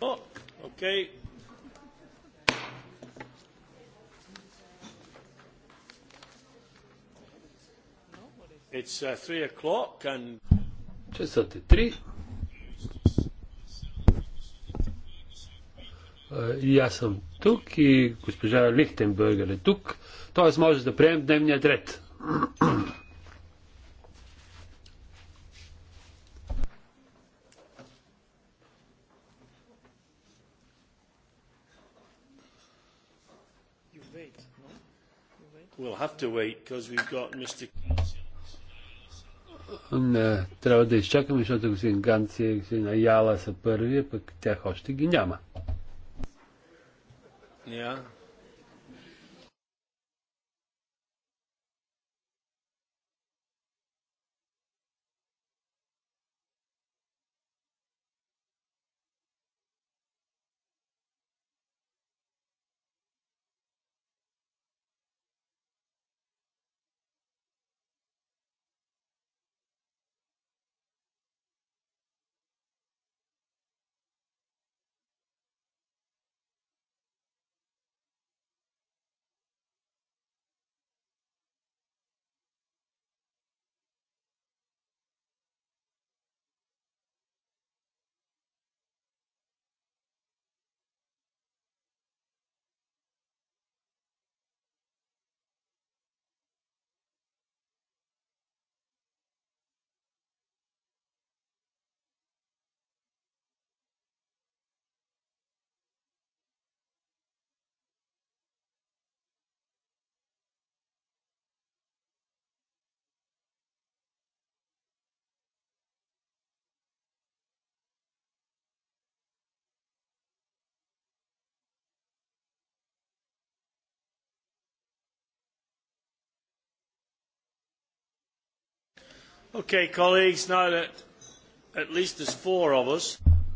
Oh, okay. It's uh, three o'clock and. Часът е три. И аз съм тук и госпожа Лихтенбъргър е тук. Тоест може да приемем дневният ред. because we've got Mr. Не, трябва да изчакаме, защото господин Ганци и господин Аяла са първи, пък тях още ги няма.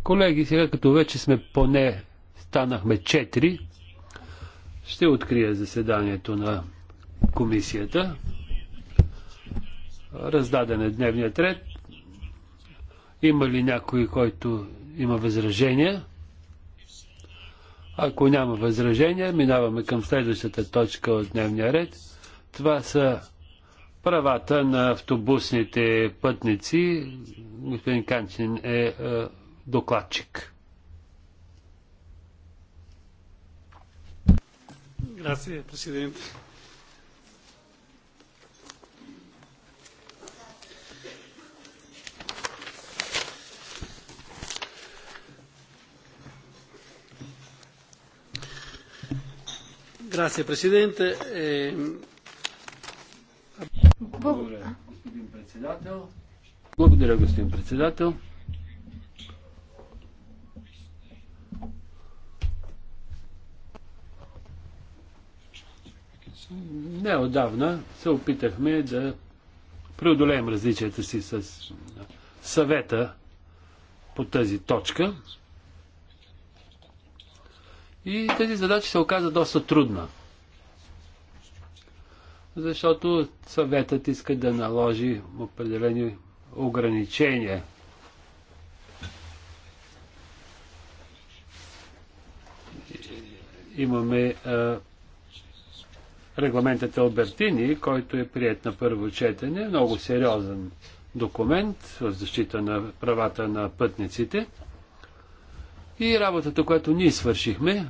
Колеги, сега като вече сме поне станахме четири, ще открия заседанието на комисията. Раздаден е дневният ред. Има ли някой, който има възражения? Ако няма възражения, минаваме към следващата точка от дневния ред. Това са правата на автобусните пътници. Господин Канчин е, е докладчик. Grazie, Presidente. Grazie Presidente. Eh, благодаря, господин председател. Благодаря, господин председател. Неодавна се опитахме да преодолеем различията си с съвета по тази точка. И тази задача се оказа доста трудна защото съветът иска да наложи определени ограничения. Имаме а, регламентът Албертини, който е прият на първо четене, много сериозен документ в защита на правата на пътниците. И работата, която ние свършихме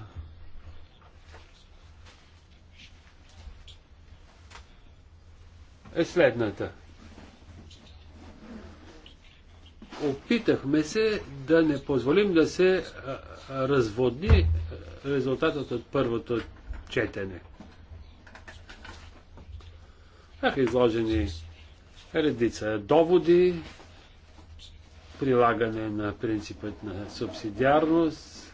е следната. Опитахме се да не позволим да се разводни резултатът от първото четене. Бяха изложени редица доводи, прилагане на принципът на субсидиарност,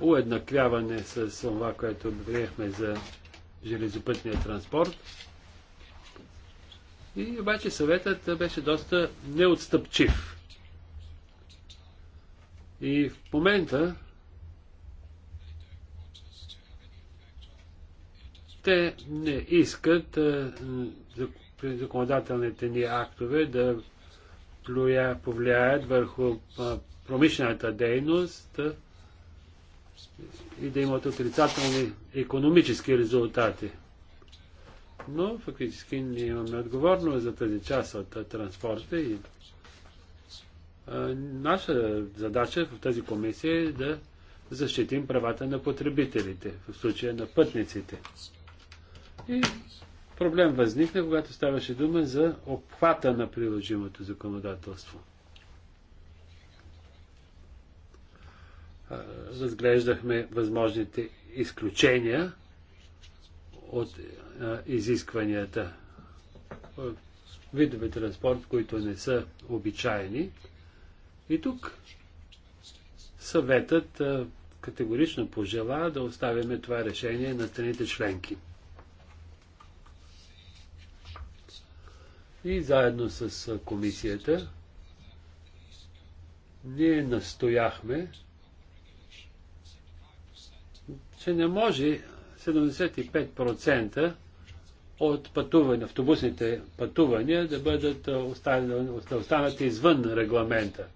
уеднаквяване с това, което приехме за железопътния транспорт. И обаче съветът беше доста неотстъпчив. И в момента те не искат законодателните ни актове да повлияят върху промишлената дейност, и да имат отрицателни економически резултати. Но фактически ние имаме отговорност за тази част от транспорта и наша задача в тази комисия е да защитим правата на потребителите, в случая на пътниците. И проблем възникна, когато ставаше дума за обхвата на приложимото законодателство. разглеждахме възможните изключения от изискванията. Видове транспорт, които не са обичайни. И тук съветът категорично пожела да оставяме това решение на страните членки. И заедно с комисията ние настояхме че не може 75% от пътуване, автобусните пътувания да бъдат останат, да останат извън регламента.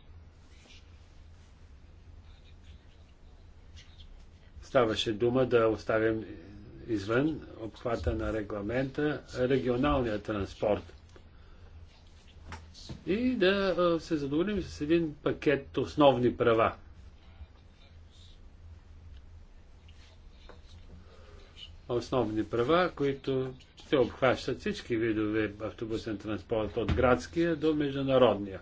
Ставаше дума да оставим извън обхвата на регламента регионалния транспорт. И да се задоволим с един пакет основни права. основни права, които се обхващат всички видове автобусен транспорт, от градския до международния.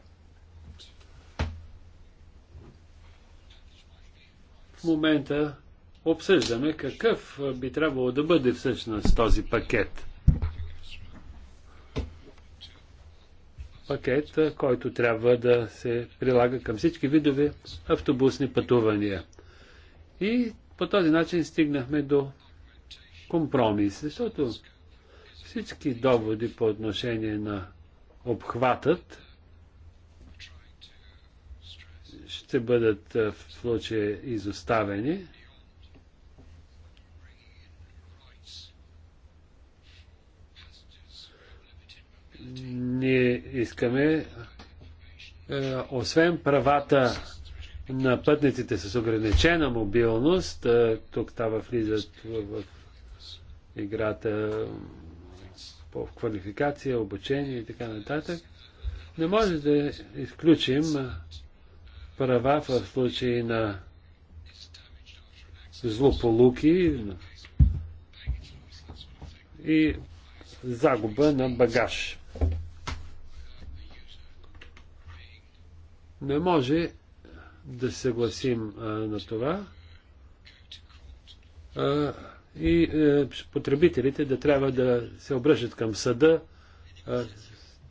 В момента обсъждаме какъв би трябвало да бъде всъщност този пакет. Пакет, който трябва да се прилага към всички видове автобусни пътувания. И по този начин стигнахме до компромис, защото всички доводи по отношение на обхватът ще бъдат в случая изоставени. Ние искаме, освен правата на пътниците с ограничена мобилност, тук това влизат в играта по квалификация, обучение и така нататък, не може да изключим права в случай на злополуки и загуба на багаж. Не може да съгласим а, на това. А, и е, потребителите да трябва да се обръщат към съда е,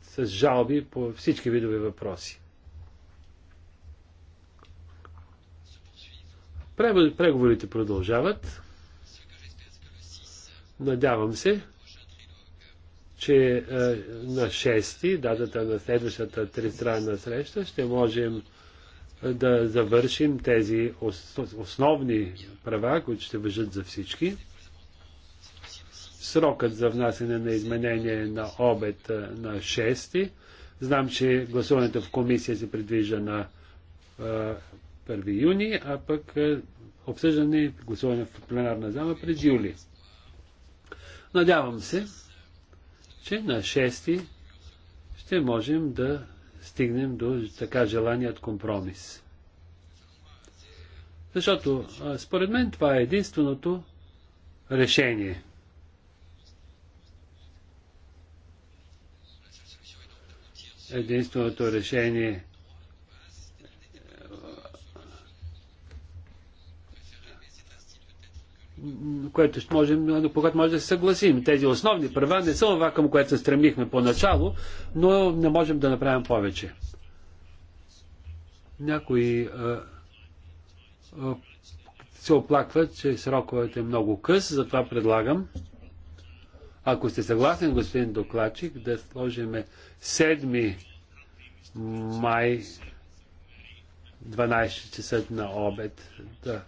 с жалби по всички видове въпроси. Преговорите продължават. Надявам се, че е, на 6, датата на следващата тристранна среща, ще можем е, да завършим тези основни права, които ще въжат за всички. Срокът за внасяне на изменение е на обед на 6. Знам, че гласуването в комисия се предвижда на 1 юни, а пък обсъждане и гласуване в пленарна зала през юли. Надявам се, че на 6 ще можем да стигнем до така желаният компромис. Защото според мен това е единственото решение – единственото решение което можем, по което може да се съгласим. Тези основни права не са това, към което се стремихме поначало, но не можем да направим повече. Някои а, а, се оплакват, че сроковете е много къс, затова предлагам ако сте съгласен, господин докладчик, да сложиме 7 май 12 часа на обед. Да.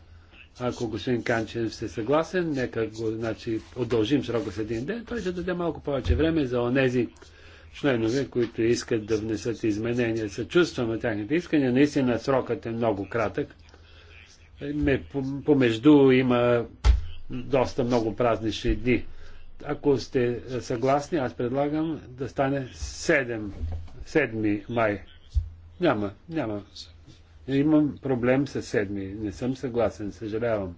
Ако господин Канчев сте съгласен, нека го значи, удължим срока с един ден. Той ще даде малко повече време за онези членове, които искат да внесат изменения. Съчувстваме тяхните искания. Наистина срокът е много кратък. Помежду има доста много празнични дни. Ако сте съгласни, аз предлагам да стане 7, 7 май. Няма, няма. Имам проблем с 7. Не съм съгласен, съжалявам.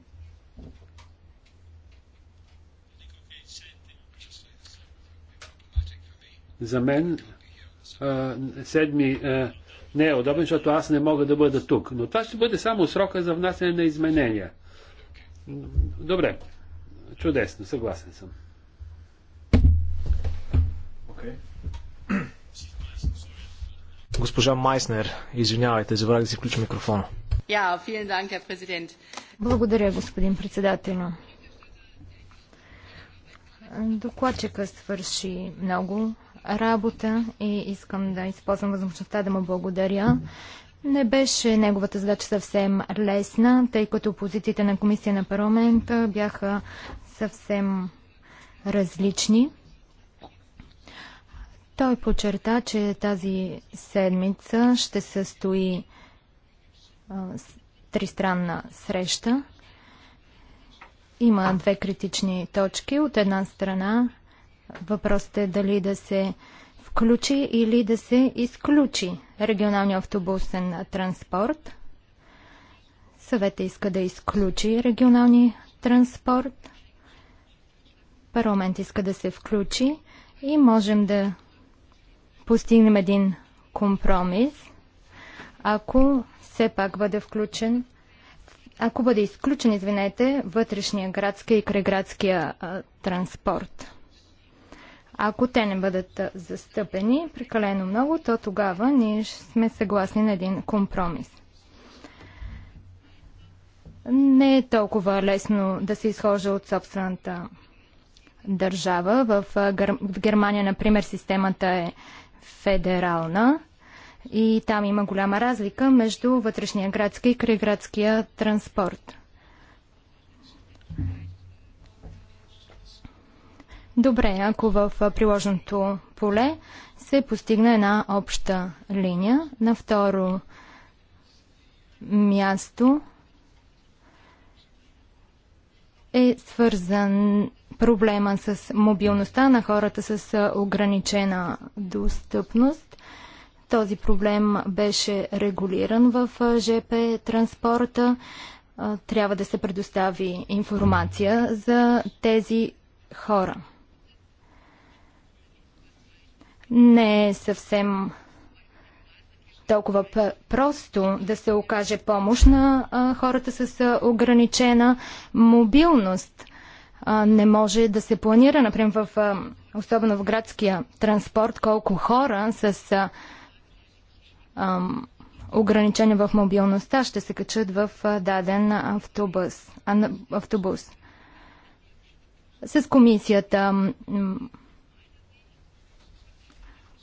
За мен а, седми а, не е удобен, защото аз не мога да бъда тук. Но това ще бъде само срока за внасяне на изменения. Добре. Чудесно, съгласен съм. Okay. Госпожа Майснер, извинявайте, забравих да си включа микрофона. Yeah, Благодаря, господин председател. Докладчика свърши много работа и искам да използвам възможността да му благодаря. Не беше неговата задача съвсем лесна, тъй като позициите на комисия на парламента бяха съвсем различни. Той подчерта, че тази седмица ще се стои тристранна среща. Има две критични точки. От една страна въпросът е дали да се включи или да се изключи регионалния автобусен транспорт. Съвета иска да изключи регионалния транспорт. Парламент иска да се включи и можем да постигнем един компромис, ако все пак бъде включен, ако бъде изключен, извинете, вътрешния градски и крайградския транспорт. Ако те не бъдат застъпени прекалено много, то тогава ние сме съгласни на един компромис. Не е толкова лесно да се изхожда от собствената държава. В Германия, например, системата е федерална и там има голяма разлика между вътрешния градски и крайградския транспорт. Добре, ако в приложеното поле се постигне една обща линия. На второ място е свързан проблема с мобилността на хората с ограничена достъпност. Този проблем беше регулиран в ЖП транспорта. Трябва да се предостави информация за тези хора. Не е съвсем толкова просто да се окаже помощ на хората с ограничена мобилност не може да се планира, например, в, особено в градския транспорт, колко хора с ограничение в мобилността ще се качат в даден автобус. автобус. С комисията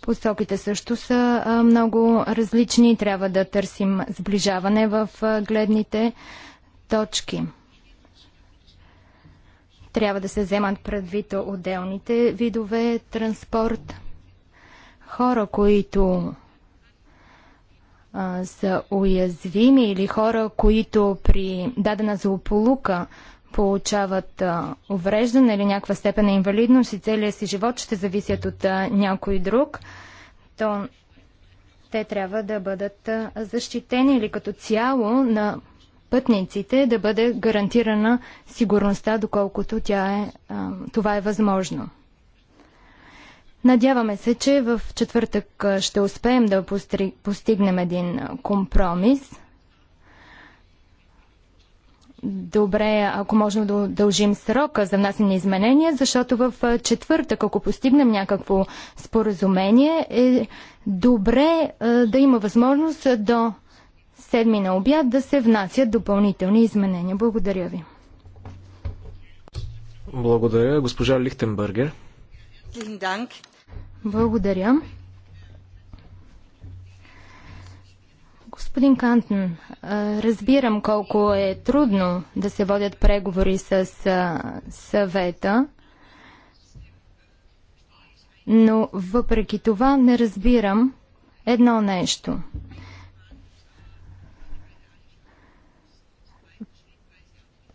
посоките също са много различни и трябва да търсим сближаване в гледните точки. Трябва да се вземат предвид отделните видове транспорт. Хора, които а, са уязвими или хора, които при дадена злополука получават увреждане или някаква степен на инвалидност и целият си живот ще зависят от а, някой друг, то те трябва да бъдат а, защитени или като цяло на пътниците да бъде гарантирана сигурността, доколкото тя е, това е възможно. Надяваме се, че в четвъртък ще успеем да постигнем един компромис. Добре, ако можем да удължим срока за внасяне изменения, защото в четвъртък, ако постигнем някакво споразумение, е добре да има възможност до седми на обяд да се внасят допълнителни изменения. Благодаря ви. Благодаря, госпожа Лихтенбъргер. Благодаря. Господин Кантен, разбирам колко е трудно да се водят преговори с съвета, но въпреки това не разбирам едно нещо –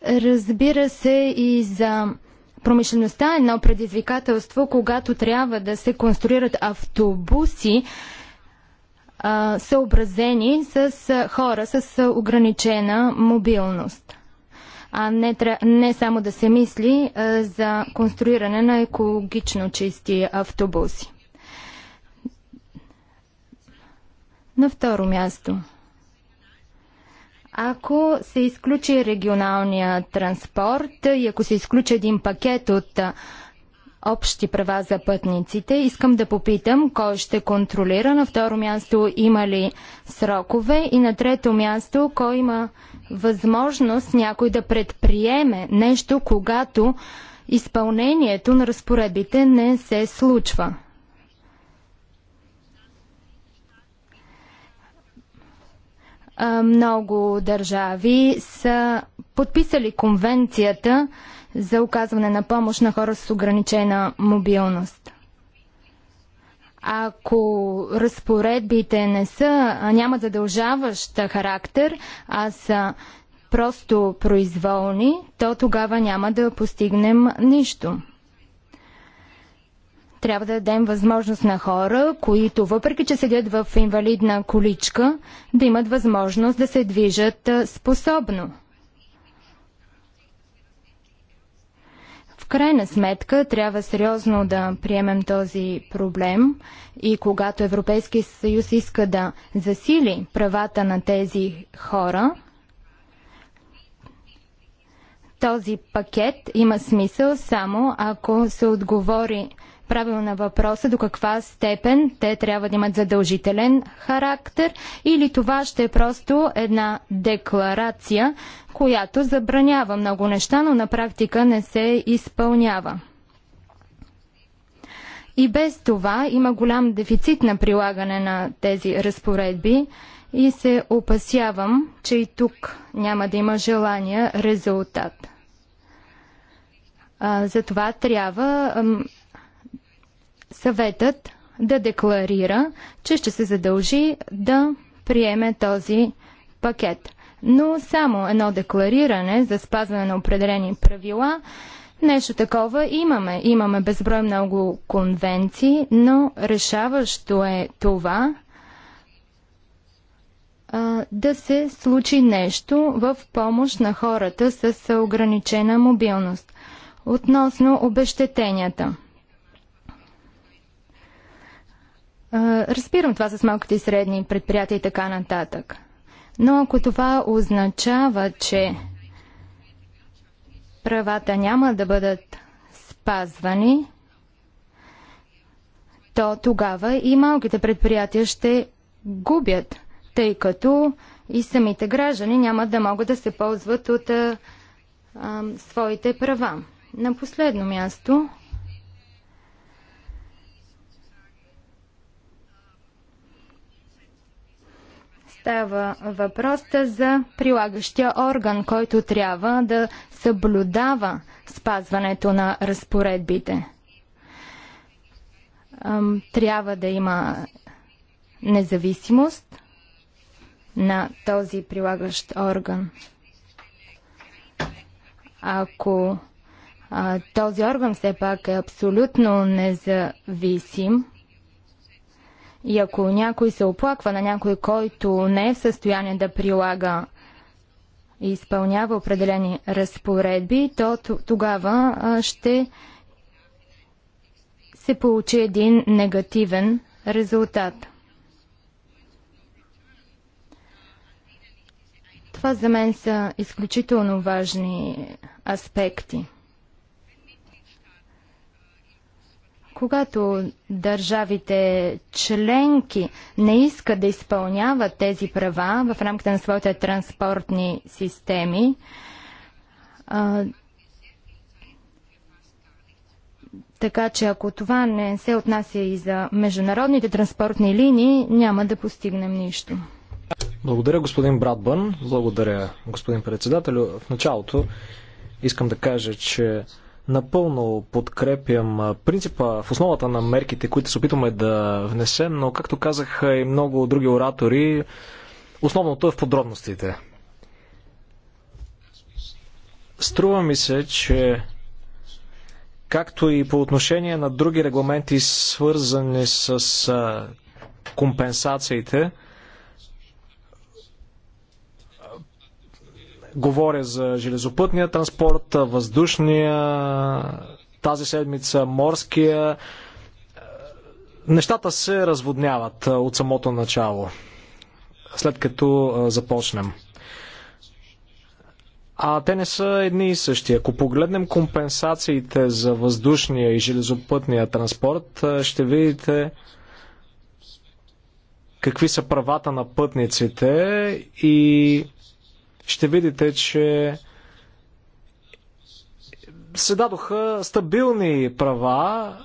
Разбира се и за промишлеността е едно предизвикателство, когато трябва да се конструират автобуси, съобразени с хора с ограничена мобилност. А не, не само да се мисли за конструиране на екологично чисти автобуси. На второ място – ако се изключи регионалния транспорт и ако се изключи един пакет от общи права за пътниците, искам да попитам кой ще контролира. На второ място има ли срокове и на трето място кой има възможност някой да предприеме нещо, когато изпълнението на разпоредбите не се случва. Много държави са подписали конвенцията за оказване на помощ на хора с ограничена мобилност. Ако разпоредбите не са, нямат задължаващ характер, а са просто произволни, то тогава няма да постигнем нищо. Трябва да дадем възможност на хора, които въпреки, че седят в инвалидна количка, да имат възможност да се движат способно. В крайна сметка трябва сериозно да приемем този проблем и когато Европейския съюз иска да засили правата на тези хора, този пакет има смисъл само ако се отговори правилна въпроса до каква степен те трябва да имат задължителен характер или това ще е просто една декларация, която забранява много неща, но на практика не се изпълнява. И без това има голям дефицит на прилагане на тези разпоредби и се опасявам, че и тук няма да има желания резултат. Затова трябва съветът да декларира, че ще се задължи да приеме този пакет. Но само едно деклариране за спазване на определени правила, нещо такова имаме. Имаме безброй много конвенции, но решаващо е това а, да се случи нещо в помощ на хората с ограничена мобилност. Относно обещетенията – Разбирам това с малките и средни предприятия и така нататък. Но ако това означава, че правата няма да бъдат спазвани, то тогава и малките предприятия ще губят, тъй като и самите граждани няма да могат да се ползват от а, а, своите права. На последно място Става въпрос за прилагащия орган, който трябва да съблюдава спазването на разпоредбите. Трябва да има независимост на този прилагащ орган. Ако а, този орган все пак е абсолютно независим, и ако някой се оплаква на някой, който не е в състояние да прилага и изпълнява определени разпоредби, то тогава ще се получи един негативен резултат. Това за мен са изключително важни аспекти. Когато държавите членки не искат да изпълняват тези права в рамките на своите транспортни системи, така че ако това не се отнася и за международните транспортни линии, няма да постигнем нищо. Благодаря, господин Братбън. Благодаря, господин председател. В началото искам да кажа, че Напълно подкрепям принципа в основата на мерките, които се опитваме да внесем, но както казаха и много други оратори, основното е в подробностите. Струва ми се, че както и по отношение на други регламенти, свързани с компенсациите, Говоря за железопътния транспорт, въздушния, тази седмица морския. Нещата се разводняват от самото начало, след като започнем. А те не са едни и същи. Ако погледнем компенсациите за въздушния и железопътния транспорт, ще видите какви са правата на пътниците и ще видите, че се дадоха стабилни права.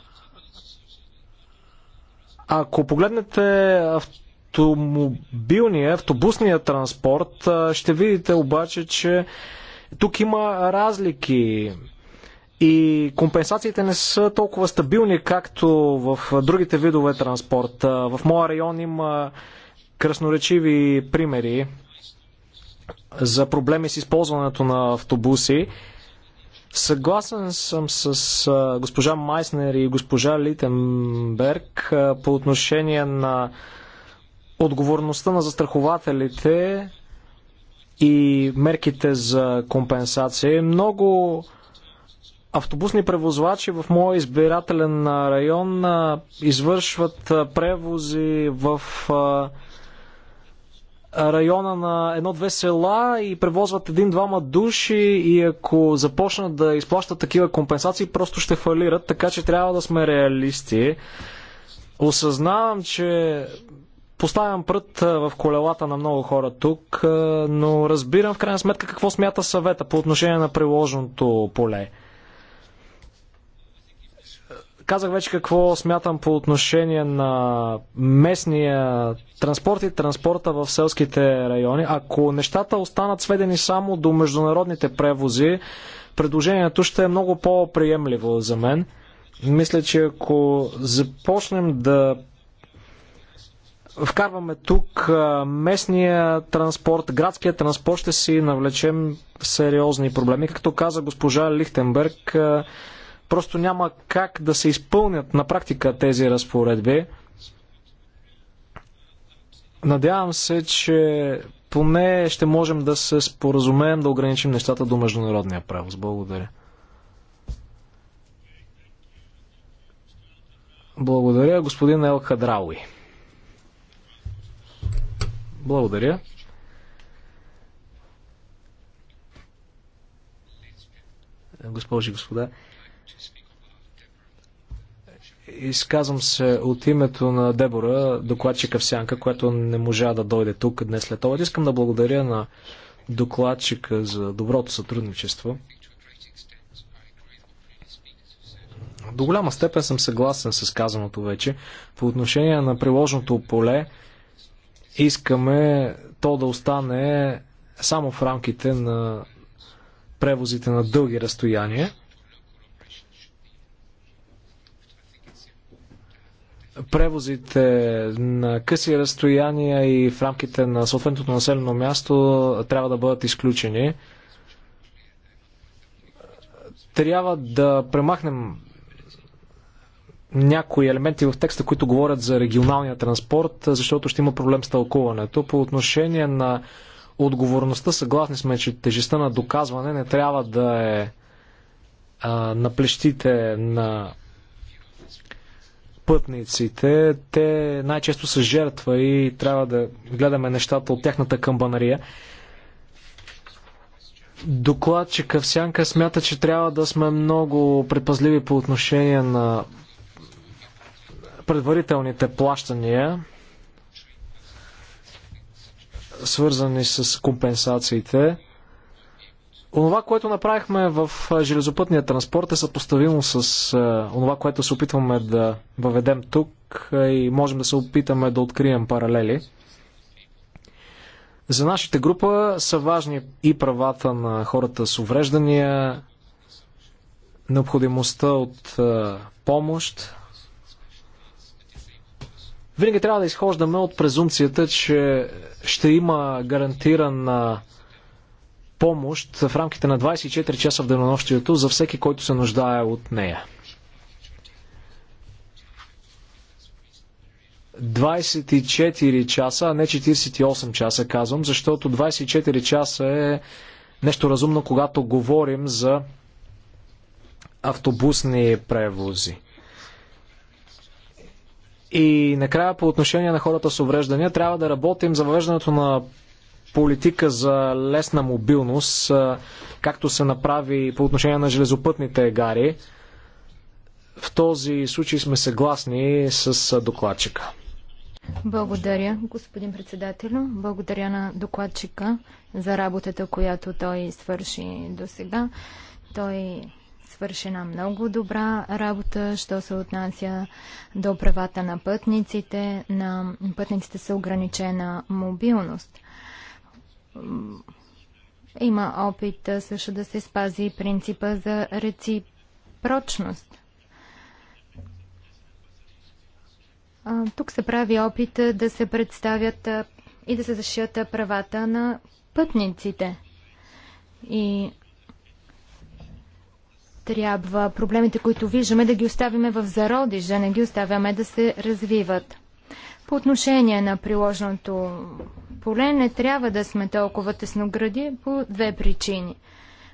Ако погледнете автомобилния, автобусния транспорт, ще видите обаче, че тук има разлики и компенсациите не са толкова стабилни, както в другите видове транспорт. В моя район има красноречиви примери за проблеми с използването на автобуси. Съгласен съм с госпожа Майснер и госпожа Литенберг по отношение на отговорността на застрахователите и мерките за компенсация. Много автобусни превозвачи в моя избирателен район извършват превози в района на едно-две села и превозват един-двама души и ако започнат да изплащат такива компенсации, просто ще фалират, така че трябва да сме реалисти. Осъзнавам, че поставям прът в колелата на много хора тук, но разбирам в крайна сметка какво смята съвета по отношение на приложеното поле. Казах вече какво смятам по отношение на местния транспорт и транспорта в селските райони. Ако нещата останат сведени само до международните превози, предложението ще е много по-приемливо за мен. Мисля, че ако започнем да вкарваме тук местния транспорт, градския транспорт, ще си навлечем сериозни проблеми. Както каза госпожа Лихтенберг, Просто няма как да се изпълнят на практика тези разпоредби. Надявам се, че поне ще можем да се споразумеем да ограничим нещата до международния превоз. Благодаря. Благодаря, господин Ел Хадрауи. Благодаря. Госпожи и господа, Изказвам се от името на Дебора, докладчика в Сянка, която не можа да дойде тук днес след това. Искам да благодаря на докладчика за доброто сътрудничество. До голяма степен съм съгласен с казаното вече. По отношение на приложното поле, искаме то да остане само в рамките на превозите на дълги разстояния. превозите на къси разстояния и в рамките на съответното населено място трябва да бъдат изключени. Трябва да премахнем някои елементи в текста, които говорят за регионалния транспорт, защото ще има проблем с тълкуването. По отношение на отговорността, съгласни сме, че тежестта на доказване не трябва да е а, на плещите на пътниците. Те най-често са жертва и трябва да гледаме нещата от тяхната камбанария. Докладчика в Сянка смята, че трябва да сме много предпазливи по отношение на предварителните плащания, свързани с компенсациите. Онова, което направихме в железопътния транспорт е съпоставимо с онова, което се опитваме да въведем тук и можем да се опитаме да открием паралели. За нашата група са важни и правата на хората с увреждания, необходимостта от помощ. Винаги трябва да изхождаме от презумцията, че ще има гарантирана помощ в рамките на 24 часа в денонощието за всеки, който се нуждае от нея. 24 часа, а не 48 часа, казвам, защото 24 часа е нещо разумно, когато говорим за автобусни превози. И накрая по отношение на хората с увреждания трябва да работим за въвеждането на политика за лесна мобилност, както се направи по отношение на железопътните гари. В този случай сме съгласни с докладчика. Благодаря, господин председател, Благодаря на докладчика за работата, която той свърши до сега. Той свърши една много добра работа, що се отнася до правата на пътниците, на пътниците са ограничена мобилност. Има опит също да се спази принципа за реципрочност. Тук се прави опит да се представят и да се защият правата на пътниците. И трябва проблемите, които виждаме, да ги оставяме в зародиш, да не ги оставяме да се развиват. По отношение на приложеното поле не трябва да сме толкова тесногради по две причини.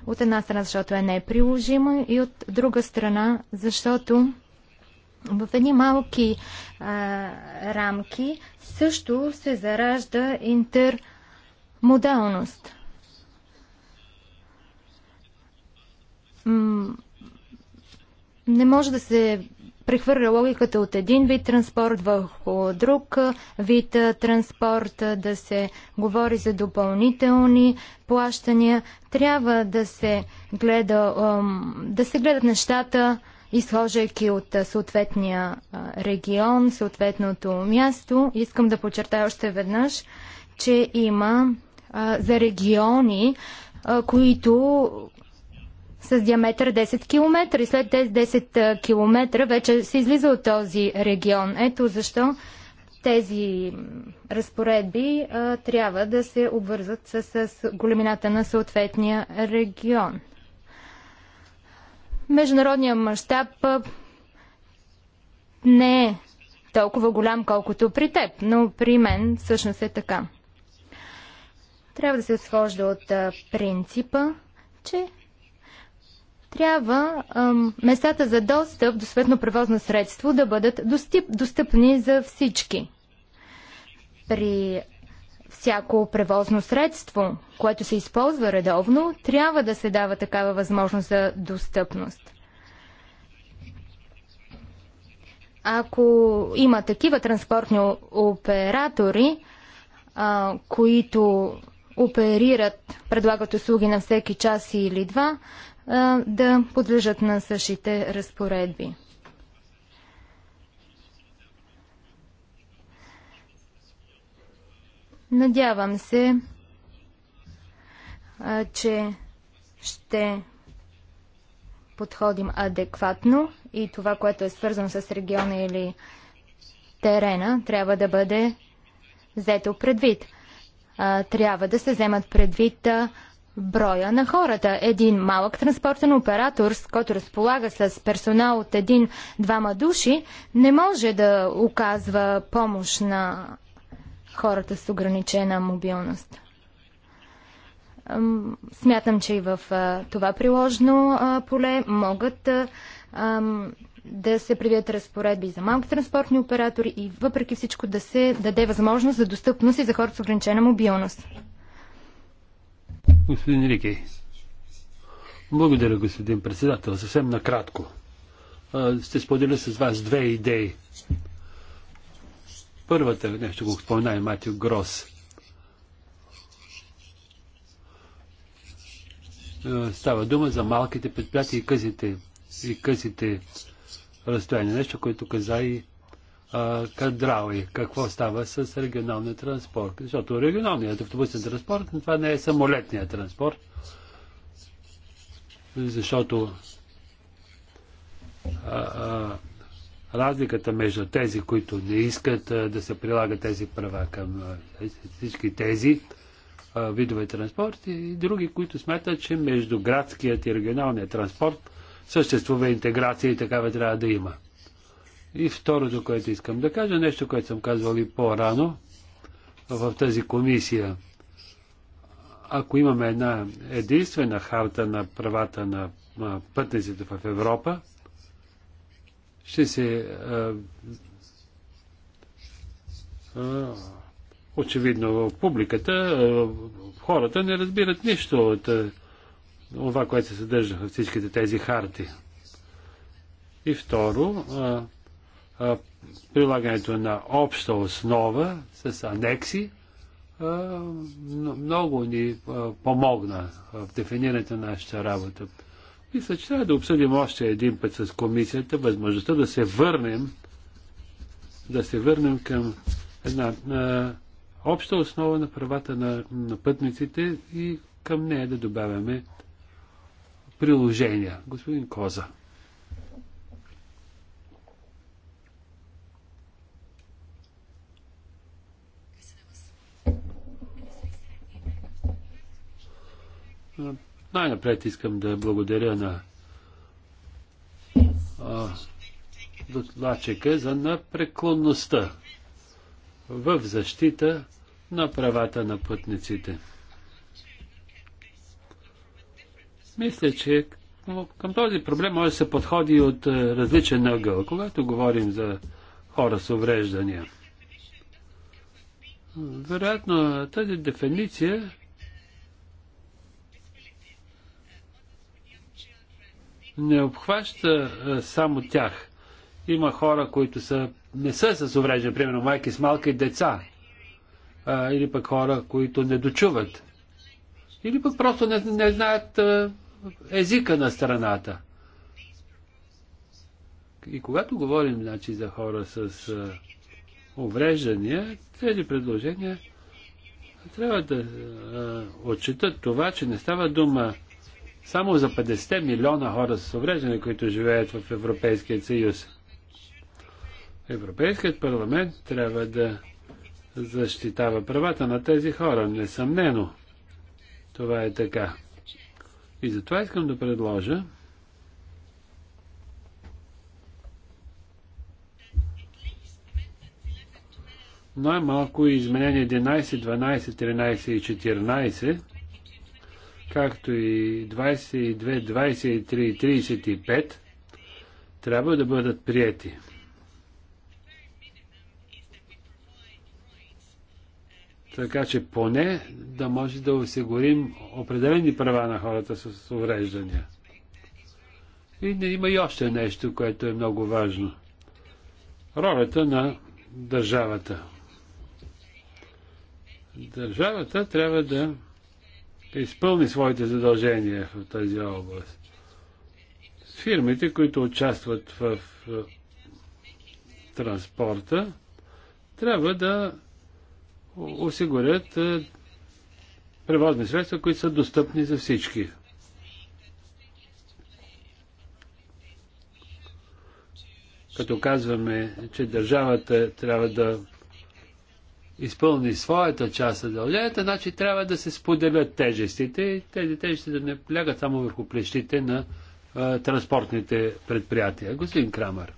От една страна, защото е неприложима и от друга страна, защото в едни малки а, рамки също се заражда интермодалност. М- не може да се прехвърля логиката от един вид транспорт върху друг вид транспорт, да се говори за допълнителни плащания. Трябва да се, гледа, да се гледат нещата, изхождайки от съответния регион, съответното място. Искам да подчертая още веднъж, че има за региони, които с диаметър 10 км и след 10 км вече се излиза от този регион. Ето защо тези разпоредби а, трябва да се обвързат с, с големината на съответния регион. Международният мащаб не е толкова голям, колкото при теб, но при мен всъщност е така. Трябва да се схожда от а, принципа, че трябва а, местата за достъп до светно превозно средство да бъдат достъп, достъпни за всички. При всяко превозно средство, което се използва редовно, трябва да се дава такава възможност за достъпност. Ако има такива транспортни оператори, а, които оперират, предлагат услуги на всеки час или два, да подлежат на същите разпоредби. Надявам се, че ще подходим адекватно и това, което е свързано с региона или терена, трябва да бъде взето предвид. Трябва да се вземат предвид броя на хората. Един малък транспортен оператор, който разполага с персонал от един-двама души, не може да оказва помощ на хората с ограничена мобилност. Смятам, че и в това приложно поле могат да се предвидят разпоредби за малки транспортни оператори и въпреки всичко да се даде възможност за достъпност и за хората с ограничена мобилност. Господин Рики. Благодаря, господин председател. Съвсем накратко. Ще споделя с вас две идеи. Първата, нещо го спомена и Матио Грос. Става дума за малките предприятия и късите, и късите разстояния. Нещо, което каза и кадрали. Какво става с регионалния транспорт? Защото регионалният автобусен транспорт, това не е самолетният транспорт. Защото а, а, разликата между тези, които не искат а, да се прилагат тези права към а, всички тези а, видове транспорт и други, които смятат, че между градският и регионалният транспорт съществува интеграция и такава трябва да има. И второто, което искам да кажа, нещо, което съм казвал и по-рано в тази комисия. Ако имаме една единствена харта на правата на пътниците в Европа, ще се Очевидно, в очевидно публиката, хората не разбират нищо от това, което се съдържа в всичките тези харти. И второ, прилагането на обща основа с анекси много ни помогна в дефинирането на нашата работа. Мисля, че трябва да обсъдим още един път с комисията възможността да се върнем да се върнем към една на обща основа на правата на, на пътниците и към нея да добавяме приложения. Господин Коза. Най-напред искам да благодаря на докладчика за напреклонността в защита на правата на пътниците. Мисля, че към този проблем може да се подходи от различен ъгъл, когато говорим за хора с увреждания. Вероятно, тази дефиниция не обхваща само тях. Има хора, които са, не са с увреждане, примерно майки с малки деца, а, или пък хора, които не дочуват, или пък просто не, не знаят а, езика на страната. И когато говорим значи, за хора с а, увреждания, тези предложения трябва да а, отчитат това, че не става дума само за 50 милиона хора с увреждане, които живеят в Европейския съюз. Европейският парламент трябва да защитава правата на тези хора. Несъмнено, това е така. И затова искам да предложа най-малко изменение 11, 12, 13 и 14 както и 22, 23 и 35, трябва да бъдат прияти. Така че поне да може да осигурим определени права на хората с увреждания. И не има и още нещо, което е много важно. Ролята на държавата. Държавата трябва да изпълни своите задължения в тази област. Фирмите, които участват в транспорта, трябва да осигурят е, превозни средства, които са достъпни за всички. Като казваме, че държавата трябва да изпълни своята част от значи трябва да се споделят тежестите и тези тежести да не лягат само върху плещите на а, транспортните предприятия. Господин Крамър.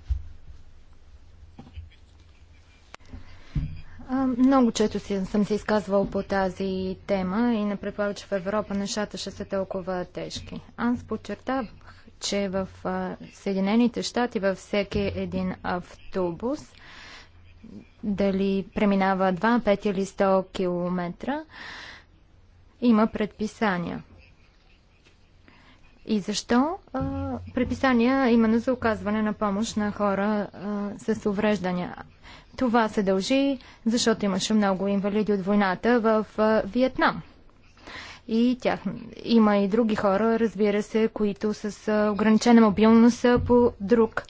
Много често си, съм се изказвал по тази тема и не предполагам, че в Европа нещата ще са толкова тежки. Аз подчертавах, че в Съединените щати във всеки един автобус – дали преминава 2, 5 или 100 км, има предписания. И защо? А, предписания именно за оказване на помощ на хора а, с увреждания. Това се дължи, защото имаше много инвалиди от войната в а, Виетнам. И тях има и други хора, разбира се, които с ограничена мобилност са по друг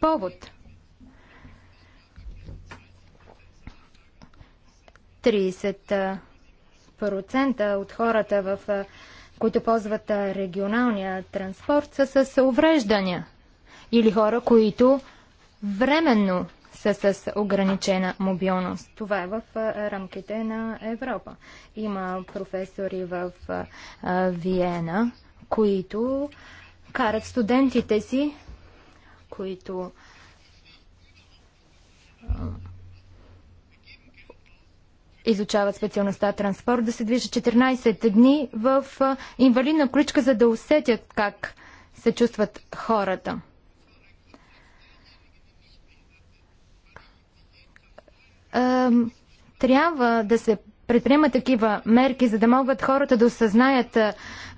повод. 30% от хората, в, които ползват регионалния транспорт, са с увреждания или хора, които временно са с ограничена мобилност. Това е в рамките на Европа. Има професори в Виена, които карат студентите си, които изучават специалността транспорт, да се движат 14 дни в инвалидна количка, за да усетят как се чувстват хората. Трябва да се предприемат такива мерки, за да могат хората да осъзнаят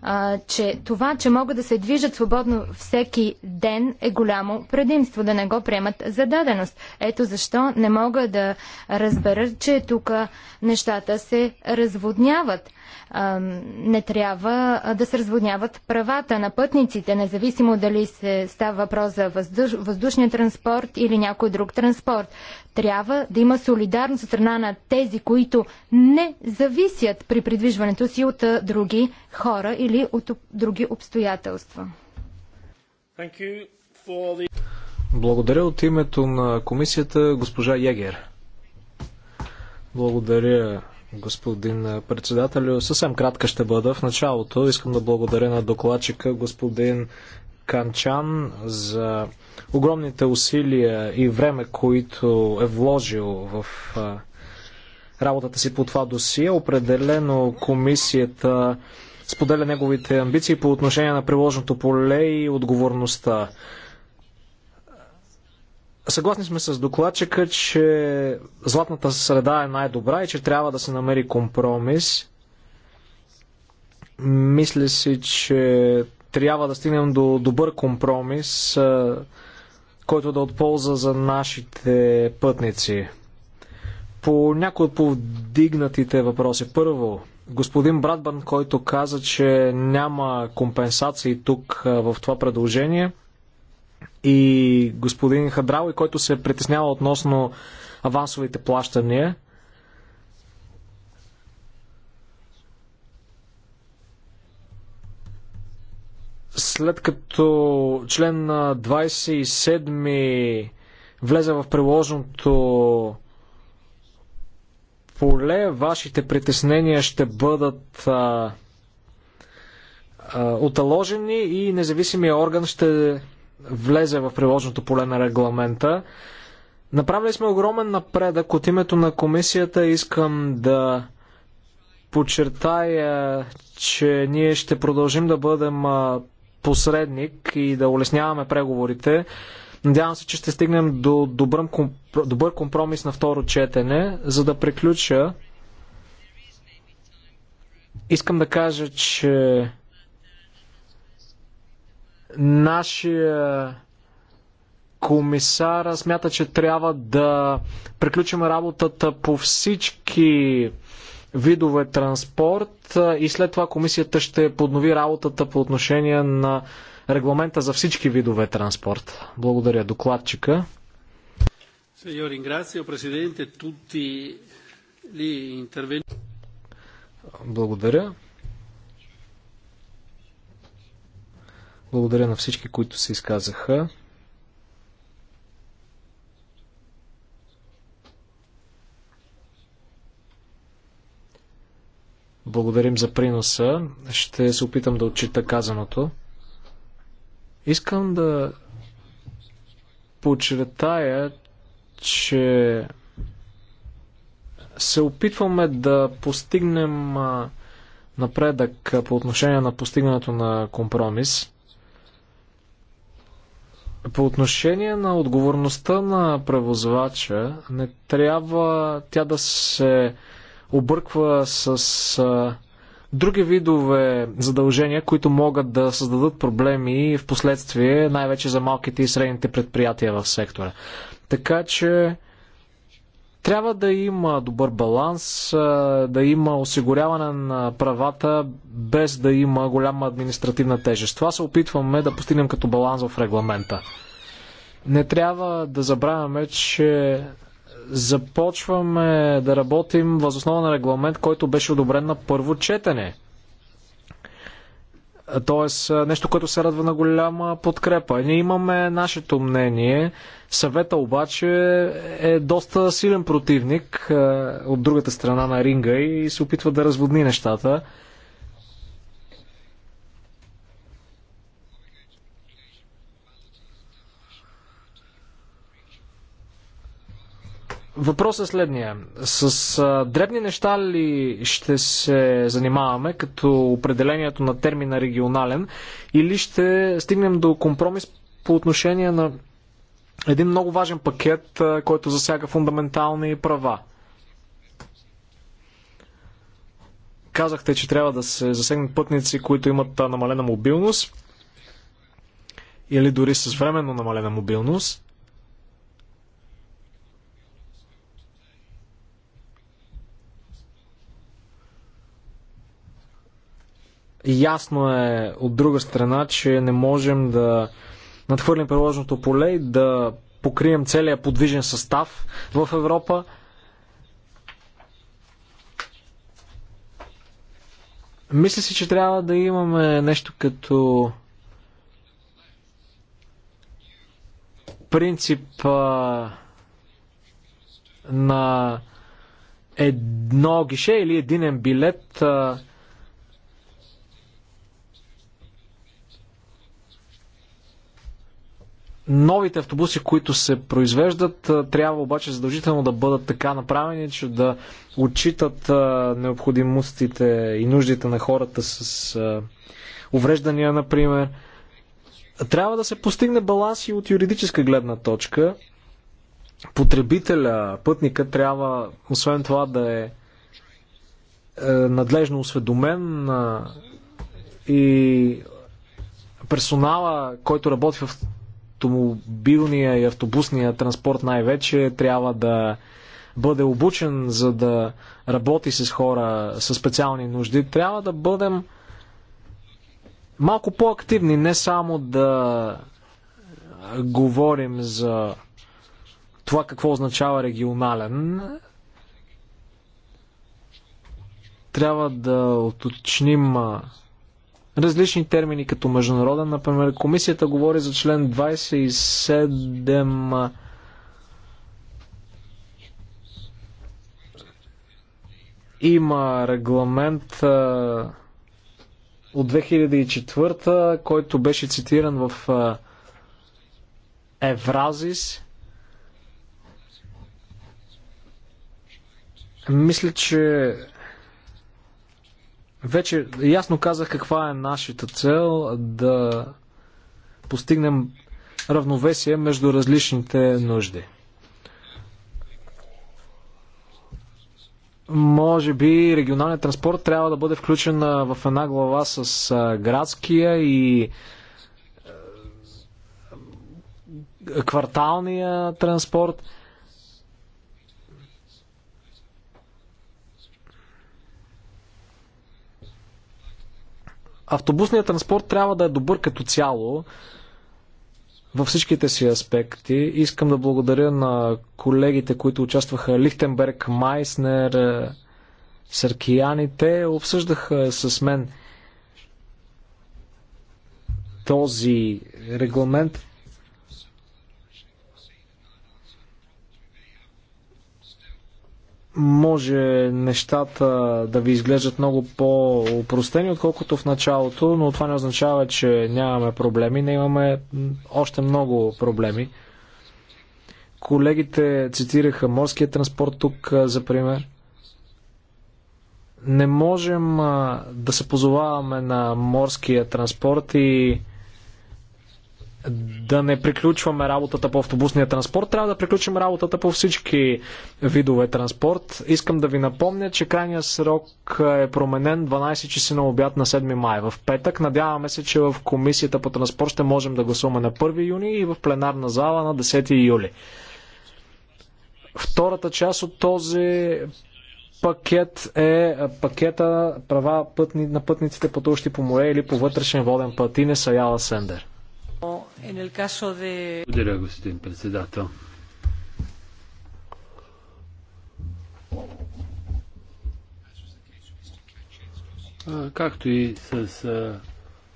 а, че това, че могат да се движат свободно всеки ден е голямо предимство, да не го приемат за даденост. Ето защо не мога да разбера, че тук нещата се разводняват не трябва да се разводняват правата на пътниците, независимо дали се става въпрос за въздуш, въздушния транспорт или някой друг транспорт. Трябва да има солидарност от страна на тези, които не зависят при придвижването си от други хора или от други обстоятелства. Благодаря от името на комисията госпожа Ягер. Благодаря, господин председател, Съвсем кратка ще бъда. В началото искам да благодаря на докладчика господин Канчан за огромните усилия и време, които е вложил в работата си по това досие. Определено комисията споделя неговите амбиции по отношение на приложното поле и отговорността. Съгласни сме с докладчика, че златната среда е най-добра и че трябва да се намери компромис. Мисля си, че трябва да стигнем до добър компромис, който да отполза за нашите пътници. По някои от повдигнатите въпроси. Първо, господин Братбан, който каза, че няма компенсации тук в това предложение – и господин Хадрауи, който се притеснява относно авансовите плащания. След като член 27 влезе в приложеното поле, вашите притеснения ще бъдат а, а, оталожени и независимия орган ще влезе в приложното поле на регламента. Направили сме огромен напредък. От името на комисията искам да подчертая, че ние ще продължим да бъдем посредник и да улесняваме преговорите. Надявам се, че ще стигнем до добър компромис на второ четене. За да приключа, искам да кажа, че Нашия комисар смята, че трябва да приключим работата по всички видове транспорт и след това комисията ще поднови работата по отношение на регламента за всички видове транспорт. Благодаря докладчика. Благодаря. Благодаря на всички, които се изказаха. Благодарим за приноса. Ще се опитам да отчита казаното. Искам да подчертая, че се опитваме да постигнем напредък по отношение на постигането на компромис. По отношение на отговорността на превозвача, не трябва тя да се обърква с а, други видове задължения, които могат да създадат проблеми в последствие, най-вече за малките и средните предприятия в сектора. Така че трябва да има добър баланс, да има осигуряване на правата, без да има голяма административна тежест. Това се опитваме да постигнем като баланс в регламента. Не трябва да забравяме, че започваме да работим възоснова на регламент, който беше одобрен на първо четене – Тоест, нещо, което се радва на голяма подкрепа. Ние имаме нашето мнение. Съвета обаче е доста силен противник от другата страна на ринга и се опитва да разводни нещата. Въпросът е следния. С а, дребни неща ли ще се занимаваме, като определението на термина регионален, или ще стигнем до компромис по отношение на един много важен пакет, а, който засяга фундаментални права? Казахте, че трябва да се засегнат пътници, които имат намалена мобилност или дори с временно намалена мобилност. Ясно е от друга страна, че не можем да надхвърлим приложното поле и да покрием целият подвижен състав в Европа. Мисля си, че трябва да имаме нещо като принцип а, на едно гише или единен билет. А, Новите автобуси, които се произвеждат, трябва обаче задължително да бъдат така направени, че да отчитат необходимостите и нуждите на хората с увреждания, например. Трябва да се постигне баланс и от юридическа гледна точка. Потребителя, пътника трябва, освен това, да е, е надлежно осведомен и персонала, който работи в автомобилния и автобусния транспорт най-вече трябва да бъде обучен, за да работи с хора с специални нужди. Трябва да бъдем малко по-активни, не само да говорим за това какво означава регионален. Трябва да уточним различни термини, като международен. Например, комисията говори за член 27 има регламент от 2004, който беше цитиран в Евразис. Мисля, че вече ясно казах каква е нашата цел да постигнем равновесие между различните нужди. Може би регионалният транспорт трябва да бъде включен в една глава с градския и кварталния транспорт. автобусният транспорт трябва да е добър като цяло във всичките си аспекти. Искам да благодаря на колегите, които участваха Лихтенберг, Майснер, е, Саркияни. Те обсъждаха с мен този регламент. може нещата да ви изглеждат много по-упростени, отколкото в началото, но това не означава, че нямаме проблеми. Не имаме още много проблеми. Колегите цитираха морския транспорт тук, за пример. Не можем да се позоваваме на морския транспорт и да не приключваме работата по автобусния транспорт, трябва да приключим работата по всички видове транспорт. Искам да ви напомня, че крайният срок е променен 12 часа на обяд на 7 май в петък. Надяваме се, че в комисията по транспорт ще можем да гласуваме на 1 юни и в пленарна зала на 10 юли. Втората част от този пакет е пакета права пътни, на пътниците пътуващи по море или по вътрешен воден път и не са Яла Сендер. Благодаря, господин председател. Както и с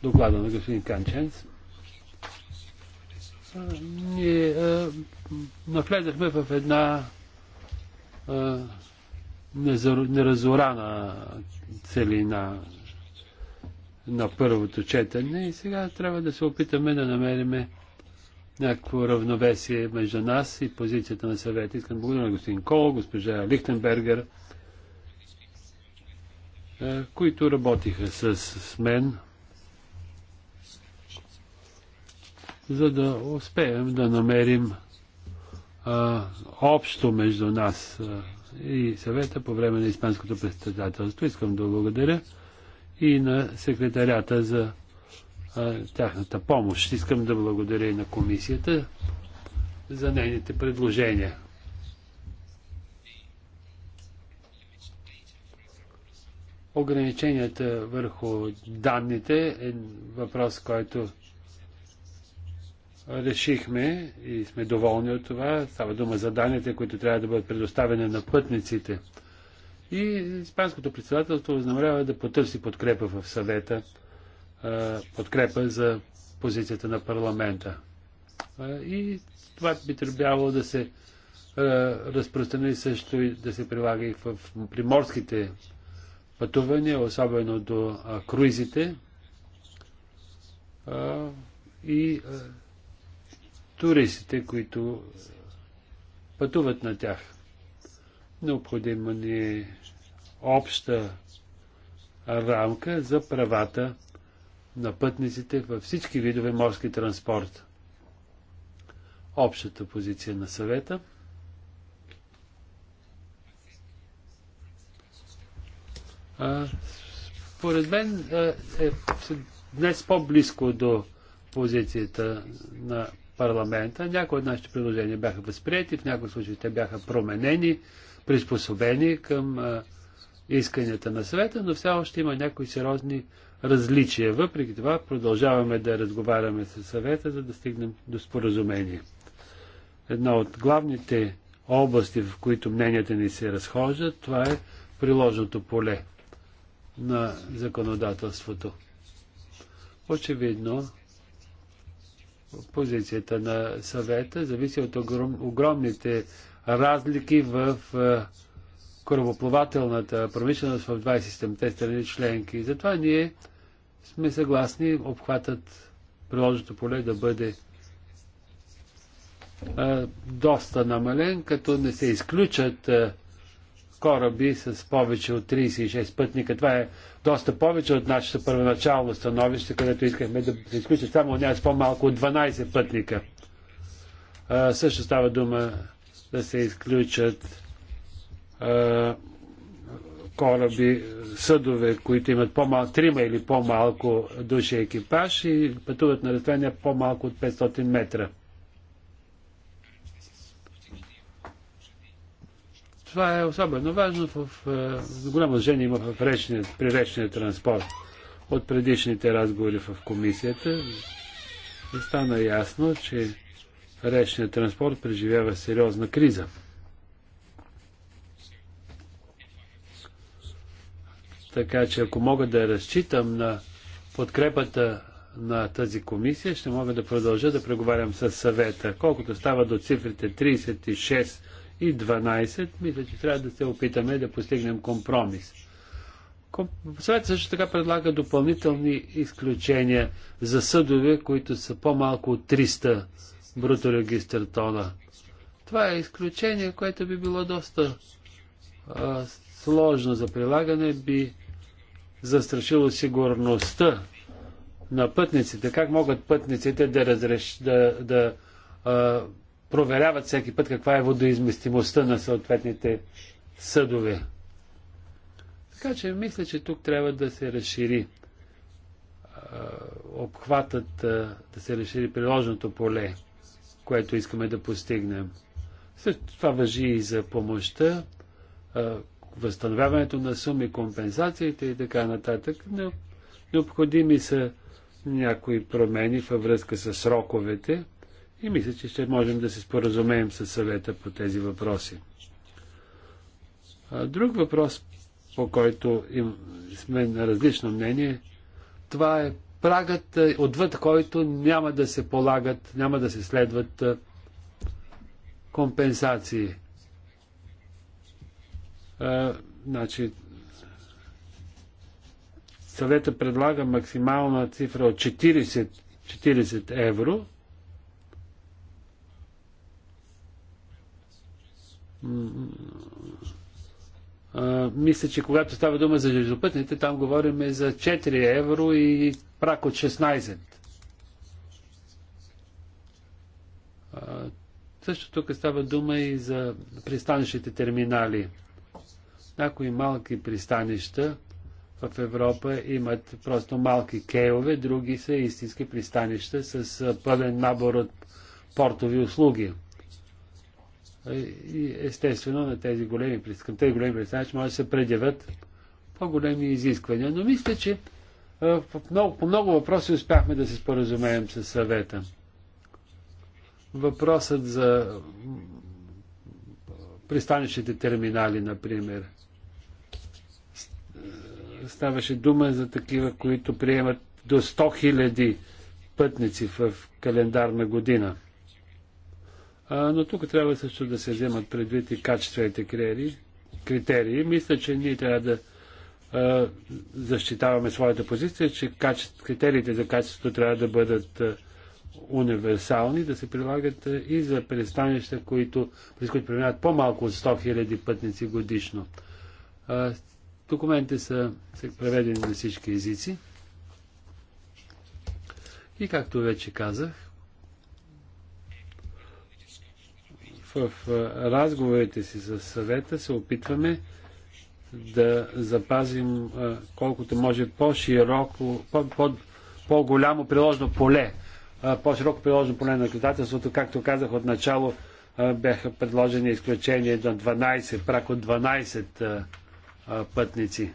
доклада на господин Канченс, ние навлезахме в една неразорана целина на първото четене и сега трябва да се опитаме да намерим някакво равновесие между нас и позицията на съвета. Искам благодаря на господин Кол, госпожа Лихтенбергер, които работиха с мен, за да успеем да намерим а, общо между нас а, и съвета по време на Испанското председателство. Искам да благодаря и на секретарята за а, тяхната помощ. Искам да благодаря и на комисията за нейните предложения. Ограниченията върху данните е въпрос, който решихме и сме доволни от това. Става дума за данните, които трябва да бъдат предоставени на пътниците. И Испанското председателство възнамерява да потърси подкрепа в съвета, подкрепа за позицията на парламента. И това би трябвало да се разпространи също и да се прилага и в приморските пътувания, особено до круизите и туристите, които пътуват на тях. Необходима ни е обща рамка за правата на пътниците във всички видове морски транспорт. Общата позиция на съвета. А, според мен е днес по-близко до позицията на парламента. Някои от нашите предложения бяха възприяти, в някои случаи те бяха променени приспособени към исканията на съвета, но все още има някои сериозни различия. Въпреки това продължаваме да разговаряме с съвета, за да стигнем до споразумение. Една от главните области, в които мненията ни се разхождат, това е приложното поле на законодателството. Очевидно, позицията на съвета зависи от огром, огромните разлики в е, корабоплавателната промишленост в 27-те страни членки. Затова ние сме съгласни обхватът приложното поле да бъде е, доста намален, като не се изключат е, кораби с повече от 36 пътника. Това е доста повече от нашето първоначално становище, където искахме да се изключат само от с по-малко от 12 пътника. също става дума да се изключат а, кораби, съдове, които имат по-малко, трима или по-малко души екипаж и пътуват на разстояние по-малко от 500 метра. Това е особено важно в, в голямо жени има в речния, при речния транспорт. От предишните разговори в комисията стана ясно, че речният транспорт преживява сериозна криза. Така че ако мога да разчитам на подкрепата на тази комисия, ще мога да продължа да преговарям с съвета. Колкото става до цифрите 36 и 12, мисля, че трябва да се опитаме да постигнем компромис. Съвет също така предлага допълнителни изключения за съдове, които са по-малко от 300 бруторегистр тона. Това е изключение, което би било доста а, сложно за прилагане, би застрашило сигурността на пътниците. Как могат пътниците да, разреш, да, да а, проверяват всеки път каква е водоизместимостта на съответните съдове? Така че мисля, че тук трябва да се разшири а, обхватът, а, да се разшири приложното поле което искаме да постигнем. След това въжи и за помощта, възстановяването на суми, компенсациите и така нататък. Но необходими са някои промени във връзка с сроковете и мисля, че ще можем да се споразумеем с съвета по тези въпроси. Друг въпрос, по който сме на различно мнение, това е прагът, е, отвъд който няма да се полагат, няма да се следват е, компенсации. Е, значи, съвета предлага максимална цифра от 40, 40 евро мисля, че когато става дума за железопътните, там говорим за 4 евро и прак от 16. Също тук става дума и за пристанищните терминали. Някои малки пристанища в Европа имат просто малки кейове, други са истински пристанища с пълен набор от портови услуги. И естествено на тези големи, към тези големи предприятия може да се предявят по-големи изисквания. Но мисля, че много, по много въпроси успяхме да се споразумеем с съвета. Въпросът за пристанищните терминали, например. Ставаше дума за такива, които приемат до 100 000 пътници в календарна година но тук трябва също да се вземат предвид и качествените критерии. критерии. Мисля, че ние трябва да защитаваме своята позиция, че критериите за качество трябва да бъдат универсални, да се прилагат и за пристанища, които, през които преминават по-малко от 100 000 пътници годишно. Документите са, са преведени на всички езици. И както вече казах, в разговорите си с съвета се опитваме да запазим колкото може по-широко, по-голямо -по -по приложно поле, по-широко приложно поле на законодателството. Както казах от начало, бяха предложени изключения на 12, прак от 12 пътници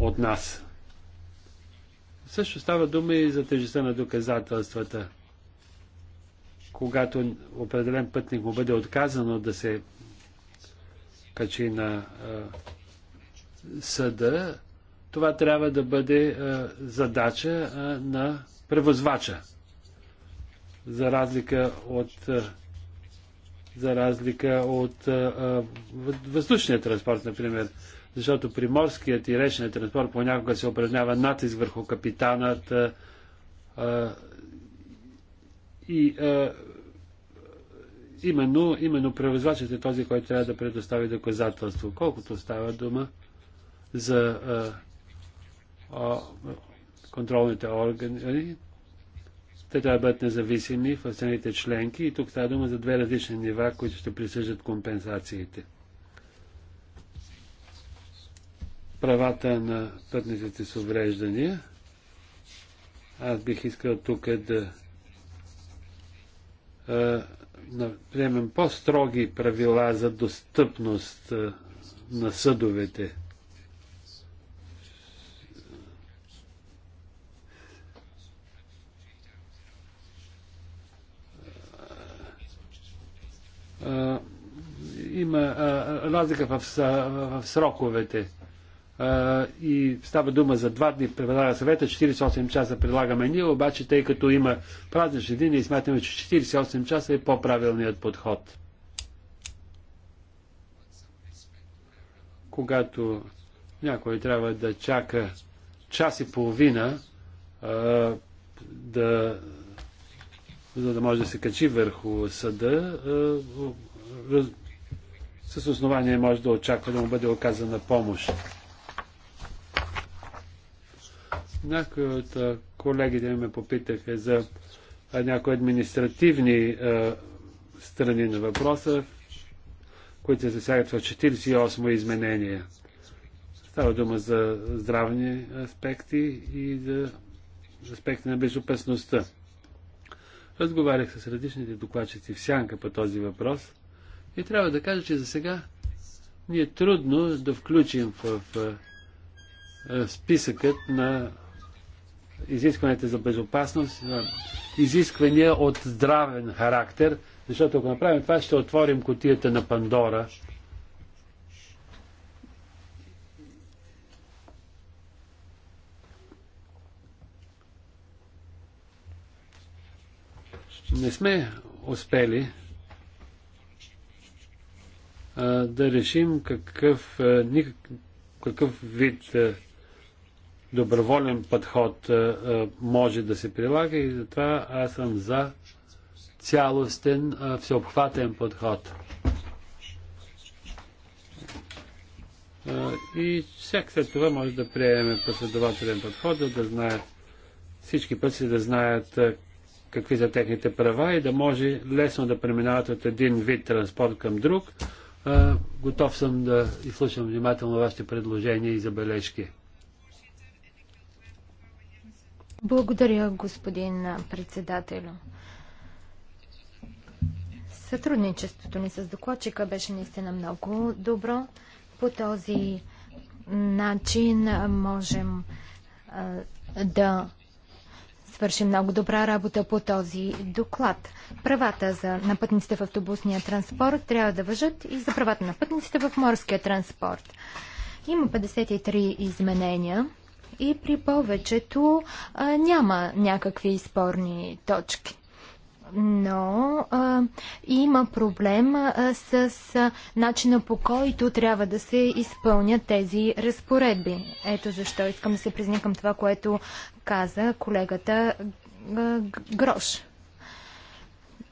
от нас. Също става дума и за тежестта на доказателствата когато определен пътник му бъде отказано да се качи на а, съда, това трябва да бъде а, задача а, на превозвача. За разлика от а, за разлика от а, въздушния транспорт, например. Защото при морският и речният транспорт понякога се упражнява натиск върху капитанът, а, и а, именно, именно превозвачът е този, който трябва да предостави доказателство. Колкото става дума за а, а, контролните органи, те трябва да бъдат независими в страните членки и тук става дума за две различни нива, които ще присъждат компенсациите. Правата на пътниците с увреждания. Аз бих искал тук да е, приемем по-строги правила за достъпност е, на съдовете. Е, има разлика в сроковете и става дума за два дни предлага съвета, 48 часа предлагаме ние, обаче тъй като има празнични дни, ние смятаме, че 48 часа е по-правилният подход. Когато някой трябва да чака час и половина, а, да, за да може да се качи върху съда, а, с основание може да очаква да му бъде оказана помощ. Някои от колегите ме попитаха за някои административни страни на въпроса, които се засягат в 48 изменения. Става дума за здравни аспекти и за аспекти на безопасността. Разговарях с различните докладчици в сянка по този въпрос и трябва да кажа, че за сега ни е трудно да включим в, в, в списъкът на изискванията за безопасност, изисквания от здравен характер, защото ако направим това, ще отворим котията на Пандора. Не сме успели а, да решим какъв, а, никак, какъв вид а, доброволен подход може да се прилага и затова аз съм за цялостен, всеобхватен подход. И всяк след това може да приеме последователен подход, да знаят всички пъти да знаят какви са техните права и да може лесно да преминават от един вид транспорт към друг. Готов съм да изслушам внимателно вашите предложения и забележки. Благодаря, господин председател. Сътрудничеството ни с докладчика беше наистина много добро. По този начин можем а, да свършим много добра работа по този доклад. Правата за, на пътниците в автобусния транспорт трябва да въжат и за правата на пътниците в морския транспорт. Има 53 изменения и при повечето а, няма някакви спорни точки. Но а, има проблем а, с а, начина по който трябва да се изпълнят тези разпоредби. Ето защо искам да се призня към това, което каза колегата а, Грош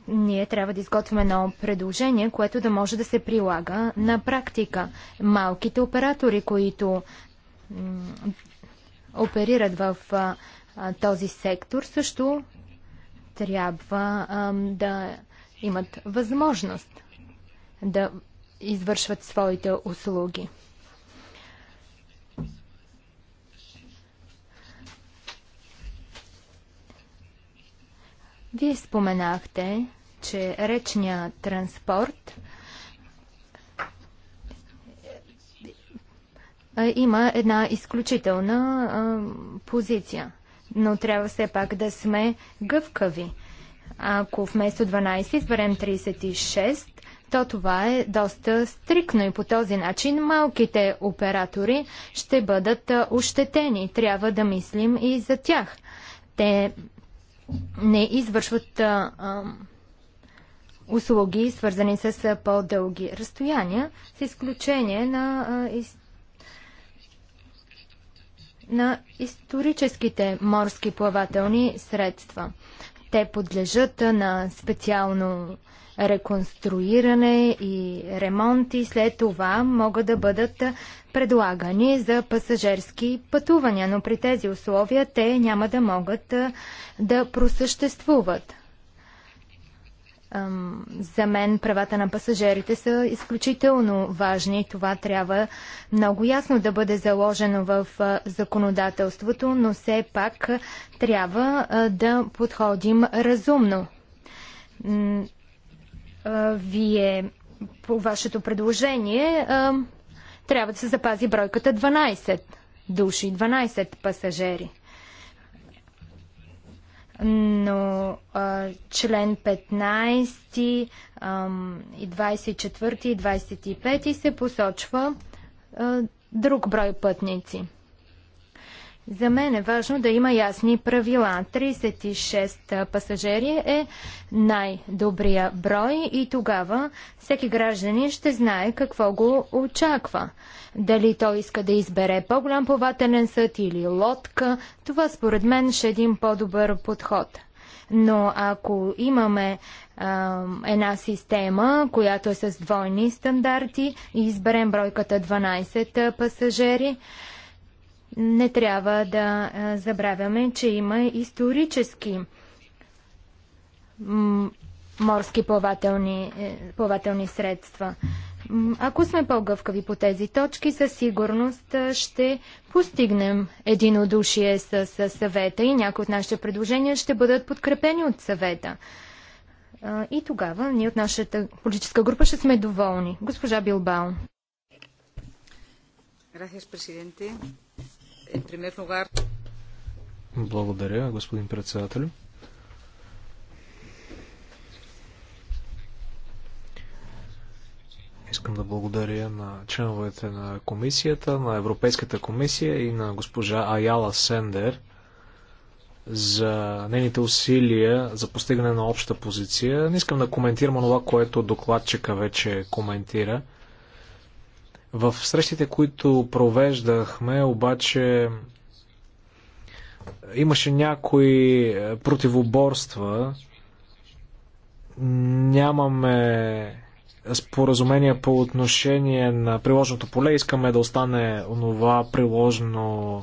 ние трябва да изготвим едно предложение, което да може да се прилага на практика. Малките оператори, които оперират в а, този сектор, също трябва а, да имат възможност да извършват своите услуги. Вие споменахте, че речният транспорт – има една изключителна а, позиция. Но трябва все пак да сме гъвкави. Ако вместо 12 изберем 36, то това е доста стрикно и по този начин малките оператори ще бъдат ощетени. Трябва да мислим и за тях. Те не извършват а, а, услуги, свързани с по-дълги разстояния, с изключение на а, из на историческите морски плавателни средства. Те подлежат на специално реконструиране и ремонт и след това могат да бъдат предлагани за пасажерски пътувания, но при тези условия те няма да могат да просъществуват за мен правата на пасажирите са изключително важни и това трябва много ясно да бъде заложено в законодателството, но все пак трябва да подходим разумно. Вие по вашето предложение трябва да се запази бройката 12 души, 12 пасажери но а, член 15 а, и 24 и 25 се посочва а, друг брой пътници. За мен е важно да има ясни правила. 36 пасажери е най-добрия брой и тогава всеки гражданин ще знае какво го очаква. Дали той иска да избере по-голям плавателен съд или лодка, това според мен ще е един по-добър подход. Но ако имаме а, една система, която е с двойни стандарти и изберем бройката 12 пасажери, не трябва да забравяме, че има исторически морски плавателни, е, плавателни средства. Ако сме по-гъвкави по тези точки, със сигурност ще постигнем единодушие с, съвета и някои от нашите предложения ще бъдат подкрепени от съвета. И тогава ние от нашата политическа група ще сме доволни. Госпожа Билбао. Gracias, presidente. Благодаря, господин председател. Искам да благодаря на членовете на комисията, на Европейската комисия и на госпожа Аяла Сендер за нейните усилия за постигане на обща позиция. Не искам да коментирам това, което докладчика вече коментира – в срещите, които провеждахме, обаче имаше някои е, противоборства. Нямаме споразумение по отношение на приложното поле. Искаме да остане онова приложно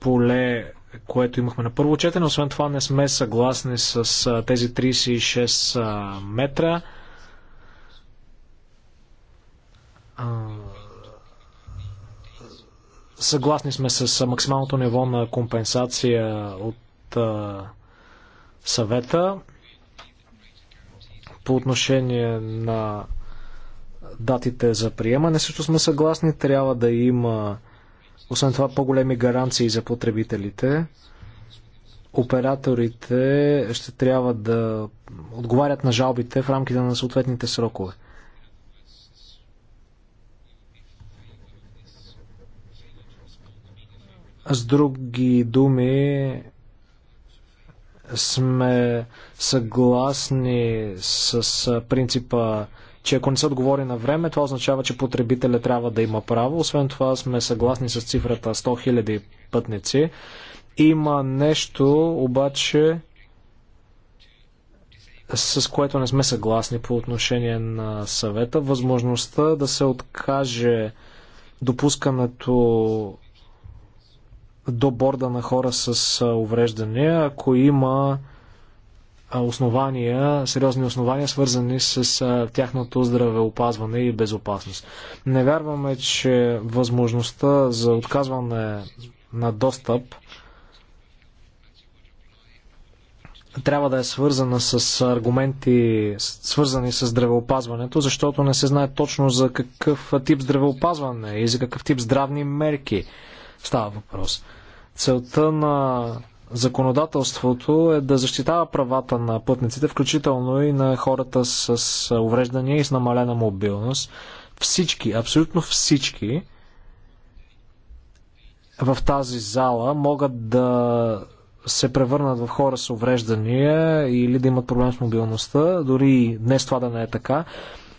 поле, което имахме на първо четене. Освен това не сме съгласни с е, тези 36 е, метра. Съгласни сме с максималното ниво на компенсация от съвета по отношение на датите за приемане. Също сме съгласни, трябва да има освен това по-големи гаранции за потребителите. Операторите ще трябва да отговарят на жалбите в рамките на съответните срокове. С други думи, сме съгласни с принципа, че ако не се отговори на време, това означава, че потребителя трябва да има право. Освен това сме съгласни с цифрата 100 000 пътници. Има нещо, обаче, с което не сме съгласни по отношение на съвета. Възможността да се откаже допускането до борда на хора с увреждания, ако има основания, сериозни основания, свързани с тяхното здравеопазване и безопасност. Не вярваме, че възможността за отказване на достъп трябва да е свързана с аргументи, свързани с здравеопазването, защото не се знае точно за какъв тип здравеопазване и за какъв тип здравни мерки става въпрос. Целта на законодателството е да защитава правата на пътниците, включително и на хората с увреждания и с намалена мобилност. Всички, абсолютно всички в тази зала могат да се превърнат в хора с увреждания или да имат проблем с мобилността, дори и днес това да не е така.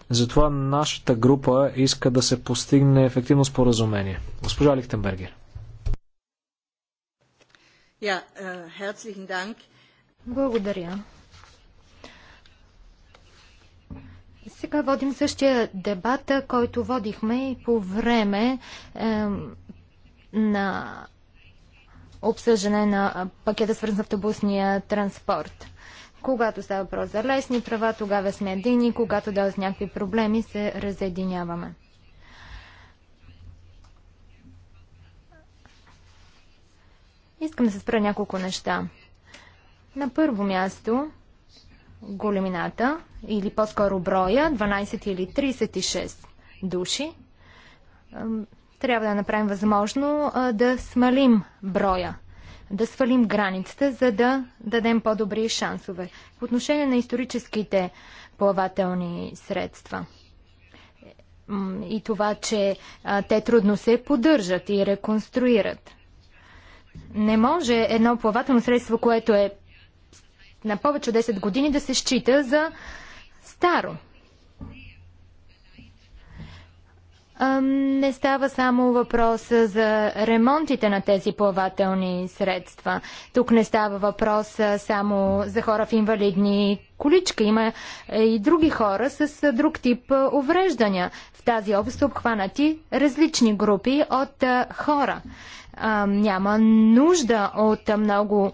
Затова нашата група иска да се постигне ефективно споразумение. Госпожа Лихтенбергер. Äh, Благодаря. Сега водим същия дебат, който водихме и по време на обсъждане на пакета свързан с автобусния транспорт. Когато става въпрос за лесни права, тогава сме едини, когато дойдат някакви проблеми, се разединяваме. Искам да се спра няколко неща. На първо място големината или по-скоро броя 12 или 36 души. Трябва да направим възможно да смалим броя, да свалим границата, за да дадем по-добри шансове. По отношение на историческите плавателни средства и това, че те трудно се поддържат и реконструират. Не може едно плавателно средство, което е на повече от 10 години, да се счита за старо. Не става само въпрос за ремонтите на тези плавателни средства. Тук не става въпрос само за хора в инвалидни количка. Има е, и други хора с друг тип увреждания. В тази област обхванати различни групи от хора а, няма нужда от много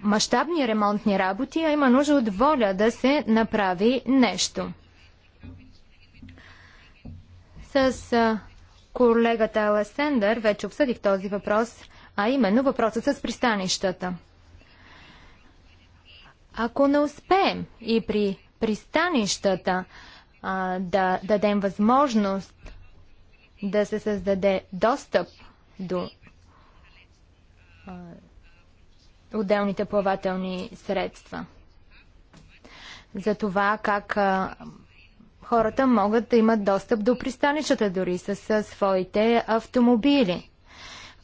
мащабни ремонтни работи, а има нужда от воля да се направи нещо. С а, колегата Алесендър вече обсъдих този въпрос, а именно въпросът с пристанищата. Ако не успеем и при пристанищата а, да дадем възможност да се създаде достъп до а, отделните плавателни средства. За това как а, хората могат да имат достъп до пристанищата дори с, с своите автомобили.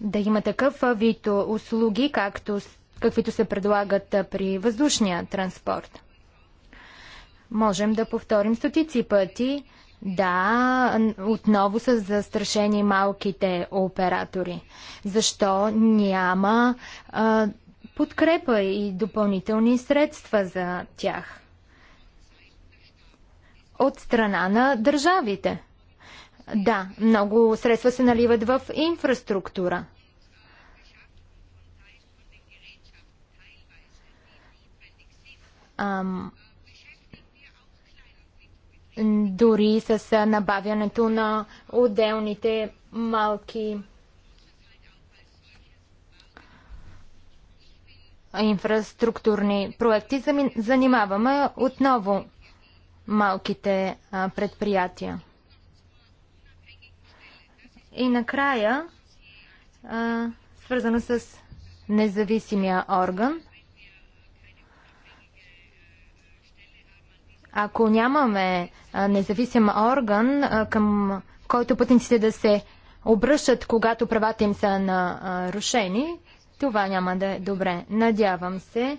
Да има такъв вид услуги, както, каквито се предлагат при въздушния транспорт. Можем да повторим стотици пъти да, отново са застрашени малките оператори. Защо няма а, подкрепа и допълнителни средства за тях? От страна на държавите. Да, много средства се наливат в инфраструктура. Ам, дори с набавянето на отделните малки инфраструктурни проекти. Занимаваме отново малките предприятия. И накрая, свързано с независимия орган – Ако нямаме независим орган, към който пътниците да се обръщат, когато правата им са нарушени, това няма да е добре. Надявам се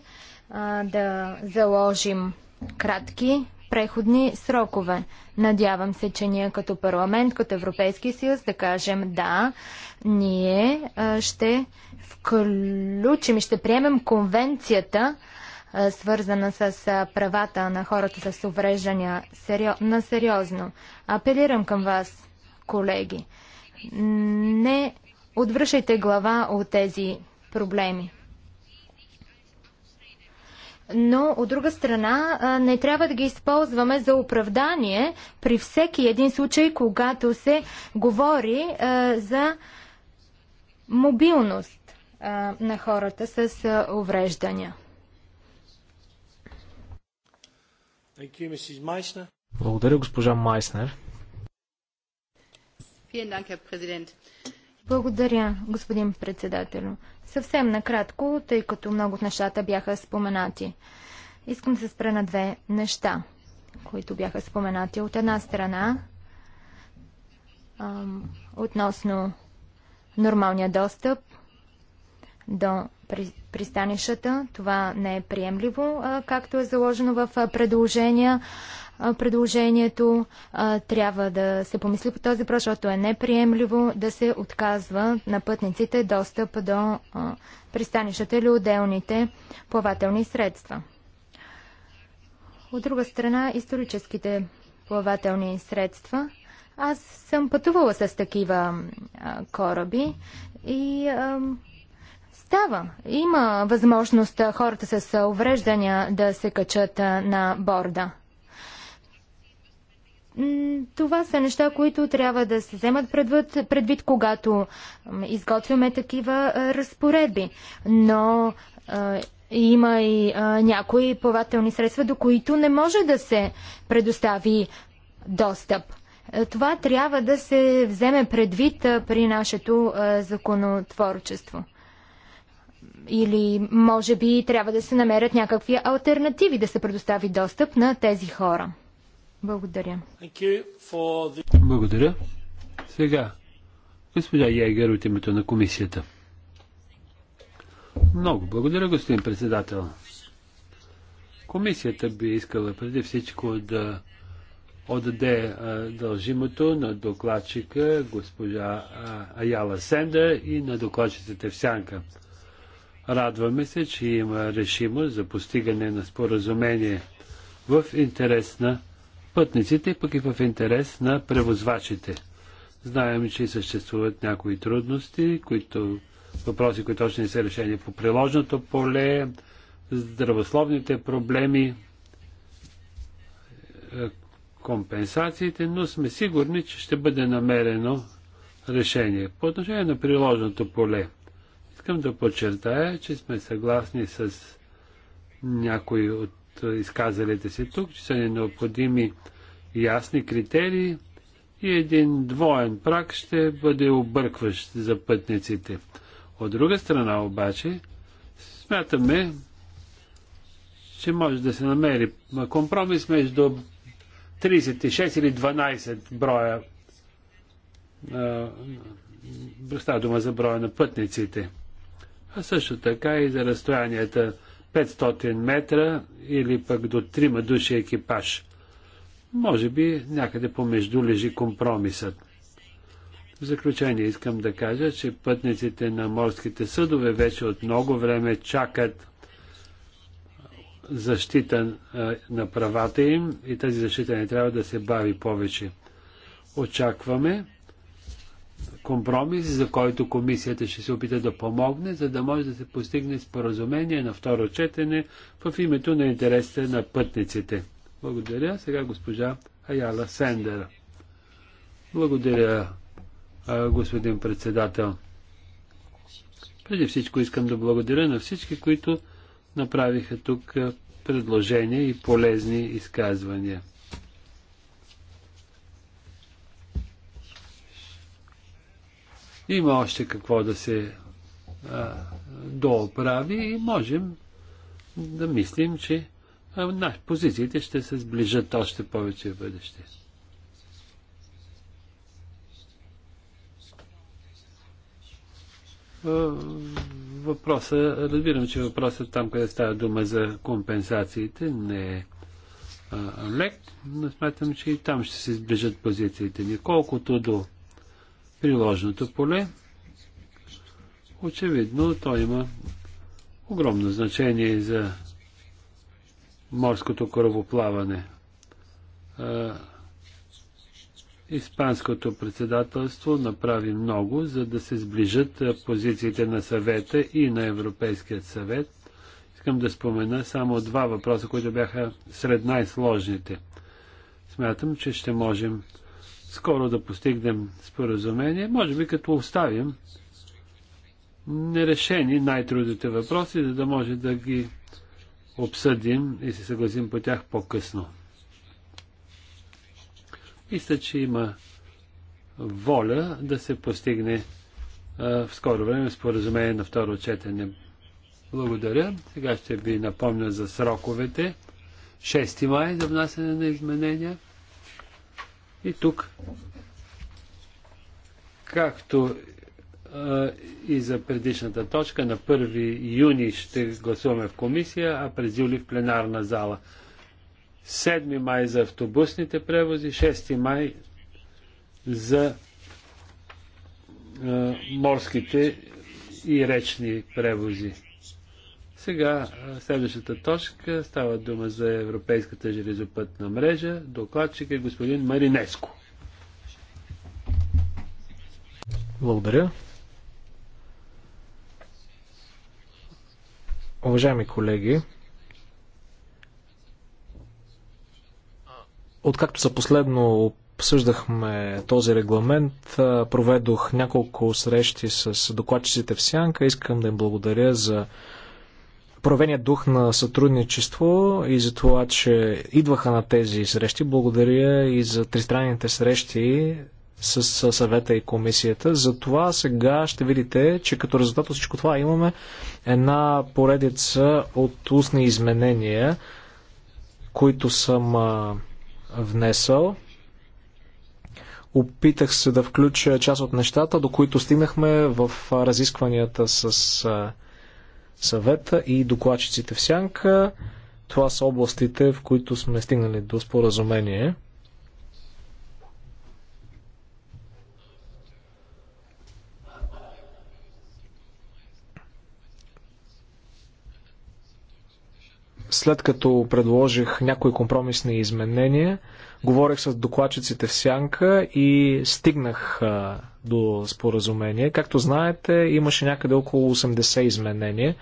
да заложим кратки преходни срокове. Надявам се, че ние като парламент, като Европейски съюз да кажем да, ние ще включим и ще приемем конвенцията свързана с правата на хората с увреждания на сериозно. Апелирам към вас, колеги. Не отвръщайте глава от тези проблеми. Но, от друга страна, не трябва да ги използваме за оправдание при всеки един случай, когато се говори за мобилност на хората с увреждания. Благодаря, госпожа Майснер. Благодаря, господин председател. Съвсем накратко, тъй като много от нещата бяха споменати. Искам да се спра на две неща, които бяха споменати. От една страна, ам, относно нормалния достъп до пристанищата. Това не е приемливо, както е заложено в предложения. Предложението трябва да се помисли по този въпрос, защото е неприемливо да се отказва на пътниците достъп до пристанищата или отделните плавателни средства. От друга страна, историческите плавателни средства. Аз съм пътувала с такива а, кораби и а, става. Има възможност хората с увреждания да се качат на борда. Това са неща, които трябва да се вземат предвид, предвид когато изготвяме такива разпоредби. Но е, има и е, някои пователни средства, до които не може да се предостави достъп. Е, това трябва да се вземе предвид при нашето законотворчество или може би трябва да се намерят някакви альтернативи да се предостави достъп на тези хора. Благодаря. Благодаря. Сега, господа Ягер от името на комисията. Много благодаря, господин председател. Комисията би искала преди всичко да отдаде дължимото на докладчика госпожа Аяла Сенда и на докладчиците в Сянка. Радваме се, че има решимост за постигане на споразумение в интерес на пътниците, пък и в интерес на превозвачите. Знаем, че съществуват някои трудности, които, въпроси, които още не са решени по приложното поле, здравословните проблеми, е, компенсациите, но сме сигурни, че ще бъде намерено решение. По отношение на приложното поле – Искам да подчертая, че сме съгласни с някои от изказалите се тук, че са ни необходими ясни критерии и един двоен прак ще бъде объркващ за пътниците. От друга страна обаче, смятаме, че може да се намери компромис между 36 или 12 броя. Става дума за броя на пътниците а също така и за разстоянията 500 метра или пък до 3 души екипаж. Може би някъде помежду лежи компромисът. В заключение искам да кажа, че пътниците на морските съдове вече от много време чакат защита на правата им и тази защита не трябва да се бави повече. Очакваме компромис, за който комисията ще се опита да помогне, за да може да се постигне споразумение на второ четене в името на интересите на пътниците. Благодаря. Сега госпожа Аяла Сендера. Благодаря, господин председател. Преди всичко искам да благодаря на всички, които направиха тук предложения и полезни изказвания. Има още какво да се а, дооправи и можем да мислим, че а, позициите ще се сближат още повече в бъдеще. Въпроса, разбирам, че въпросът там, къде става дума за компенсациите, не е лек, но смятам, че и там ще се сближат позициите ни. Колкото до приложното поле, очевидно то има огромно значение за морското кръвоплаване. Испанското председателство направи много, за да се сближат позициите на съвета и на Европейският съвет. Искам да спомена само два въпроса, които бяха сред най-сложните. Смятам, че ще можем скоро да постигнем споразумение, може би като оставим нерешени най-трудните въпроси, за да може да ги обсъдим и се съгласим по тях по-късно. Мисля, че има воля да се постигне в скоро време споразумение на второ четене. Благодаря. Сега ще ви напомня за сроковете. 6 май за внасяне на изменения. И тук, както а, и за предишната точка, на 1 юни ще гласуваме в комисия, а през юли в пленарна зала. 7 май за автобусните превози, 6 май за а, морските и речни превози. Сега следващата точка става дума за Европейската железопътна мрежа. Докладчик е господин Маринеско. Благодаря. Уважаеми колеги, откакто за последно обсъждахме този регламент, проведох няколко срещи с докладчиците в Сянка. Искам да им благодаря за проявения дух на сътрудничество и за това, че идваха на тези срещи. Благодаря и за тристранните срещи с съвета и комисията. За това сега ще видите, че като резултат от всичко това имаме една поредица от устни изменения, които съм внесъл. Опитах се да включа част от нещата, до които стигнахме в разискванията с съвета и докладчиците в сянка. Това са областите, в които сме стигнали до споразумение. След като предложих някои компромисни изменения, Говорех с докладчиците в Сянка и стигнах до споразумение. Както знаете, имаше някъде около 80 изменения.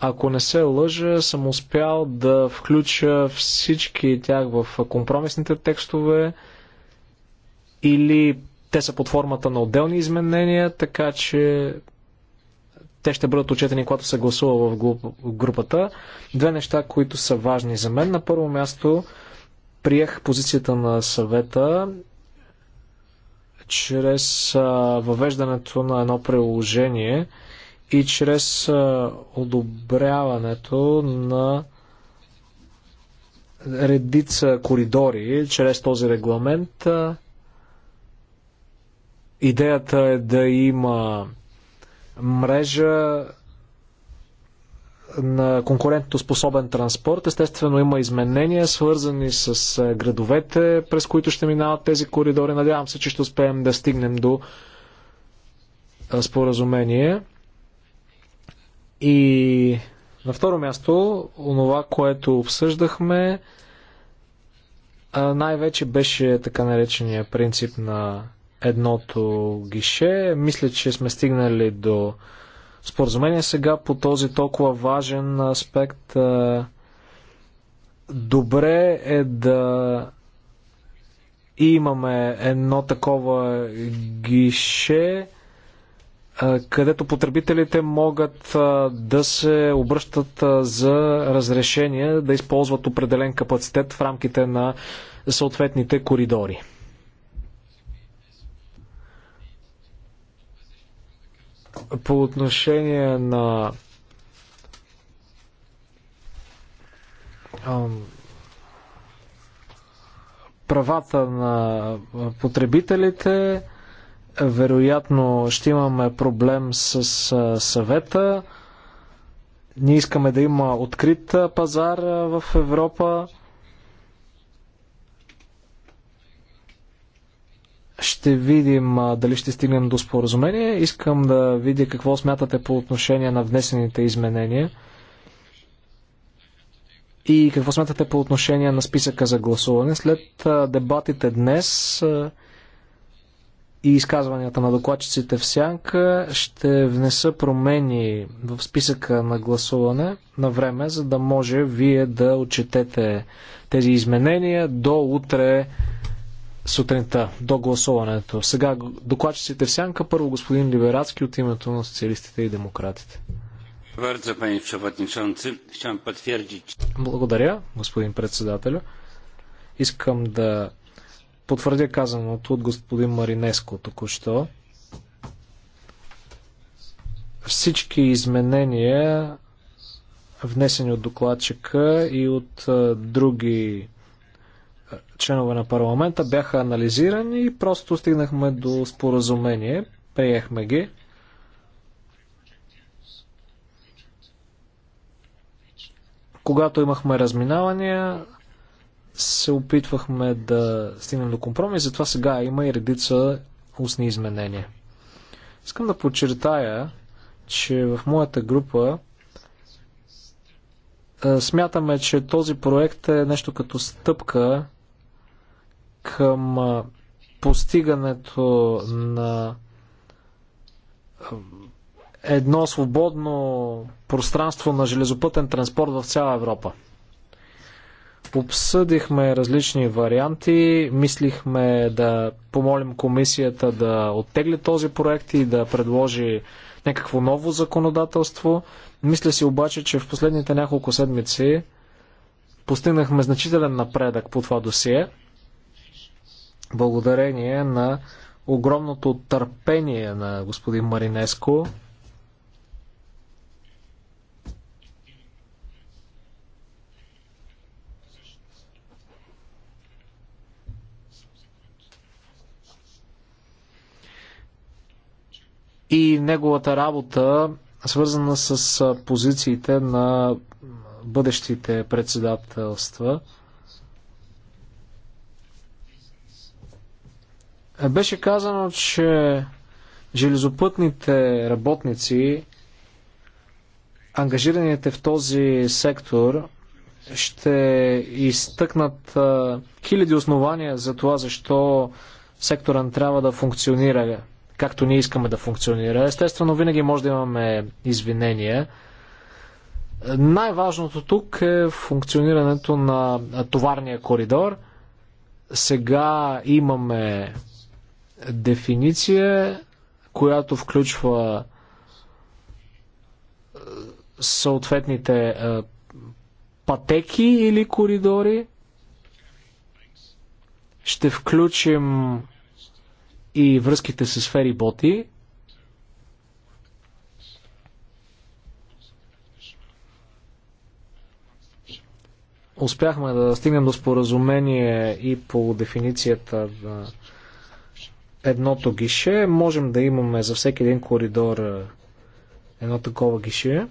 Ако не се лъжа, съм успял да включа всички тях в компромисните текстове или те са под формата на отделни изменения, така че те ще бъдат отчетени, когато се гласува в групата. Две неща, които са важни за мен. На първо място, приех позицията на съвета чрез въвеждането на едно приложение и чрез одобряването на редица коридори чрез този регламент. Идеята е да има мрежа на конкурентно способен транспорт. Естествено има изменения, свързани с е, градовете, през които ще минават тези коридори. Надявам се, че ще успеем да стигнем до е, споразумение. И на второ място, онова, което обсъждахме, е, най-вече беше така наречения принцип на едното гише. Мисля, че сме стигнали до споразумение сега по този толкова важен аспект. Е, добре е да имаме едно такова гише, е, където потребителите могат е, да се обръщат за разрешение да използват определен капацитет в рамките на съответните коридори. По отношение на правата на потребителите, вероятно ще имаме проблем с съвета. Ние искаме да има открит пазар в Европа. Ще видим дали ще стигнем до споразумение. Искам да видя какво смятате по отношение на внесените изменения. И какво смятате по отношение на списъка за гласуване? След дебатите днес и изказванията на докладчиците в сянка ще внеса промени в списъка на гласуване на време, за да може вие да отчетете тези изменения до утре сутринта до гласуването. Сега докладчиците в сянка. Първо господин Либерацки от името на социалистите и демократите. Благодаря, господин председател, Искам да потвърдя казаното от господин Маринеско току-що. Всички изменения, внесени от докладчика и от други членове на парламента бяха анализирани и просто стигнахме до споразумение. Приехме ги. Когато имахме разминавания, се опитвахме да стигнем до компромис, затова сега има и редица устни изменения. Искам да подчертая, че в моята група смятаме, че този проект е нещо като стъпка към постигането на едно свободно пространство на железопътен транспорт в цяла Европа. Обсъдихме различни варианти, мислихме да помолим комисията да оттегли този проект и да предложи някакво ново законодателство. Мисля си обаче, че в последните няколко седмици постигнахме значителен напредък по това досие – благодарение на огромното търпение на господин Маринеско. И неговата работа, свързана с позициите на бъдещите председателства. Беше казано, че железопътните работници, ангажираните в този сектор, ще изтъкнат хиляди основания за това, защо сектора не трябва да функционира както ние искаме да функционира. Естествено, винаги може да имаме извинения. Най-важното тук е функционирането на товарния коридор. Сега имаме дефиниция, която включва е, съответните е, пътеки или коридори. Ще включим и връзките с сфери боти. Успяхме да стигнем до споразумение и по дефиницията на едното гише. Можем да имаме за всеки един коридор едно такова гише.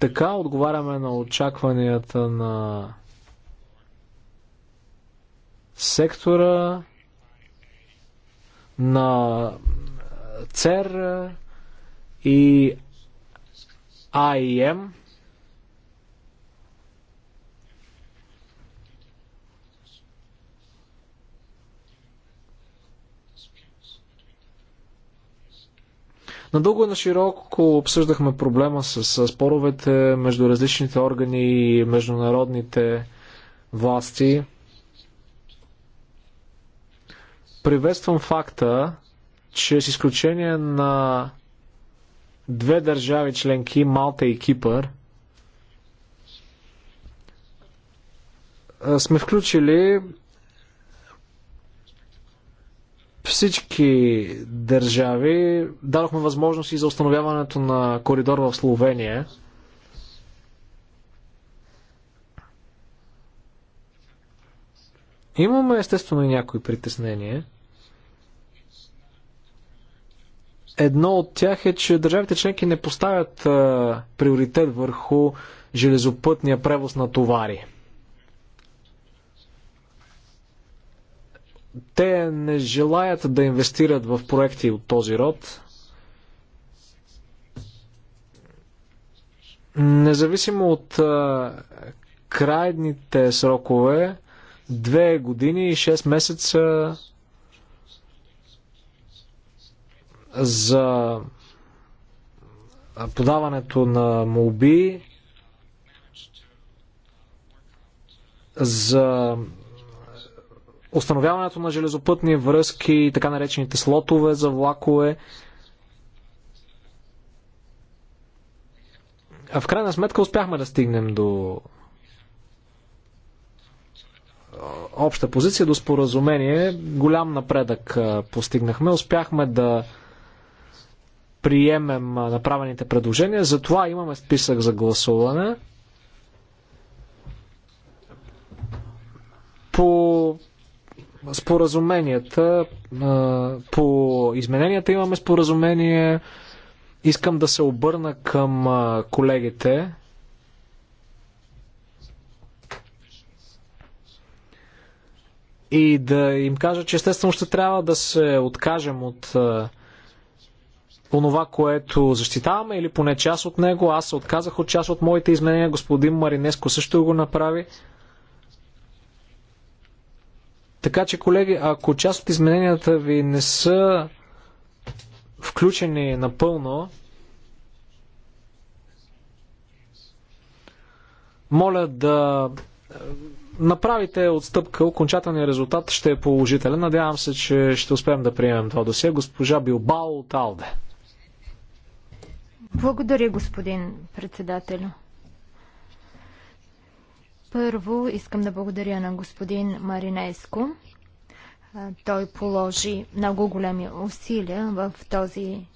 Така отговаряме на очакванията на сектора, на ЦЕР и АИМ. Надълго и на широко обсъждахме проблема с, с споровете между различните органи и международните власти. Приветствам факта, че с изключение на две държави членки, Малта и Кипър, сме включили всички държави. Дадохме възможност и за установяването на коридор в Словения. Имаме естествено и някои притеснения. Едно от тях е, че държавите членки не поставят а, приоритет върху железопътния превоз на товари. те не желаят да инвестират в проекти от този род. Независимо от а, крайните срокове, две години и 6 месеца за подаването на молби за установяването на железопътни връзки и така наречените слотове за влакове. А в крайна сметка успяхме да стигнем до обща позиция, до споразумение. Голям напредък постигнахме. Успяхме да приемем направените предложения. Затова имаме списък за гласуване. По споразуменията. По измененията имаме споразумение. Искам да се обърна към колегите. И да им кажа, че естествено ще трябва да се откажем от онова, което защитаваме или поне част от него. Аз се отказах от част от моите изменения. Господин Маринеско също го направи. Така че, колеги, ако част от измененията ви не са включени напълно, моля да е, направите отстъпка. Окончателният резултат ще е положителен. Надявам се, че ще успеем да приемем това досие. Госпожа Билбао от Алде. Благодаря, господин председател. Първо искам да благодаря на господин Маринеско. Той положи много големи усилия в този,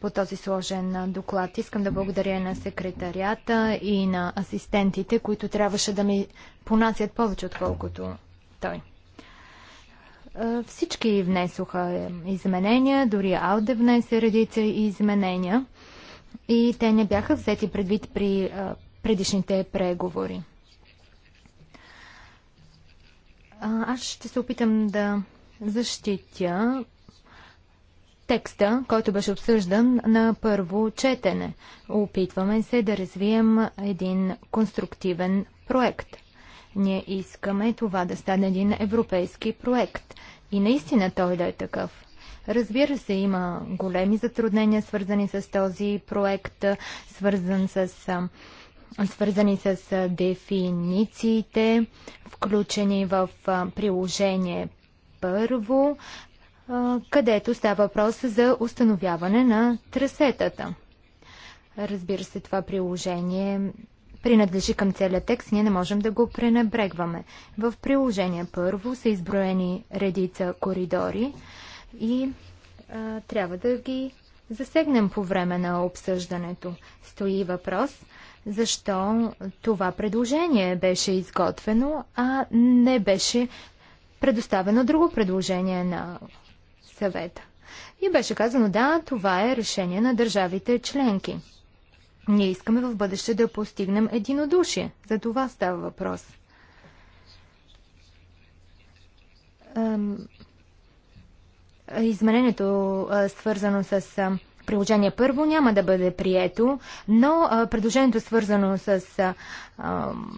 по този сложен доклад. Искам да благодаря на секретарията и на асистентите, които трябваше да ми понасят повече, отколкото той. Всички внесоха е, изменения, дори Алде внесе редица изменения и те не бяха взети предвид при предишните преговори. Аз ще се опитам да защитя текста, който беше обсъждан на първо четене. Опитваме се да развием един конструктивен проект. Ние искаме това да стане един европейски проект. И наистина той да е такъв. Разбира се, има големи затруднения, свързани с този проект, свързан с свързани с дефинициите, включени в приложение първо, където става въпрос за установяване на трасетата. Разбира се, това приложение принадлежи към целият текст, ние не можем да го пренебрегваме. В приложение първо са изброени редица коридори и а, трябва да ги засегнем по време на обсъждането. Стои въпрос – защо това предложение беше изготвено, а не беше предоставено друго предложение на съвета. И беше казано, да, това е решение на държавите членки. Ние искаме в бъдеще да постигнем единодушие. За това става въпрос. Изменението, свързано с приложение първо няма да бъде прието, но предложението свързано с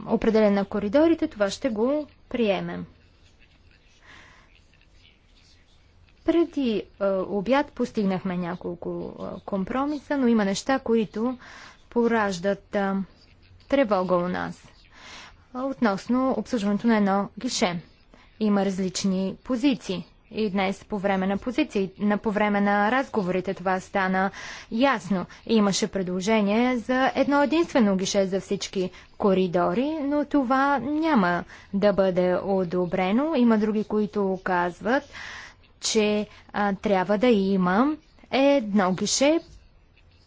определен на коридорите, това ще го приемем. Преди обяд постигнахме няколко компромиса, но има неща, които пораждат тревога у нас относно обслужването на едно гише. Има различни позиции. И днес по време на позиции, на по време на разговорите това стана ясно. Имаше предложение за едно единствено гише за всички коридори, но това няма да бъде одобрено. Има други, които казват, че а, трябва да има едно гише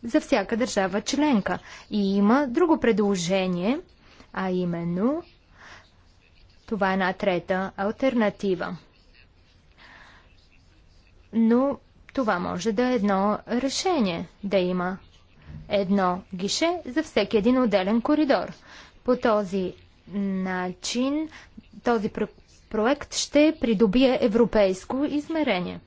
за всяка държава членка. И има друго предложение, а именно това е една трета альтернатива но това може да е едно решение да има едно гише за всеки един отделен коридор. По този начин този проект ще придобие европейско измерение.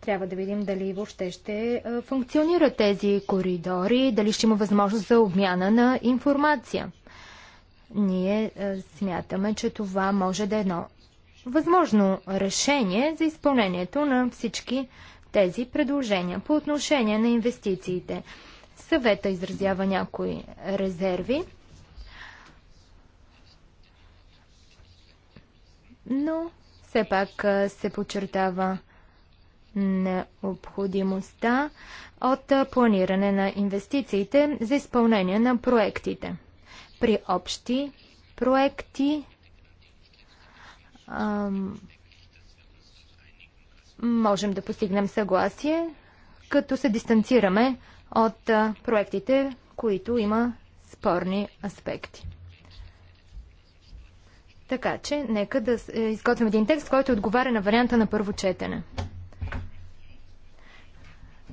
Трябва да видим дали въобще ще функционират тези коридори, дали ще има възможност за обмяна на информация. Ние смятаме, че това може да е едно възможно решение за изпълнението на всички тези предложения. По отношение на инвестициите, съвета изразява някои резерви, но все пак се подчертава необходимостта от планиране на инвестициите за изпълнение на проектите. При общи проекти можем да постигнем съгласие, като се дистанцираме от проектите, които има спорни аспекти. Така че, нека да е, изготвим един текст, който отговаря на варианта на първо четене.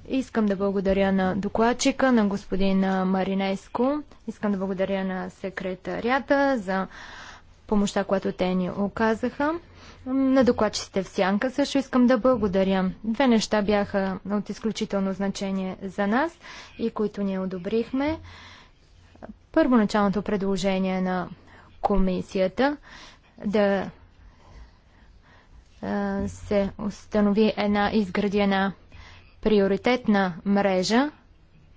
Искам да благодаря на докладчика, на господин Маринеско. Искам да благодаря на секретарята за помощта, която те ни оказаха. На докладчиците в Сянка също искам да благодаря. Две неща бяха от изключително значение за нас и които ние одобрихме. Първоначалното предложение на комисията да се установи една изградена приоритетна мрежа,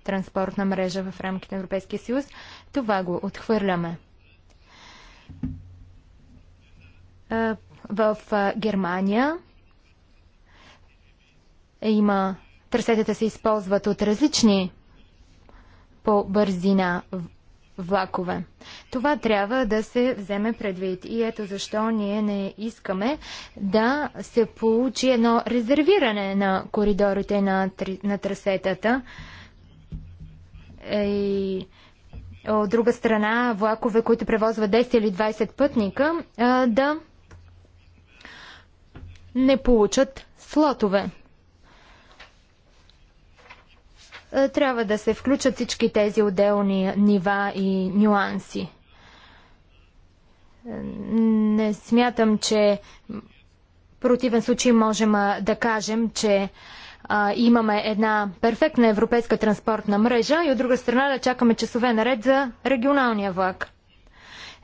транспортна мрежа в рамките на Европейския съюз, това го отхвърляме в Германия. Има трасетата се използват от различни по бързина влакове. Това трябва да се вземе предвид. И ето защо ние не искаме да се получи едно резервиране на коридорите на, на трасетата. Е, и от друга страна, влакове, които превозват 10 или 20 пътника, да не получат слотове. Е, трябва да се включат всички тези отделни нива и нюанси. Е, не смятам, че в противен случай можем да кажем, че а, имаме една перфектна европейска транспортна мрежа и от друга страна да чакаме часове наред за регионалния влак.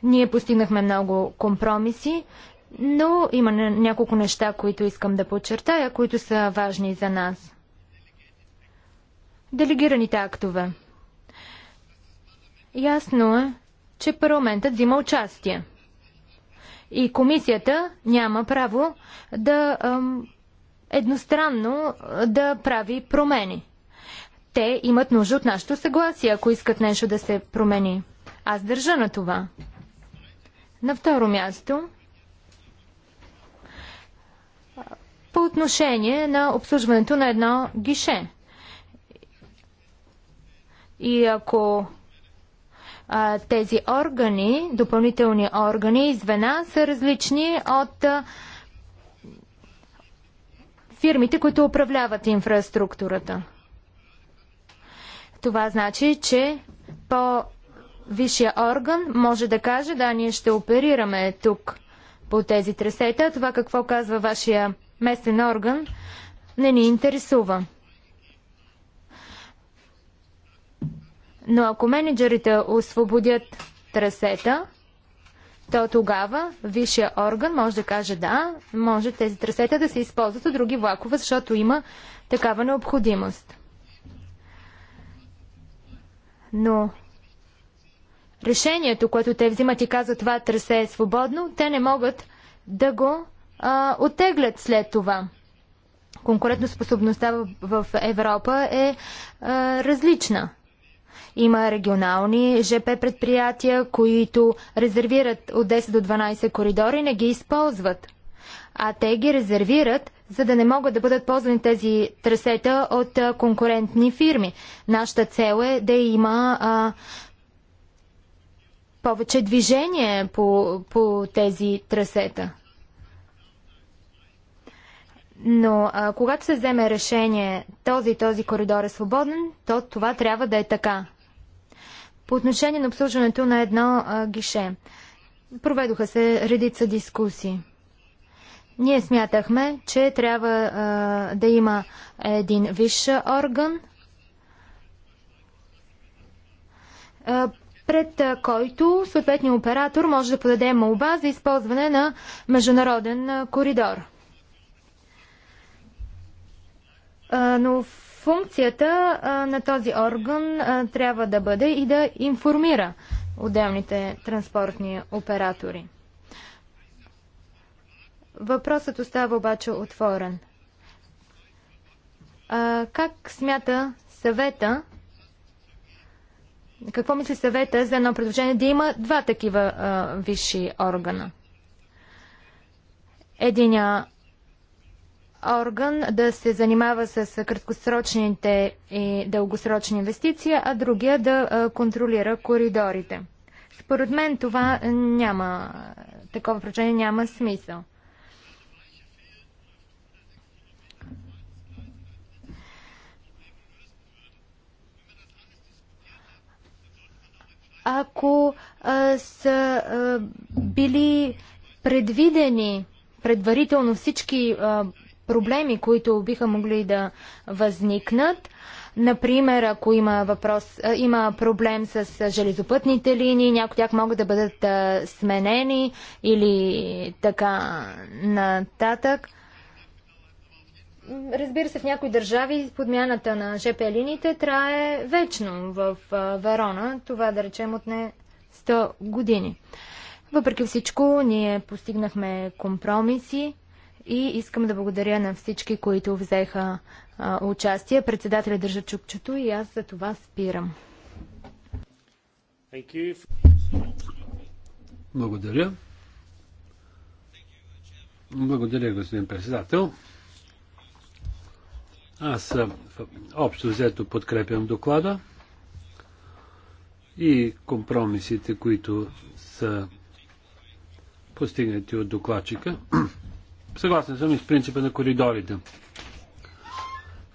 Ние постигнахме много компромиси. Но има няколко неща, които искам да подчертая, които са важни за нас. Делегираните актове. Ясно е, че парламентът взима участие. И комисията няма право да едностранно да прави промени. Те имат нужда от нашето съгласие, ако искат нещо да се промени. Аз държа на това. На второ място, по отношение на обслужването на едно гише. И ако а, тези органи, допълнителни органи и звена са различни от а, фирмите, които управляват инфраструктурата. Това значи, че по висшия орган може да каже, да, ние ще оперираме тук по тези трасета. Това какво казва вашия местен орган не ни интересува. Но ако менеджерите освободят трасета, то тогава висшия орган може да каже да, може тези трасета да се използват от други влакове, защото има такава необходимост. Но решението, което те взимат и казват това трасе е свободно, те не могат да го а, отеглят след това. Конкурентоспособността в, в Европа е а, различна. Има регионални ЖП предприятия, които резервират от 10 до 12 коридори и не ги използват. А те ги резервират, за да не могат да бъдат ползвани тези трасета от а, конкурентни фирми. Нашата цел е да има а, повече движение по, по тези трасета. Но а, когато се вземе решение този и този коридор е свободен, то това трябва да е така. По отношение на обслужването на едно а, гише, проведоха се редица дискусии. Ние смятахме, че трябва а, да има един висш орган, а, пред а, който съответният оператор може да подаде молба за използване на международен а, коридор. но функцията на този орган трябва да бъде и да информира отделните транспортни оператори. Въпросът остава обаче отворен. Как смята съвета какво мисли съвета за едно предложение да има два такива висши органа? Единия орган да се занимава с краткосрочните и дългосрочни инвестиции, а другия да контролира коридорите. Според мен това няма, такова прочение няма смисъл. Ако а, са а, били предвидени предварително всички а, проблеми, които биха могли да възникнат. Например, ако има, въпрос, има проблем с железопътните линии, някои тях могат да бъдат сменени или така нататък. Разбира се, в някои държави подмяната на ЖП линиите трае вечно. В Верона това, да речем, отне 100 години. Въпреки всичко, ние постигнахме компромиси. И искам да благодаря на всички, които взеха а, участие. Председателя държа чукчето и аз за това спирам. Благодаря. Благодаря, господин председател. Аз общо взето подкрепям доклада и компромисите, които са постигнати от докладчика. Съгласен съм и с принципа на коридорите.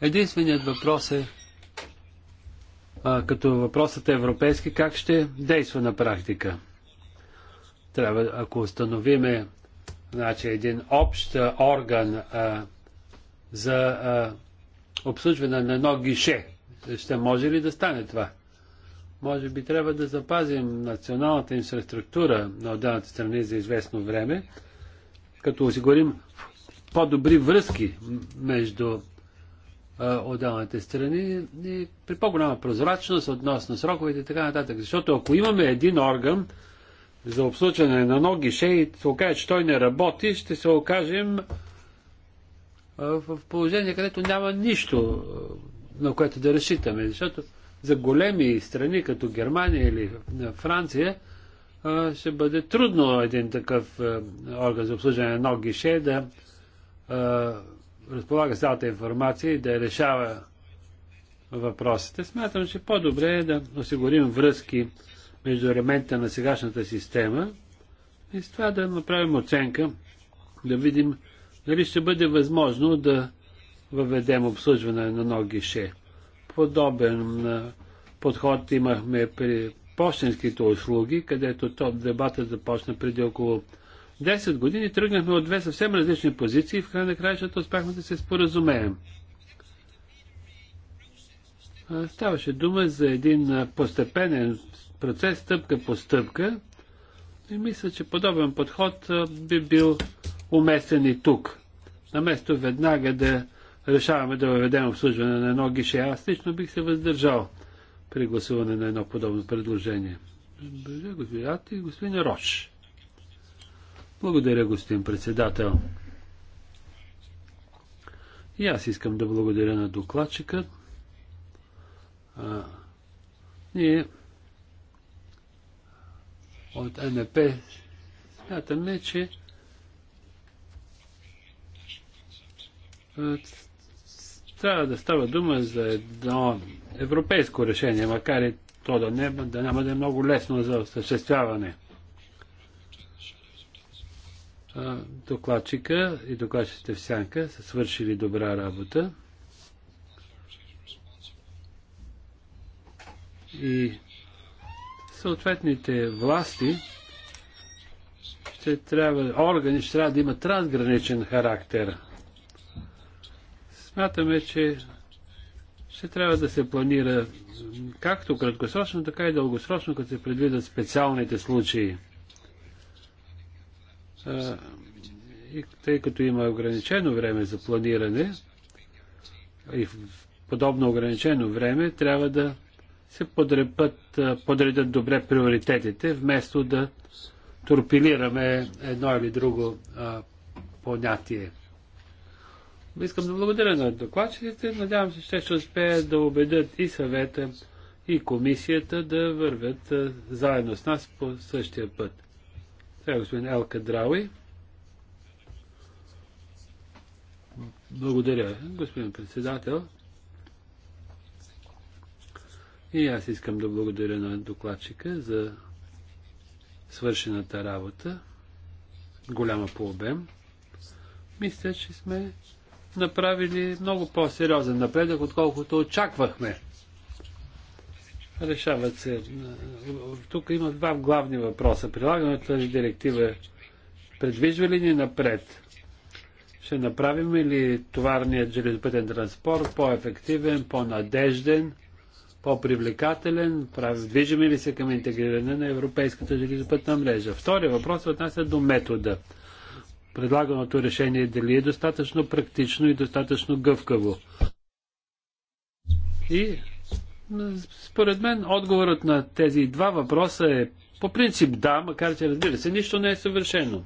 Единственият въпрос е, а, като въпросът е европейски, как ще действа на практика? Трябва, ако установиме значи, един общ орган а, за а, обслужване на едно гише, ще може ли да стане това? Може би трябва да запазим националната инфраструктура на отделните страни за известно време, като осигурим по-добри връзки между а, отделните страни и при по-голяма прозрачност относно сроковете и така нататък. Защото ако имаме един орган за обслужване на ноги, шеи, се окаже, че той не работи, ще се окажем в положение, където няма нищо, на което да разчитаме. Защото за големи страни, като Германия или Франция, ще бъде трудно един такъв орган за обслужване на едно гише да разполага цялата информация и да решава въпросите. Смятам, че по-добре е да осигурим връзки между елемента на сегашната система и с това да направим оценка, да видим дали ще бъде възможно да въведем обслужване на ноги гише. Подобен подход имахме при почтенските услуги, където то, дебатът започна преди около 10 години. Тръгнахме от две съвсем различни позиции и в край на краищата успяхме да се споразумеем. Ставаше дума за един постепенен процес, стъпка по стъпка. И мисля, че подобен подход би бил уместен и тук. Наместо веднага да решаваме да въведем обслужване на едно гише, аз лично бих се въздържал при гласуване на едно подобно предложение. Благодаря, господин и господин Роч. Благодаря, господин председател. И аз искам да благодаря на докладчика. А, ние от НП смятаме, че трябва да става дума за едно европейско решение, макар и то да, не, да няма да е много лесно за осъществяване. Докладчика и докладчите в сянка са свършили добра работа. И съответните власти ще трябва, органи ще трябва да имат трансграничен характер – Смятаме, че ще трябва да се планира както краткосрочно, така и дългосрочно, като се предвидят специалните случаи. И тъй като има ограничено време за планиране и подобно ограничено време, трябва да се подрепат, подредят добре приоритетите, вместо да торпилираме едно или друго а, понятие. Искам да благодаря на докладчиците. Надявам се, ще, ще успеят да убедят и съвета, и комисията да вървят заедно с нас по същия път. е господин Елка Драуи. Благодаря, господин председател. И аз искам да благодаря на докладчика за свършената работа, голяма по обем. Мисля, че сме направили много по-сериозен напредък, отколкото очаквахме. Решават се. Тук има два главни въпроса. Прилагането на директива предвижва ли ни напред? Ще направим ли товарният железопътен транспорт по-ефективен, по-надежден, по-привлекателен? Движиме ли се към интегриране на европейската железопътна мрежа? Втория въпрос отнася до метода предлаганото решение дали е достатъчно практично и достатъчно гъвкаво. И според мен отговорът на тези два въпроса е по принцип да, макар че разбира се, нищо не е съвършено.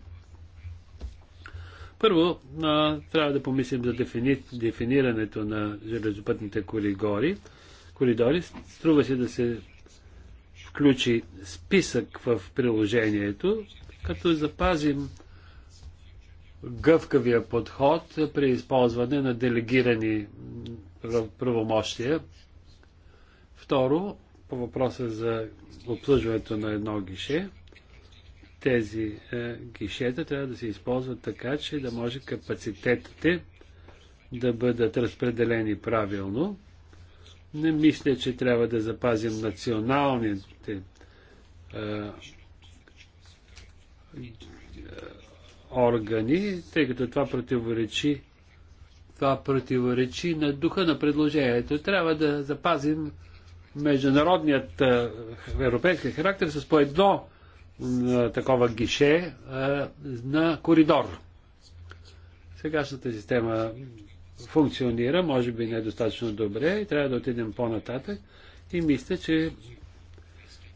Първо, а, трябва да помислим за дефини... дефинирането на железопътните коридори. коридори. Струва се да се включи списък в приложението, като запазим гъвкавия подход при използване на делегирани правомощия. Второ, по въпроса за обслужването на едно гише, тези е, гишета трябва да се използват така, че да може капацитетите да бъдат разпределени правилно. Не мисля, че трябва да запазим националните е, органи, тъй като това противоречи това противоречи на духа на предложението. Трябва да запазим международният европейски характер с по едно такова гише на коридор. Сегашната система функционира, може би не е достатъчно добре и трябва да отидем по-нататък. И мисля, че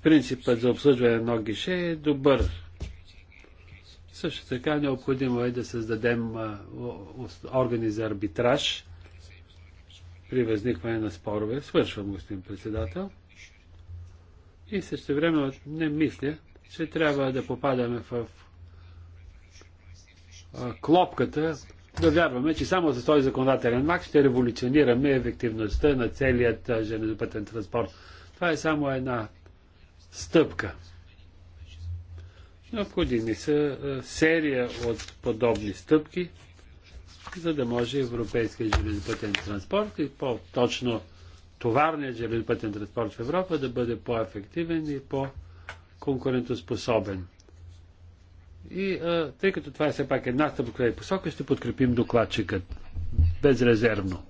принципът за обслужване на едно гише е добър също така необходимо е да създадем органи за арбитраж при възникване на спорове. Свършвам, господин председател. И също време не мисля, че трябва да попадаме в клопката, да вярваме, че само с този законодателен акт ще революционираме ефективността на целият железопътен транспорт. Това е само една стъпка. Необходими са серия от подобни стъпки, за да може европейския железопътен транспорт и по-точно товарният железопътен транспорт в Европа да бъде по-ефективен и по-конкурентоспособен. И а, тъй като това е все пак една стъпка и посока, ще подкрепим докладчикът безрезервно.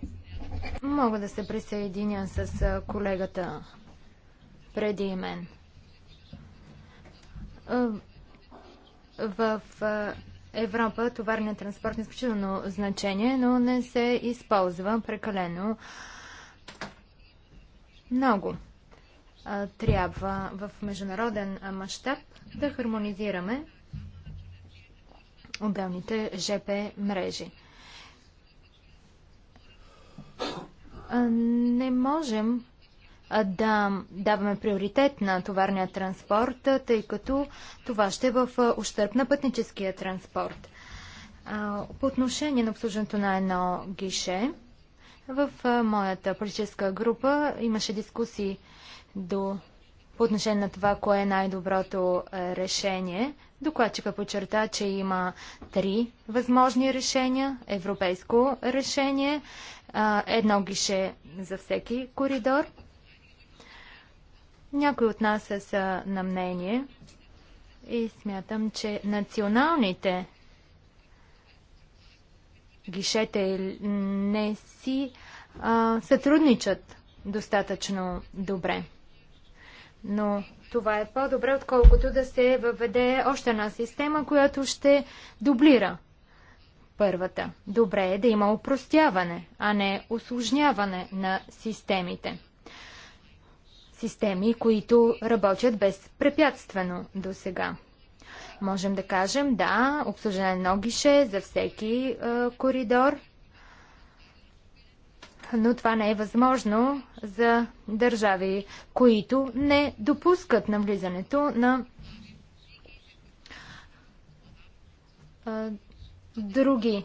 Мога да се присъединя с колегата преди мен. В Европа товарният транспорт е изключително значение, но не се използва прекалено много. Трябва в международен мащаб да хармонизираме отделните ЖП мрежи. Не можем да даваме приоритет на товарния транспорт, тъй като това ще е в ущърп на пътническия транспорт. По отношение на обслужването на едно гише, в моята политическа група имаше дискусии до по отношение на това, кое е най-доброто решение. Докладчика подчерта, че има три възможни решения. Европейско решение, едно гише за всеки коридор – някои от нас са на мнение и смятам, че националните гишете не си а, сътрудничат достатъчно добре. Но това е по-добре, отколкото да се въведе още една система, която ще дублира първата. Добре е да има упростяване, а не осложняване на системите системи, които работят безпрепятствено до сега. Можем да кажем, да, обслужване на гише за всеки е, коридор, но това не е възможно за държави, които не допускат навлизането на е, други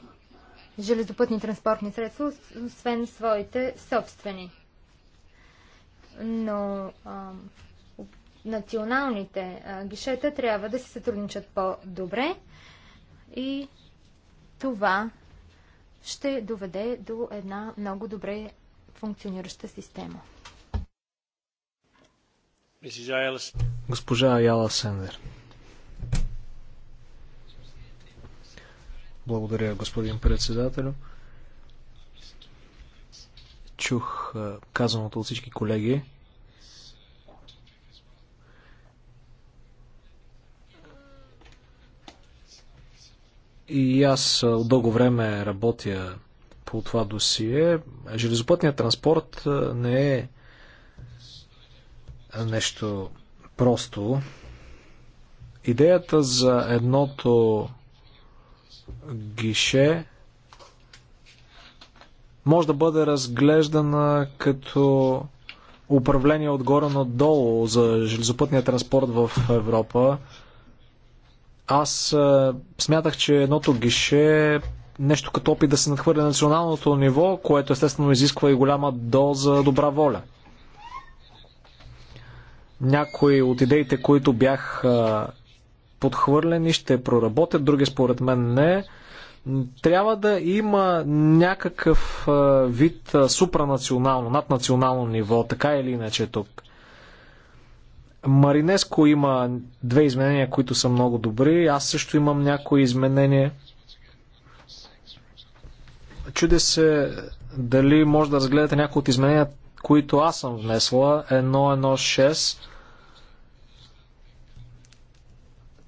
железопътни транспортни средства, освен своите собствени но а, националните а, гишета трябва да се сътрудничат по-добре и това ще доведе до една много добре функционираща система. Госпожа Аяла Сендер. Благодаря, господин председател. Чух казаното от всички колеги. И аз от дълго време работя по това досие. Железопътният транспорт не е нещо просто. Идеята за едното гише може да бъде разглеждана като управление отгоре надолу за железопътния транспорт в Европа. Аз е, смятах, че едното гише е нещо като опит да се надхвърля националното ниво, което естествено изисква и голяма доза добра воля. Някои от идеите, които бях подхвърлени, ще проработят, други според мен не. Трябва да има някакъв вид супранационално, наднационално ниво, така или иначе тук. Маринеско има две изменения, които са много добри. Аз също имам някои изменения. Чуде се дали може да разгледате някои от измененията, които аз съм внесла. 1.1.6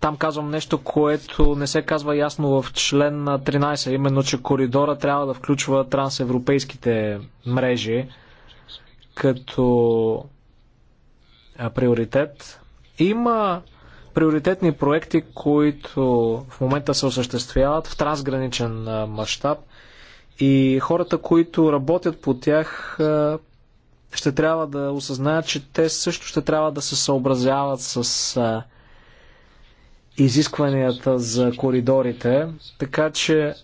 Там казвам нещо, което не се казва ясно в член 13, именно, че коридора трябва да включва трансевропейските мрежи като приоритет. Има приоритетни проекти, които в момента се осъществяват в трансграничен мащаб и хората, които работят по тях, ще трябва да осъзнаят, че те също ще трябва да се съобразяват с изискванията за коридорите, така че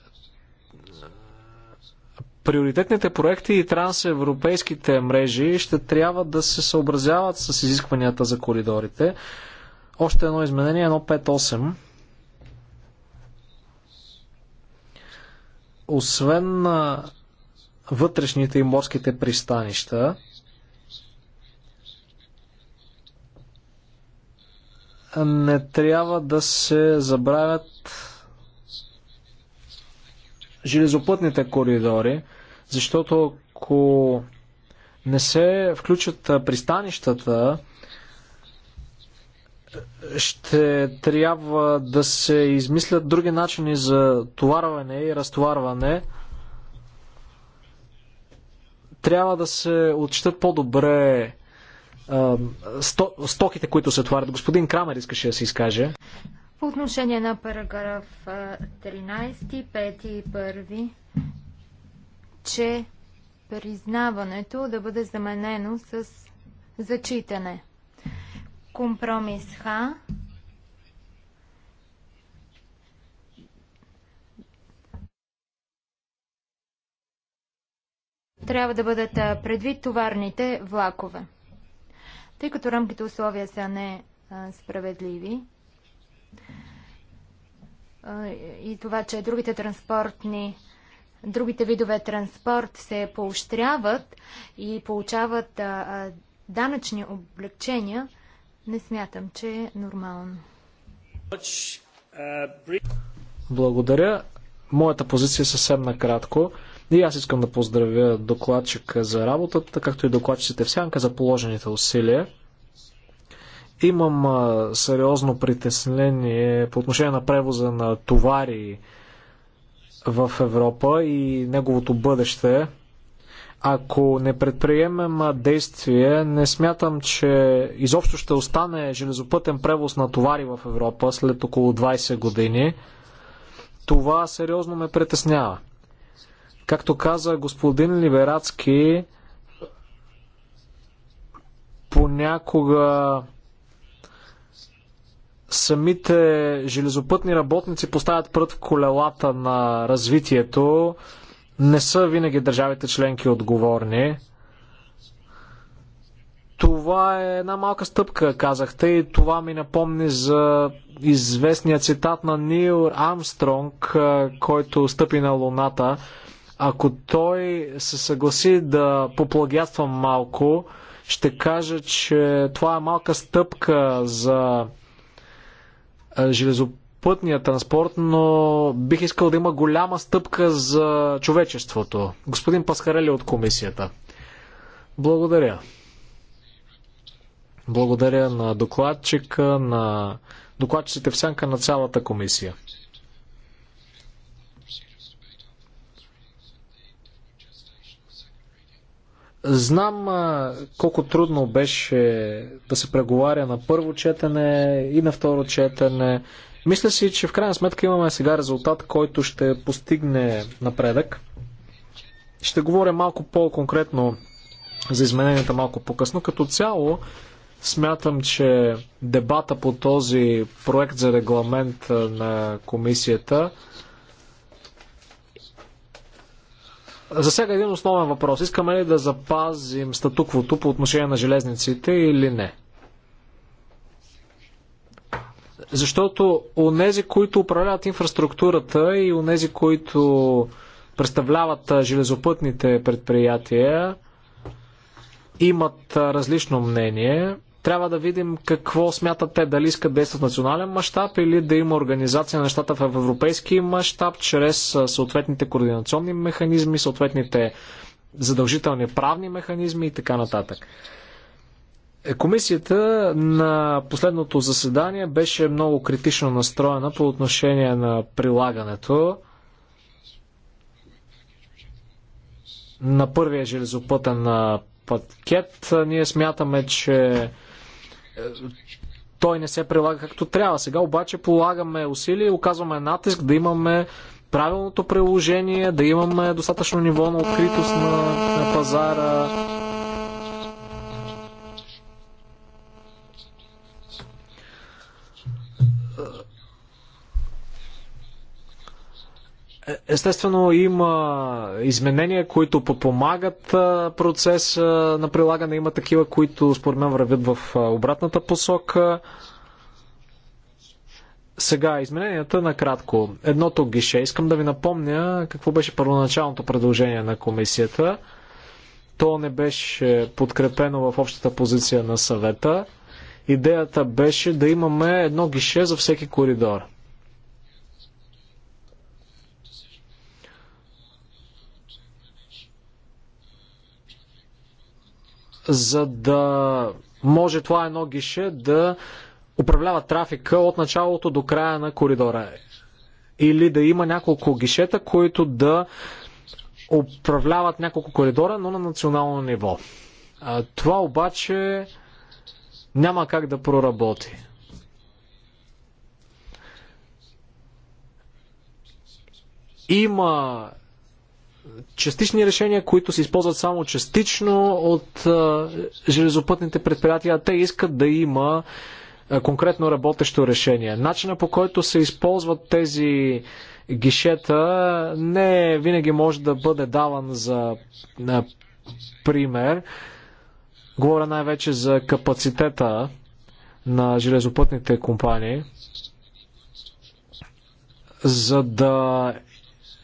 приоритетните проекти и трансевропейските мрежи ще трябва да се съобразяват с изискванията за коридорите. Още едно изменение, 1.5.8. Освен на вътрешните и морските пристанища, не трябва да се забравят железопътните коридори, защото ако не се включат пристанищата, ще трябва да се измислят други начини за товарване и разтоварване. Трябва да се отчитат по-добре сто, стоките, които се отварят. Господин Крамер искаше да се изкаже. По отношение на параграф 13, 5 и 1, че признаването да бъде заменено с зачитане. Компромис Х трябва да бъдат предвид товарните влакове. Тъй като рамките условия са не справедливи и това, че другите транспортни другите видове транспорт се поощряват и получават данъчни облегчения, не смятам, че е нормално. Благодаря. Моята позиция е съвсем накратко. И аз искам да поздравя докладчика за работата, както и докладчиците в сянка за положените усилия. Имам а, сериозно притеснение по отношение на превоза на товари в Европа и неговото бъдеще. Ако не предприемем действие, не смятам, че изобщо ще остане железопътен превоз на товари в Европа след около 20 години. Това сериозно ме притеснява. Както каза господин Либерацки, понякога самите железопътни работници поставят прът в колелата на развитието. Не са винаги държавите членки отговорни. Това е една малка стъпка, казахте, и това ми напомни за известния цитат на Нил Армстронг, който стъпи на Луната. Ако той се съгласи да поплагятства малко, ще кажа, че това е малка стъпка за е, железопътния транспорт, но бих искал да има голяма стъпка за човечеството. Господин Паскарели от комисията. Благодаря. Благодаря на докладчика, на докладчиците в сянка на цялата комисия. Знам а, колко трудно беше да се преговаря на първо четене и на второ четене. Мисля си, че в крайна сметка имаме сега резултат, който ще постигне напредък. Ще говоря малко по-конкретно за измененията малко по-късно. Като цяло, смятам, че дебата по този проект за регламент на комисията Засяга един основен въпрос. Искаме ли да запазим статуквото по отношение на железниците или не? Защото онези, които управляват инфраструктурата и онези, които представляват железопътните предприятия, имат различно мнение. Трябва да видим какво смятат те, дали искат действат в национален мащаб или да има организация на нещата в европейски мащаб, чрез съответните координационни механизми, съответните задължителни правни механизми и така нататък. Е, комисията на последното заседание беше много критично настроена по отношение на прилагането на първия железопътен пакет. Ние смятаме, че той не се прилага както трябва. Сега обаче полагаме усилия и оказваме натиск да имаме правилното приложение, да имаме достатъчно ниво на откритост на, на пазара, Естествено има изменения, които подпомагат процес на прилагане. Има такива, които според мен вървят в обратната посока. Сега, измененията накратко. Едното гише. Искам да ви напомня какво беше първоначалното предложение на комисията. То не беше подкрепено в общата позиция на съвета. Идеята беше да имаме едно гише за всеки коридор – за да може това едно гише да управлява трафика от началото до края на коридора. Или да има няколко гишета, които да управляват няколко коридора, но на национално ниво. Това обаче няма как да проработи. Има частични решения, които се използват само частично от а, железопътните предприятия, а те искат да има а, конкретно работещо решение. Начина по който се използват тези гишета не винаги може да бъде даван за а, пример. Говоря най-вече за капацитета на железопътните компании, за да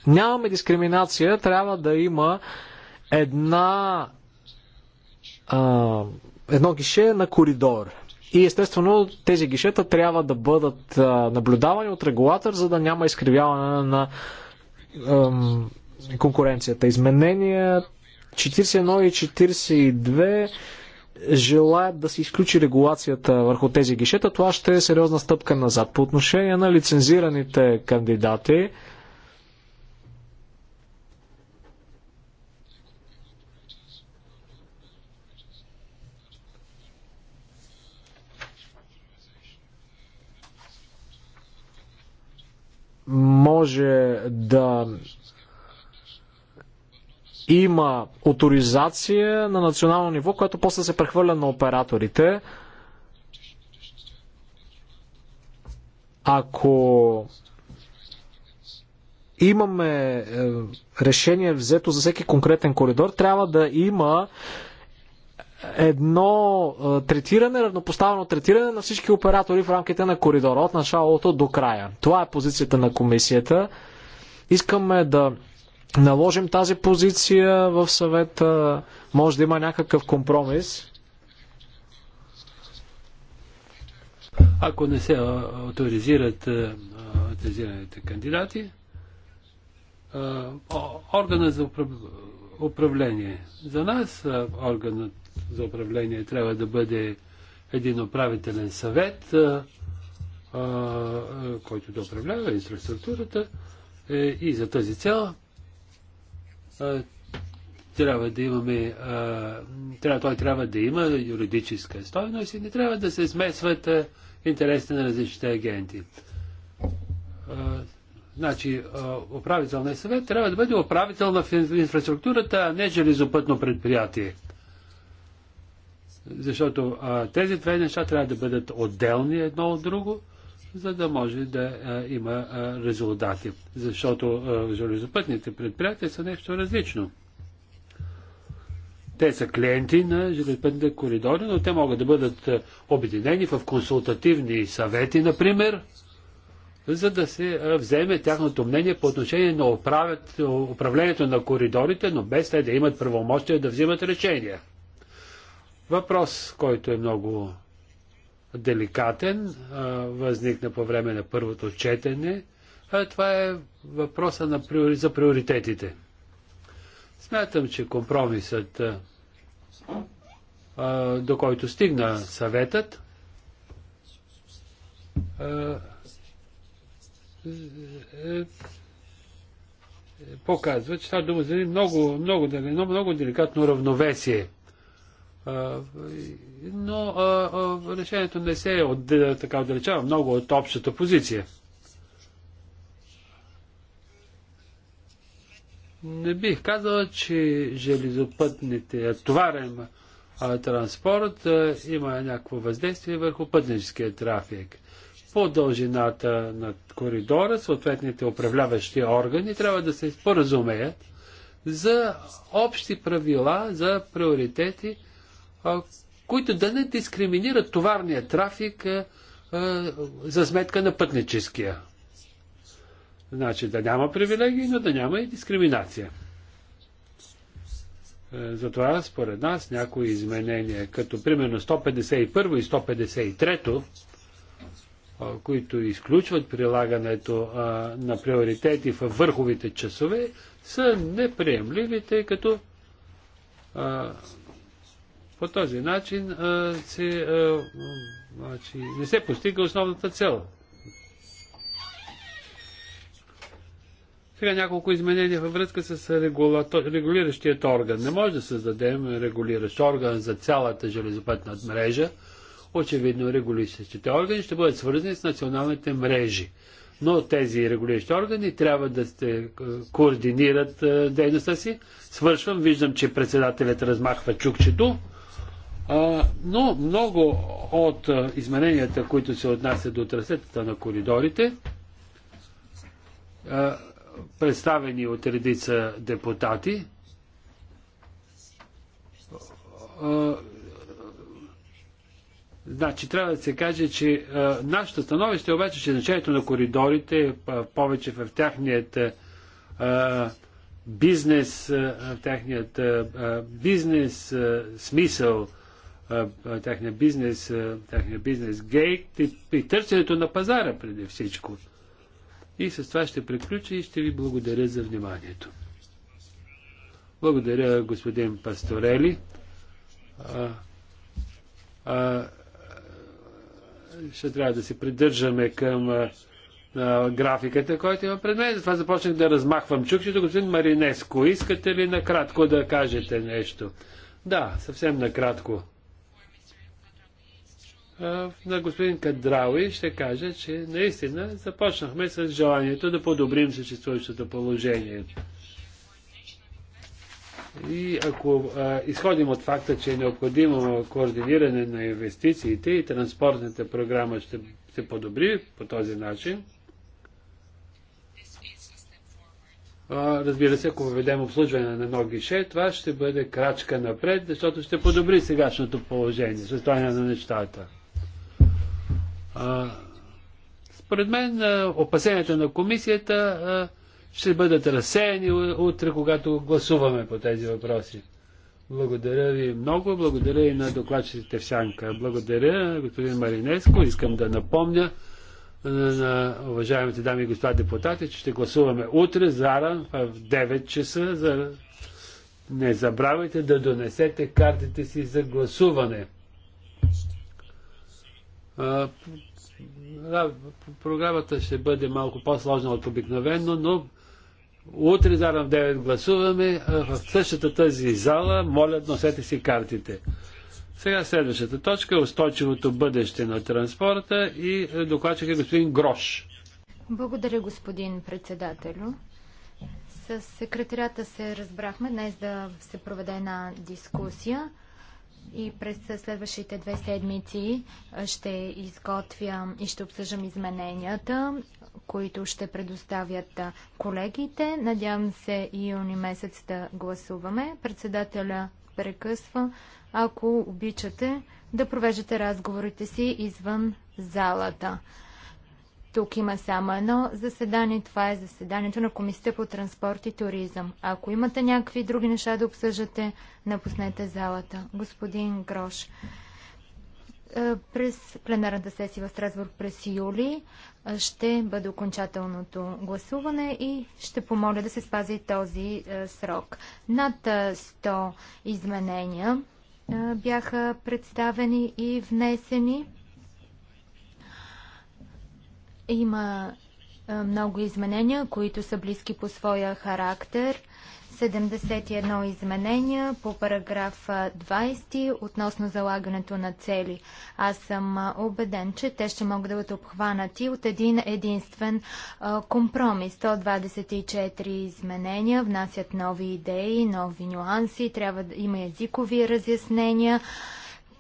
нямаме дискриминация, трябва да има една а, едно гише на коридор. И естествено тези гишета трябва да бъдат а, наблюдавани от регулатор, за да няма изкривяване на а, конкуренцията. Изменения 41 и 42 желаят да се изключи регулацията върху тези гишета. Това ще е сериозна стъпка назад. По отношение на лицензираните кандидати, може да има авторизация на национално ниво, което после се прехвърля на операторите. Ако имаме е, решение взето за всеки конкретен коридор, трябва да има едно третиране, равнопоставено третиране на всички оператори в рамките на коридора от началото до края. Това е позицията на комисията. Искаме да наложим тази позиция в съвета. Може да има някакъв компромис. Ако не се авторизират авторизираните кандидати, органът за управление. За нас органът за управление трябва да бъде един управителен съвет, а, а, който да управлява инфраструктурата. Е, и за тази цел а, трябва да имаме, трябва, той трябва да има юридическа стойност и не трябва да се смесват интересите на различните агенти. Значи, управителният съвет трябва да бъде управител на инфраструктурата, а не железопътно предприятие. Защото а, тези две неща трябва да бъдат отделни едно от друго, за да може да а, има а, резултати. Защото а, железопътните предприятия са нещо различно. Те са клиенти на железопътните коридори, но те могат да бъдат обединени в консултативни съвети, например, за да се вземе тяхното мнение по отношение на управят, управлението на коридорите, но без те да имат правомощия да взимат решения. Въпрос, който е много деликатен, възникна по време на първото четене, а това е въпроса на приори... за приоритетите. Смятам, че компромисът, до който стигна съветът, е, е, показва, че това дума за много, много, много, много деликатно равновесие – но решението не се е от, така отдалечава много от общата позиция. Не бих казал, че железопътните товарен транспорт има някакво въздействие върху пътническия трафик. По дължината на коридора съответните управляващи органи трябва да се споразумеят за общи правила, за приоритети, които да не дискриминират товарния трафик за сметка на пътническия. Значи да няма привилегии, но да няма и дискриминация. Е, затова според нас някои изменения, като примерно 151 и 153, които изключват прилагането на приоритети в върховите часове, са неприемливи, тъй като по този начин а, се, а, значи, не се постига основната цел. Сега няколко изменения във връзка с регулиращият орган. Не може да създадем регулиращ орган за цялата железопътна мрежа. Очевидно регулиращите органи ще бъдат свързани с националните мрежи. Но тези регулиращи органи трябва да се е, координират е, дейността си. Свършвам, виждам, че председателят размахва чукчето но много от измененията, които се отнасят до трасетата на коридорите, представени от редица депутати, Значи трябва да се каже, че а, нашата становище обаче, че значението на коридорите, а, повече в тяхният а, бизнес, а, в тяхният а, бизнес а, смисъл, техния бизнес, техния бизнес гейт и, и търсенето на пазара преди всичко. И с това ще приключа и ще ви благодаря за вниманието. Благодаря, господин Пасторели. А, а, ще трябва да се придържаме към а, а, графиката, който има пред мен. Затова започнах да размахвам чукчето. Господин Маринеско, искате ли накратко да кажете нещо? Да, съвсем накратко на господин Кадрауи ще кажа, че наистина започнахме с желанието да подобрим съществуващото положение. И ако а, изходим от факта, че е необходимо координиране на инвестициите и транспортната програма ще се подобри по този начин, а, разбира се, ако въведем обслужване на едно гише, това ще бъде крачка напред, защото ще подобри сегашното положение, състояние на нещата. Според мен опасенията на комисията ще бъдат разсеяни утре, когато гласуваме по тези въпроси. Благодаря ви много, благодаря и на докладчите в Сянка. Благодаря, господин Маринеско. Искам да напомня на уважаемите дами и господа депутати, че ще гласуваме утре, зара, в 9 часа. За... Не забравяйте да донесете картите си за гласуване. Програмата ще бъде малко по-сложна от обикновено, но утре зарам 9 гласуваме в същата тази зала. Моля, носете си картите. Сега следващата точка е устойчивото бъдеще на транспорта и докладчик е господин Грош. Благодаря, господин председателю. С секретарята се разбрахме днес да се проведе една дискусия и през следващите две седмици ще изготвя и ще обсъждам измененията, които ще предоставят колегите. Надявам се и юни месец да гласуваме. Председателя прекъсва. Ако обичате да провеждате разговорите си извън залата. Тук има само едно заседание. Това е заседанието на Комисията по транспорт и туризъм. Ако имате някакви други неща да обсъждате, напуснете залата. Господин Грош, е, през пленарната сесия в Страсбург през юли е, ще бъде окончателното гласуване и ще помоля да се спази този е, срок. Над 100 изменения бяха представени и внесени. Има е, много изменения, които са близки по своя характер. 71 изменения по параграф 20 е, относно залагането на цели. Аз съм е, убеден, че те ще могат да бъдат обхванати от един единствен компромис. 124 изменения внасят нови идеи, нови нюанси, трябва да има езикови разяснения.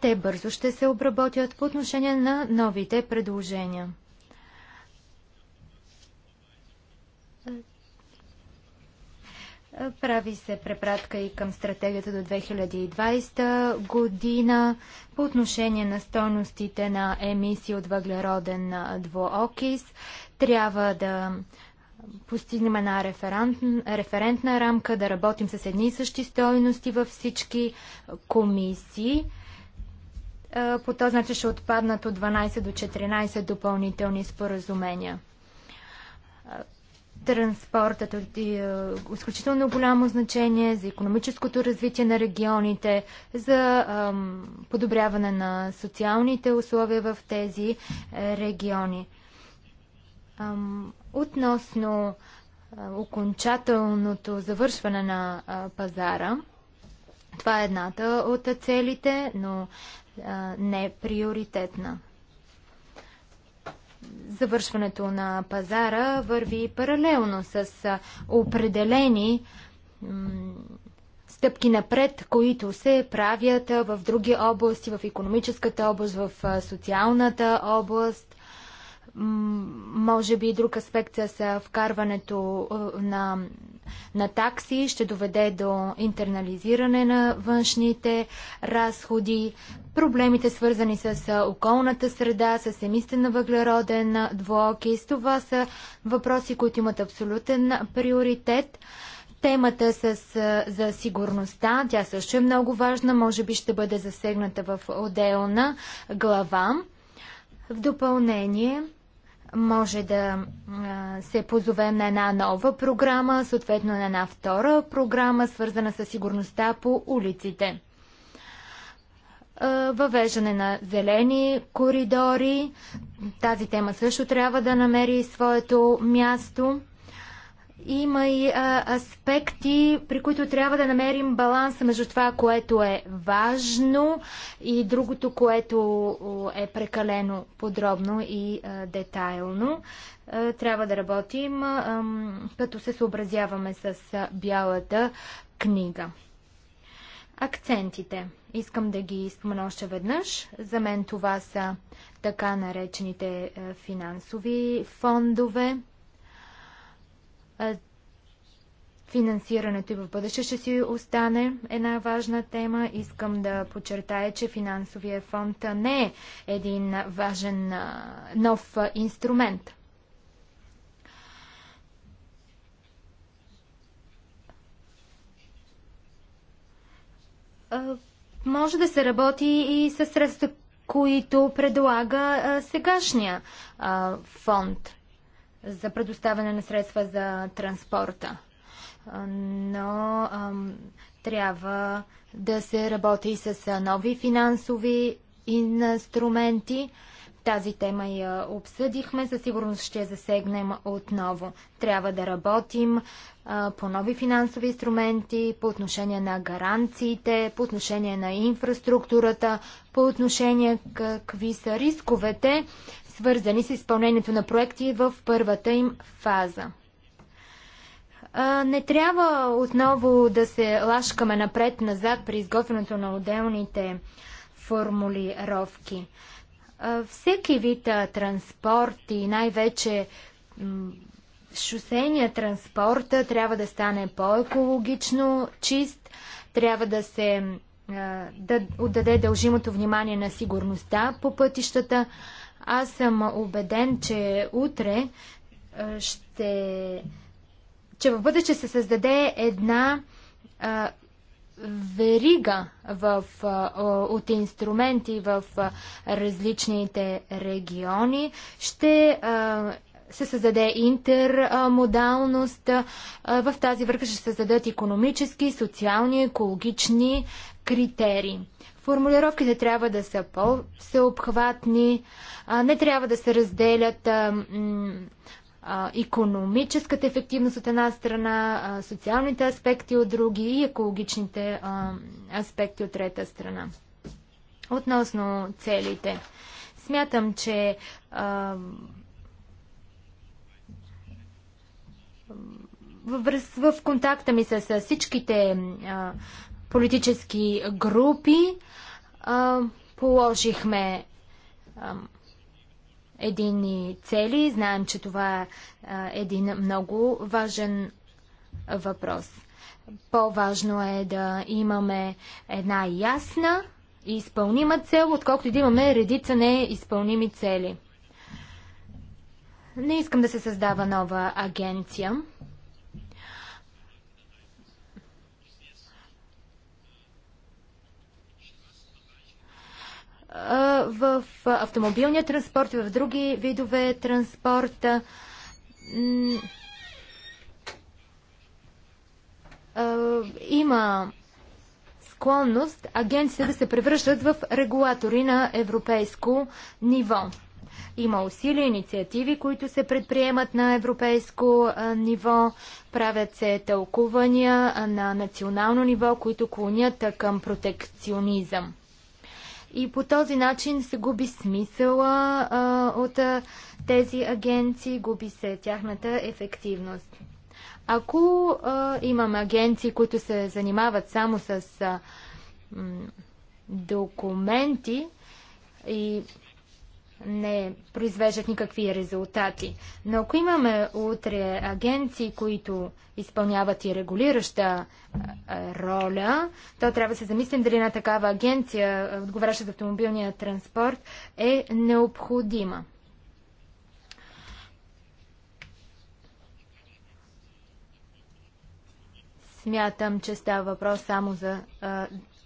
Те бързо ще се обработят по отношение на новите предложения. Прави се препратка и към стратегията до 2020 година по отношение на стойностите на емисии от въглероден двуокис. Трябва да постигнем една референт, референтна рамка, да работим с едни и същи стойности във всички комисии. По този начин ще отпаднат от 12 до 14 допълнителни споразумения Транспортът от е, изключително голямо значение за економическото развитие на регионите, за ам, подобряване на социалните условия в тези е, региони. Ам, относно а, е, окончателното завършване на а, пазара, това е едната от целите, но а, не приоритетна завършването на пазара върви паралелно с определени стъпки напред, които се правят в други области, в економическата област, в социалната област. Може би друг аспект е с вкарването е, на, на такси ще доведе до интернализиране на външните разходи, проблемите свързани с е, околната среда, с емисията на въглероден двуокис. Това са въпроси, които имат абсолютен приоритет. Темата с, за сигурността, тя също е много важна, може би ще бъде засегната в отделна глава. В допълнение, може да се позовем на една нова програма, съответно на една втора програма, свързана с сигурността по улиците. Въвеждане на зелени коридори. Тази тема също трябва да намери своето място. Има и а, аспекти, при които трябва да намерим баланса между това, което е важно и другото, което е прекалено подробно и а, детайлно. А, трябва да работим, а, като се съобразяваме с а, бялата книга. Акцентите. Искам да ги спомена още веднъж. За мен това са така наречените е, финансови фондове Финансирането и в бъдеще ще си остане една важна тема. Искам да подчертая, че финансовия фонд не е един важен нов инструмент. Може да се работи и с средства, които предлага сегашния фонд за предоставяне на средства за транспорта. Но ам, трябва да се работи и с нови финансови инструменти. Тази тема я обсъдихме, със сигурност ще я засегнем отново. Трябва да работим а, по нови финансови инструменти, по отношение на гаранциите, по отношение на инфраструктурата, по отношение какви са рисковете свързани с изпълнението на проекти в първата им фаза. Не трябва отново да се лашкаме напред-назад при изготвянето на отделните формулировки. Всеки вид транспорт и най-вече шосейния транспорт трябва да стане по-екологично чист, трябва да се да отдаде дължимото внимание на сигурността по пътищата, аз съм убеден, че утре ще... че в бъдеще се създаде една а, верига в, а, от инструменти в а, различните региони. Ще а, се създаде интермодалност. В тази връзка ще се създадат економически, социални, екологични критерии. Формулировките трябва да са по-всеобхватни, не трябва да се разделят економическата ефективност от една страна, социалните аспекти от други и екологичните аспекти от трета страна. Относно целите. Смятам, че в контакта ми с всичките политически групи а, положихме а, единни цели. Знаем, че това е а, един много важен въпрос. По-важно е да имаме една ясна и изпълнима цел, отколкото да имаме редица неизпълними цели. Не искам да се създава нова агенция. в автомобилния транспорт и в други видове транспорта. Има склонност агенциите да се превръщат в регулатори на европейско ниво. Има усилия, инициативи, които се предприемат на европейско ниво. Правят се тълкувания на национално ниво, които клонят към протекционизъм. И по този начин се губи смисъла а, от а, тези агенции, губи се тяхната ефективност. Ако а, имам агенции, които се занимават само с а, м, документи и не произвеждат никакви резултати. Но ако имаме утре агенции, които изпълняват и регулираща роля, то трябва да се замислим дали на такава агенция, отговаряща за автомобилния транспорт, е необходима. Смятам, че става въпрос само за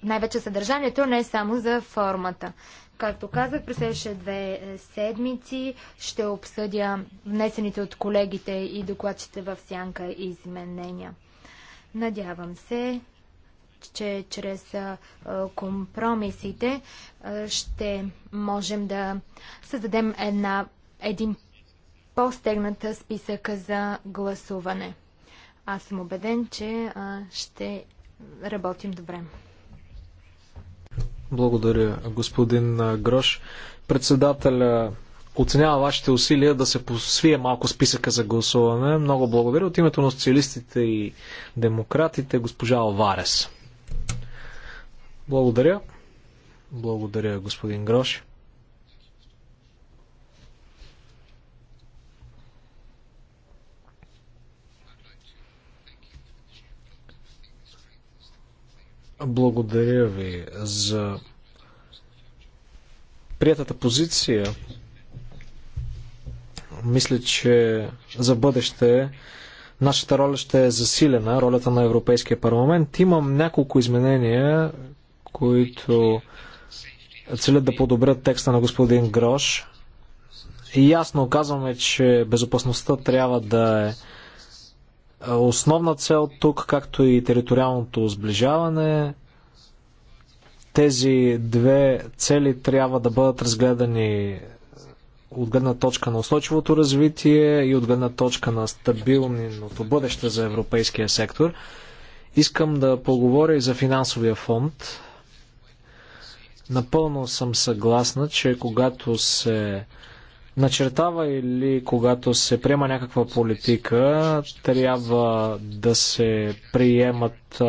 най-вече съдържанието, не само за формата. Както казах, през следващите две е, седмици ще обсъдя внесените от колегите и докладчите в сянка и изменения. Надявам се, че чрез е, компромисите е, ще можем да създадем една, един по-стегнат списък за гласуване. Аз съм убеден, че ще работим добре. Благодаря, господин Грош. Председателя оценява вашите усилия да се посвие малко списъка за гласуване. Много благодаря от името на социалистите и демократите, госпожа Алварес. Благодаря. Благодаря, господин Грош. Благодаря ви за приятата позиция. Мисля, че за бъдеще нашата роля ще е засилена, ролята на Европейския парламент. Имам няколко изменения, които целят да подобрят текста на господин Грош. И ясно казваме, че безопасността трябва да е Основна цел тук, както и териториалното сближаване, тези две цели трябва да бъдат разгледани от гледна точка на устойчивото развитие и от гледна точка на стабилното бъдеще за европейския сектор. Искам да поговоря и за финансовия фонд. Напълно съм съгласна, че когато се начертава или когато се приема някаква политика, трябва да се приемат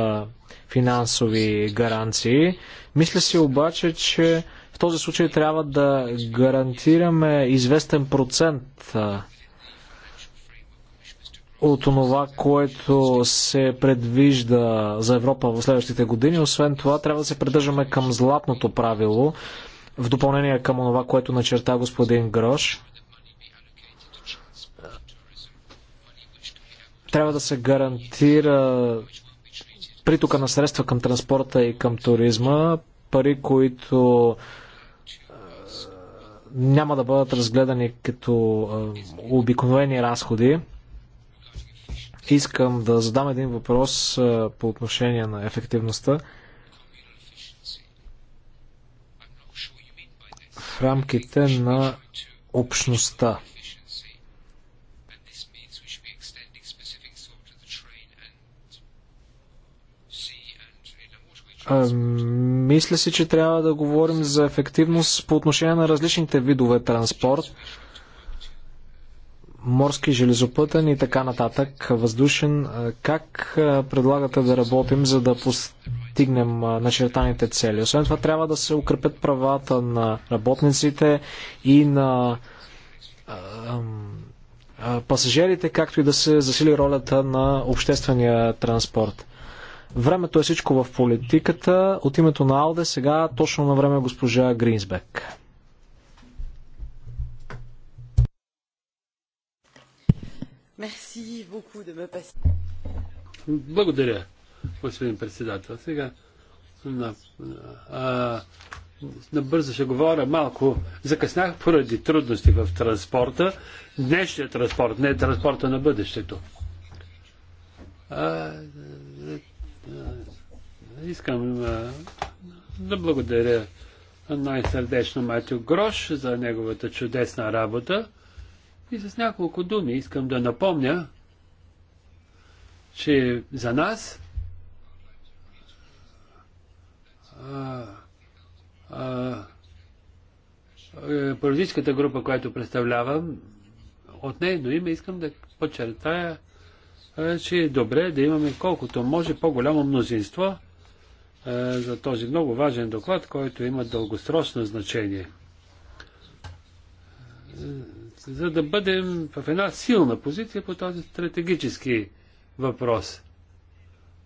финансови гаранции. Мисля си обаче, че в този случай трябва да гарантираме известен процент от това, което се предвижда за Европа в следващите години. Освен това, трябва да се придържаме към златното правило, в допълнение към това, което начерта господин Грош, трябва да се гарантира притока на средства към транспорта и към туризма, пари, които няма да бъдат разгледани като обикновени разходи. Искам да задам един въпрос по отношение на ефективността. рамките на общността. мисля си, че трябва да говорим за ефективност по отношение на различните видове транспорт морски, железопътен и така нататък, въздушен. Как предлагате да работим, за да постигнем начертаните цели? Освен това, трябва да се укрепят правата на работниците и на пасажирите, както и да се засили ролята на обществения транспорт. Времето е всичко в политиката. От името на Алде сега точно на време е госпожа Гринсбек. Благодаря, господин председател. Сега на, а, набързо ще говоря малко. Закъснях поради трудности в транспорта. Днешният транспорт, не е транспорта на бъдещето. А, а, искам а, да благодаря най-сърдечно Матю Грош за неговата чудесна работа. И с няколко думи искам да напомня, че за нас а, е, политическата група, която представлявам, от нейно име искам да подчертая, че е добре да имаме колкото може по-голямо мнозинство за този много важен доклад, който има дългосрочно значение за да бъдем в една силна позиция по този стратегически въпрос.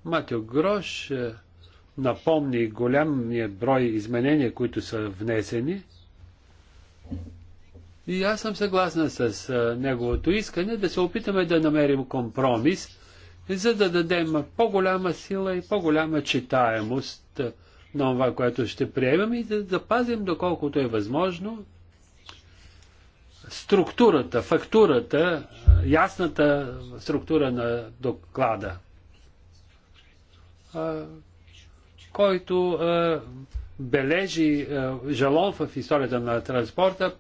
Матио Грош е, напомни голямия брой изменения, които са внесени. И аз съм съгласна с е, неговото искане да се опитаме да намерим компромис, за да дадем по-голяма сила и по-голяма читаемост на това, което ще приемем и да запазим, доколкото е възможно, структурата, фактурата, ясната структура на доклада, който бележи жалон в историята на транспорта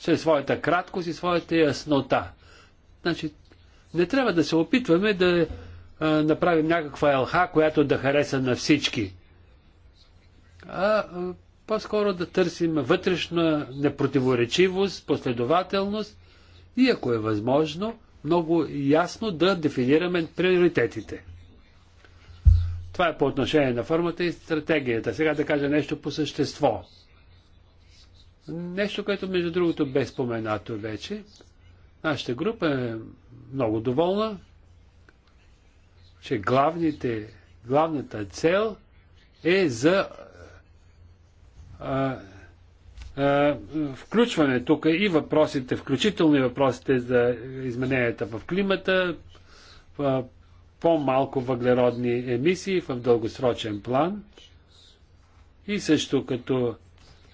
чрез своята краткост и своята яснота. Значи, не трябва да се опитваме да направим някаква елха, която да хареса на всички. А по-скоро да търсим вътрешна непротиворечивост, последователност и ако е възможно, много ясно да дефинираме приоритетите. Това е по отношение на формата и стратегията. Сега да кажа нещо по същество. Нещо, което между другото бе споменато вече. Нашата група е много доволна, че главните, главната цел е за включване тук и въпросите, включително и въпросите за измененията в климата, по-малко въглеродни емисии в дългосрочен план и също като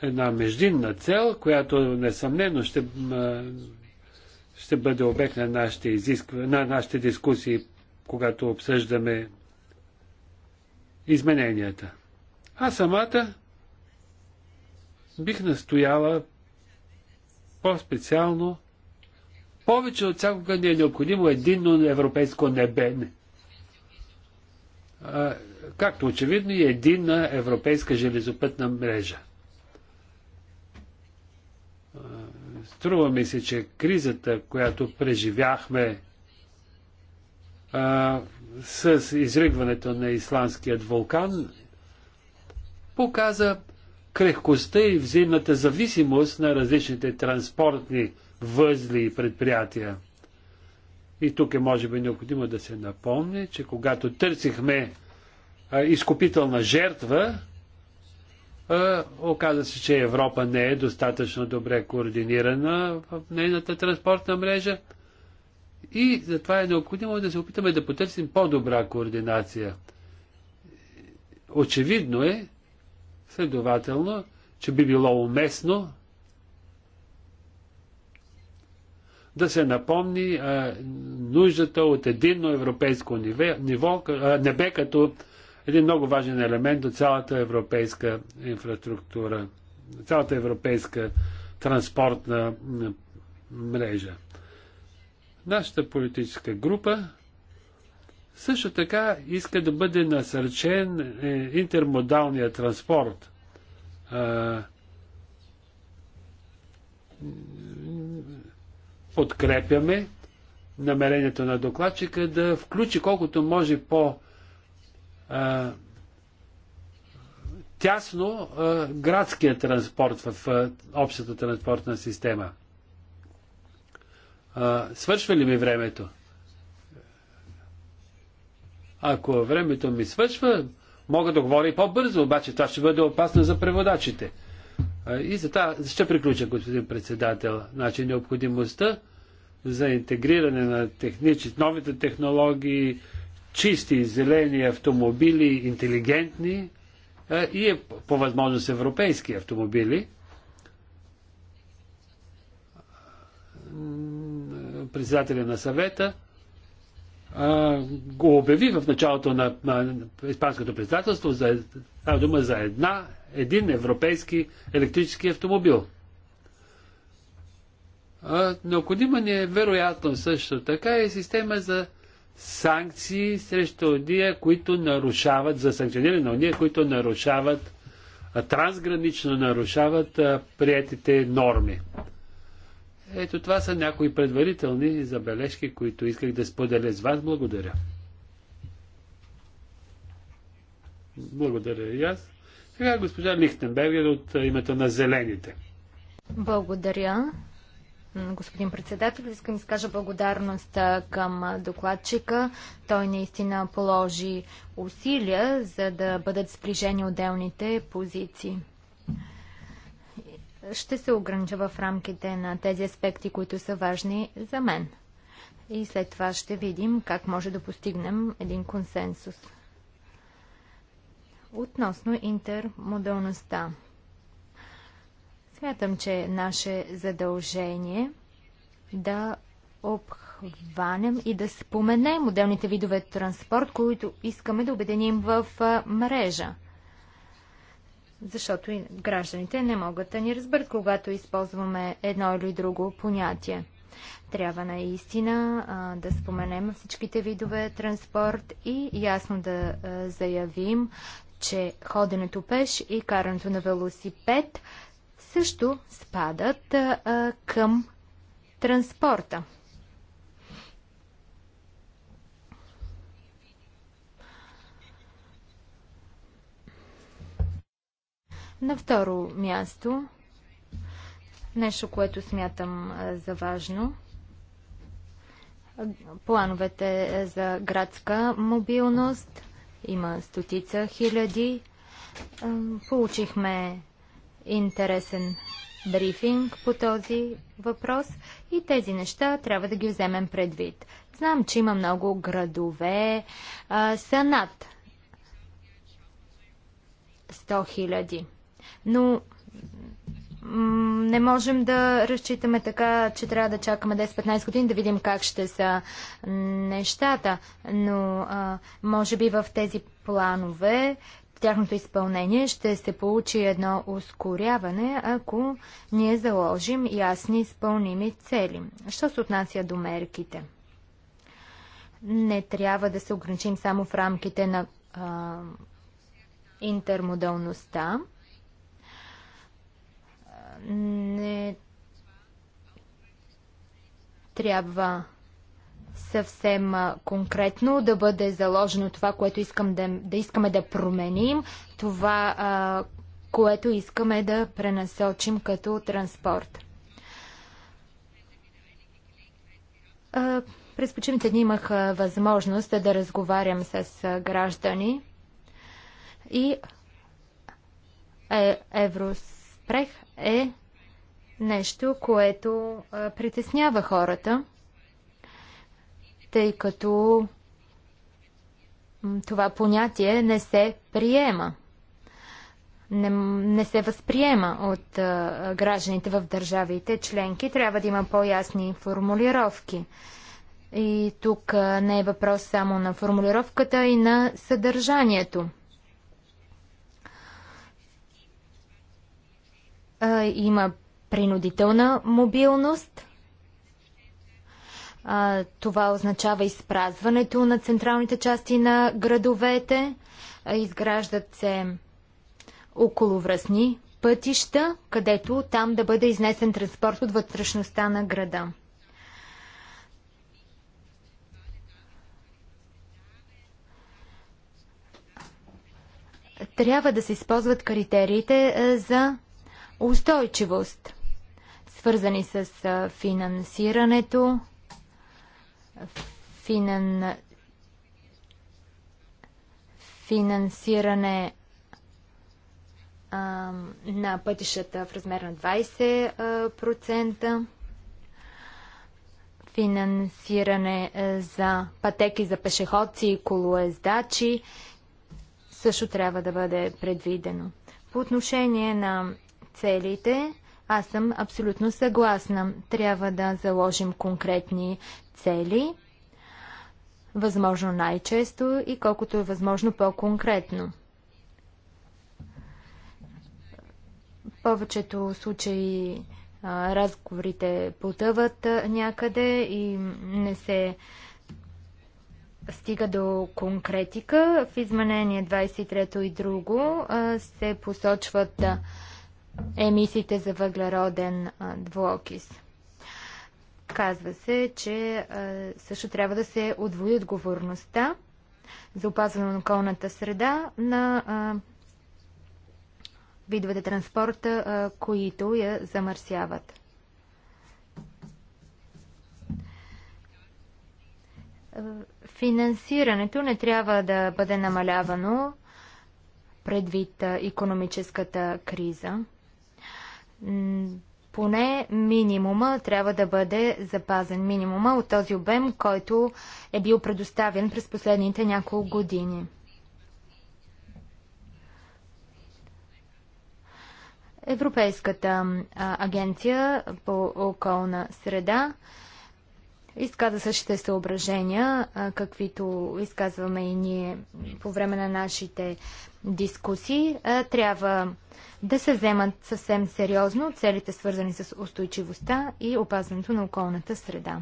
една междинна цел, която несъмнено ще, ще бъде обект на нашите, изиск... на нашите дискусии, когато обсъждаме измененията. А самата бих настояла по-специално повече от всякога ни е необходимо единно европейско небе. Както очевидно и единна европейска железопътна мрежа. Струва ми се, че кризата, която преживяхме а, с изригването на исландският вулкан, показа крехкостта и взаимната зависимост на различните транспортни възли и предприятия. И тук е може би необходимо да се напомни, че когато търсихме а, изкупителна жертва, а, оказа се, че Европа не е достатъчно добре координирана в нейната транспортна мрежа и затова е необходимо да се опитаме да потърсим по-добра координация. Очевидно е, Следователно, че би било уместно да се напомни а, нуждата от единно европейско ниве, ниво, а, небе като един много важен елемент от цялата европейска инфраструктура, цялата европейска транспортна мрежа. Нашата политическа група също така иска да бъде насърчен е, интермодалният транспорт. Подкрепяме намерението на докладчика да включи колкото може по тясно градския транспорт в общата транспортна система. Свършва ли ми времето? Ако времето ми свършва, мога да говоря и по-бързо, обаче това ще бъде опасно за преводачите. И за това ще приключа, господин председател. Значи необходимостта за интегриране на технически, новите технологии, чисти зелени автомобили, интелигентни и е по възможност европейски автомобили. Председателя на съвета го обяви в началото на, на Испанското председателство за става дума за една, един европейски електрически автомобил. А, необходима ни е вероятно също така и система за санкции срещу ония, които нарушават, за санкциониране на ония, които нарушават, трансгранично нарушават а, приятите норми. Ето това са някои предварителни забележки, които исках да споделя с вас. Благодаря. Благодаря и аз. Сега госпожа Лихтенбергер от името на Зелените. Благодаря. Господин председател, искам да изкажа благодарност към докладчика. Той наистина положи усилия, за да бъдат сближени отделните позиции ще се огранича в рамките на тези аспекти, които са важни за мен. И след това ще видим как може да постигнем един консенсус. Относно интермодалността. Смятам, че е наше задължение да обхванем и да споменем отделните видове транспорт, които искаме да обединим в мрежа. Защото и гражданите не могат да ни разберат, когато използваме едно или друго понятие. Трябва наистина а, да споменем всичките видове транспорт и ясно да а, заявим, че ходенето пеш и карането на велосипед също спадат а, към транспорта. На второ място, нещо, което смятам за важно, плановете за градска мобилност. Има стотица хиляди. Получихме интересен брифинг по този въпрос и тези неща трябва да ги вземем предвид. Знам, че има много градове, а, са над 100 хиляди но не можем да разчитаме така, че трябва да чакаме 10-15 години да видим как ще са нещата, но а, може би в тези планове тяхното изпълнение ще се получи едно ускоряване, ако ние заложим ясни изпълними цели. Що се отнася до мерките? Не трябва да се ограничим само в рамките на а, интермодалността не трябва съвсем конкретно да бъде заложено това, което искам да, да искаме да променим, това, а, което искаме да пренасочим като транспорт. А, през почивните дни имах възможност да, да разговарям с граждани и е, Еврос спрех, е нещо, което а, притеснява хората, тъй като това понятие не се приема. Не, не се възприема от а, гражданите в държавите членки. Трябва да има по-ясни формулировки. И тук а, не е въпрос само на формулировката и на съдържанието. а, има принудителна мобилност. А, това означава изпразването на централните части на градовете. А, изграждат се околовръстни пътища, където там да бъде изнесен транспорт от вътрешността на града. Трябва да се използват критериите за устойчивост, свързани с финансирането, финан... финансиране а, на пътищата в размер на 20%, финансиране за пътеки за пешеходци и колоездачи също трябва да бъде предвидено. По отношение на целите, аз съм абсолютно съгласна. Трябва да заложим конкретни цели, възможно най-често и колкото е възможно по-конкретно. повечето случаи разговорите потъват някъде и не се стига до конкретика. В изменение 23 и друго се посочват емисиите за въглероден двуокис. Казва се, че също трябва да се отвои отговорността за опазване на околната среда на видовете транспорта, които я замърсяват. Финансирането не трябва да бъде намалявано предвид економическата криза поне минимума трябва да бъде запазен. Минимума от този обем, който е бил предоставен през последните няколко години. Европейската агенция по околна среда изказа същите съображения, каквито изказваме и ние по време на нашите дискусии трябва да се вземат съвсем сериозно целите свързани с устойчивостта и опазването на околната среда.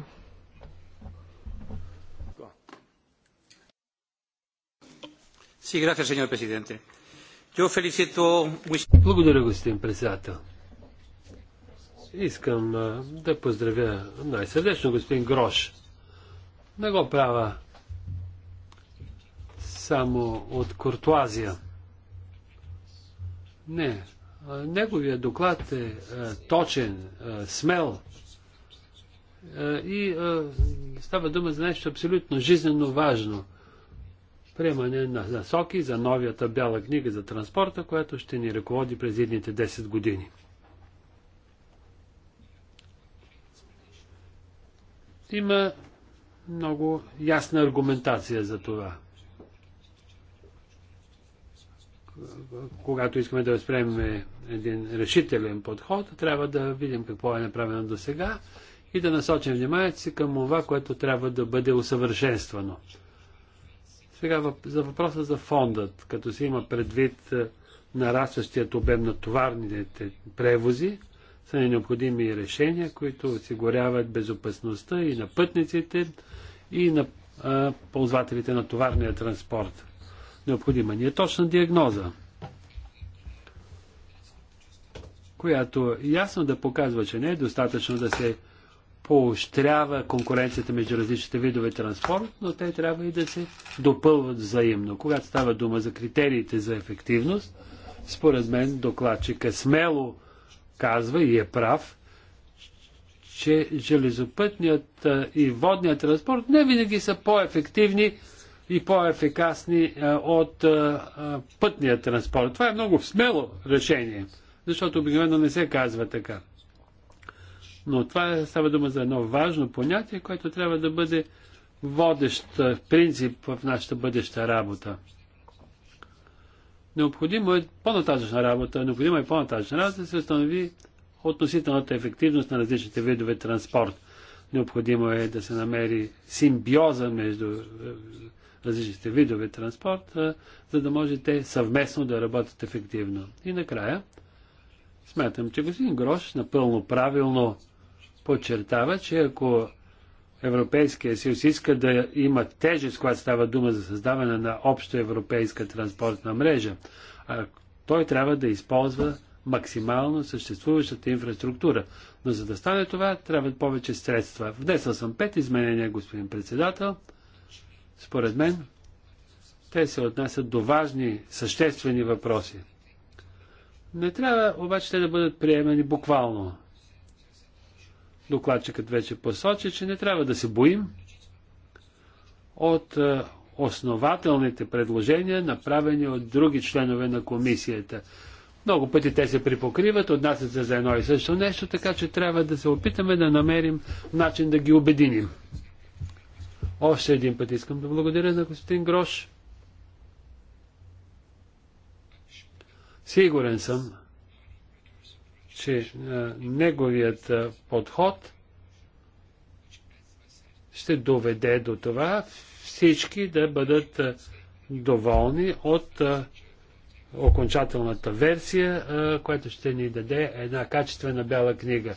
Благодаря, господин председател. Искам да поздравя най-сърдечно господин Грош. Не го правя само от куртуазия. Не. Неговия доклад е, е точен, е, смел е, и става дума за нещо абсолютно жизненно важно. Приемане на насоки за новията бяла книга за транспорта, която ще ни ръководи през едните 10 години. Има много ясна аргументация за това. когато искаме да възприемем един решителен подход, трябва да видим какво е направено до сега и да насочим вниманието си към това, което трябва да бъде усъвършенствано. Сега за въпроса за фондът, като се има предвид е, нарастващият обем на товарните превози, са ни необходими решения, които осигуряват безопасността и на пътниците, и на а, е, ползвателите на товарния транспорт. Необходима ни е точна диагноза, която ясно да показва, че не е достатъчно да се поощрява конкуренцията между различните видове транспорт, но те трябва и да се допълват взаимно. Когато става дума за критериите за ефективност, според мен докладчика смело казва и е прав, че железопътният и водният транспорт не винаги са по-ефективни и по-ефикасни е, от е, е, пътния транспорт. Това е много смело решение, защото обикновено не се казва така. Но това става дума за едно важно понятие, което трябва да бъде водещ принцип в нашата бъдеща работа. Необходимо е по-нататъчна работа, необходимо е по-нататъчна работа да се установи относителната ефективност на различните видове транспорт. Необходимо е да се намери симбиоза между различните видове транспорт, за да можете съвместно да работят ефективно. И накрая, смятам, че господин Грош напълно правилно подчертава, че ако Европейския съюз иска да има тежест, когато става дума за създаване на обща европейска транспортна мрежа, а той трябва да използва максимално съществуващата инфраструктура. Но за да стане това, трябват повече средства. Внесъл съм пет изменения, господин председател. Според мен, те се отнасят до важни, съществени въпроси. Не трябва обаче те да бъдат приемани буквално. Докладчикът вече посочи, че не трябва да се боим от е, основателните предложения, направени от други членове на комисията. Много пъти те се припокриват, отнасят се за едно и също нещо, така че трябва да се опитаме да намерим начин да ги обединим. Още един път искам да благодаря на господин Грош. Сигурен съм, че а, неговият а, подход ще доведе до това всички да бъдат а, доволни от а, окончателната версия, а, която ще ни даде една качествена бяла книга.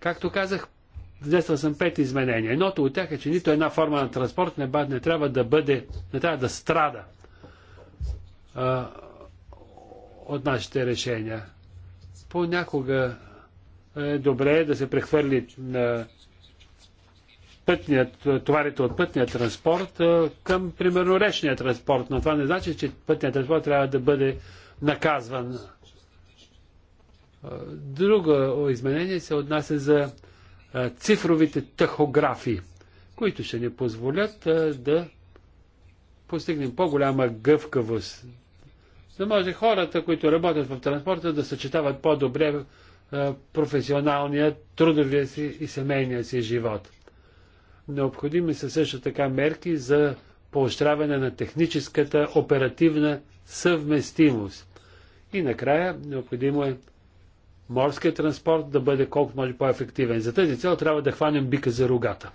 Както казах, Внесъл съм пет изменения. Едното от тях е, че нито една форма на транспорт не, не трябва да бъде, не трябва да страда а, от нашите решения. Понякога е добре е да се прехвърли на пътният, товарите от пътния транспорт към, примерно, речния транспорт. Но това не значи, че пътният транспорт трябва да бъде наказван. Друго изменение се отнася за цифровите тахографии, които ще ни позволят да постигнем по-голяма гъвкавост, да може хората, които работят в транспорта, да съчетават по-добре професионалния, трудовия си и семейния си живот. Необходими са също така мерки за поощряване на техническата оперативна съвместимост. И накрая необходимо е морския транспорт да бъде колкото може по-ефективен. За тази цел трябва да хванем бика за рогата.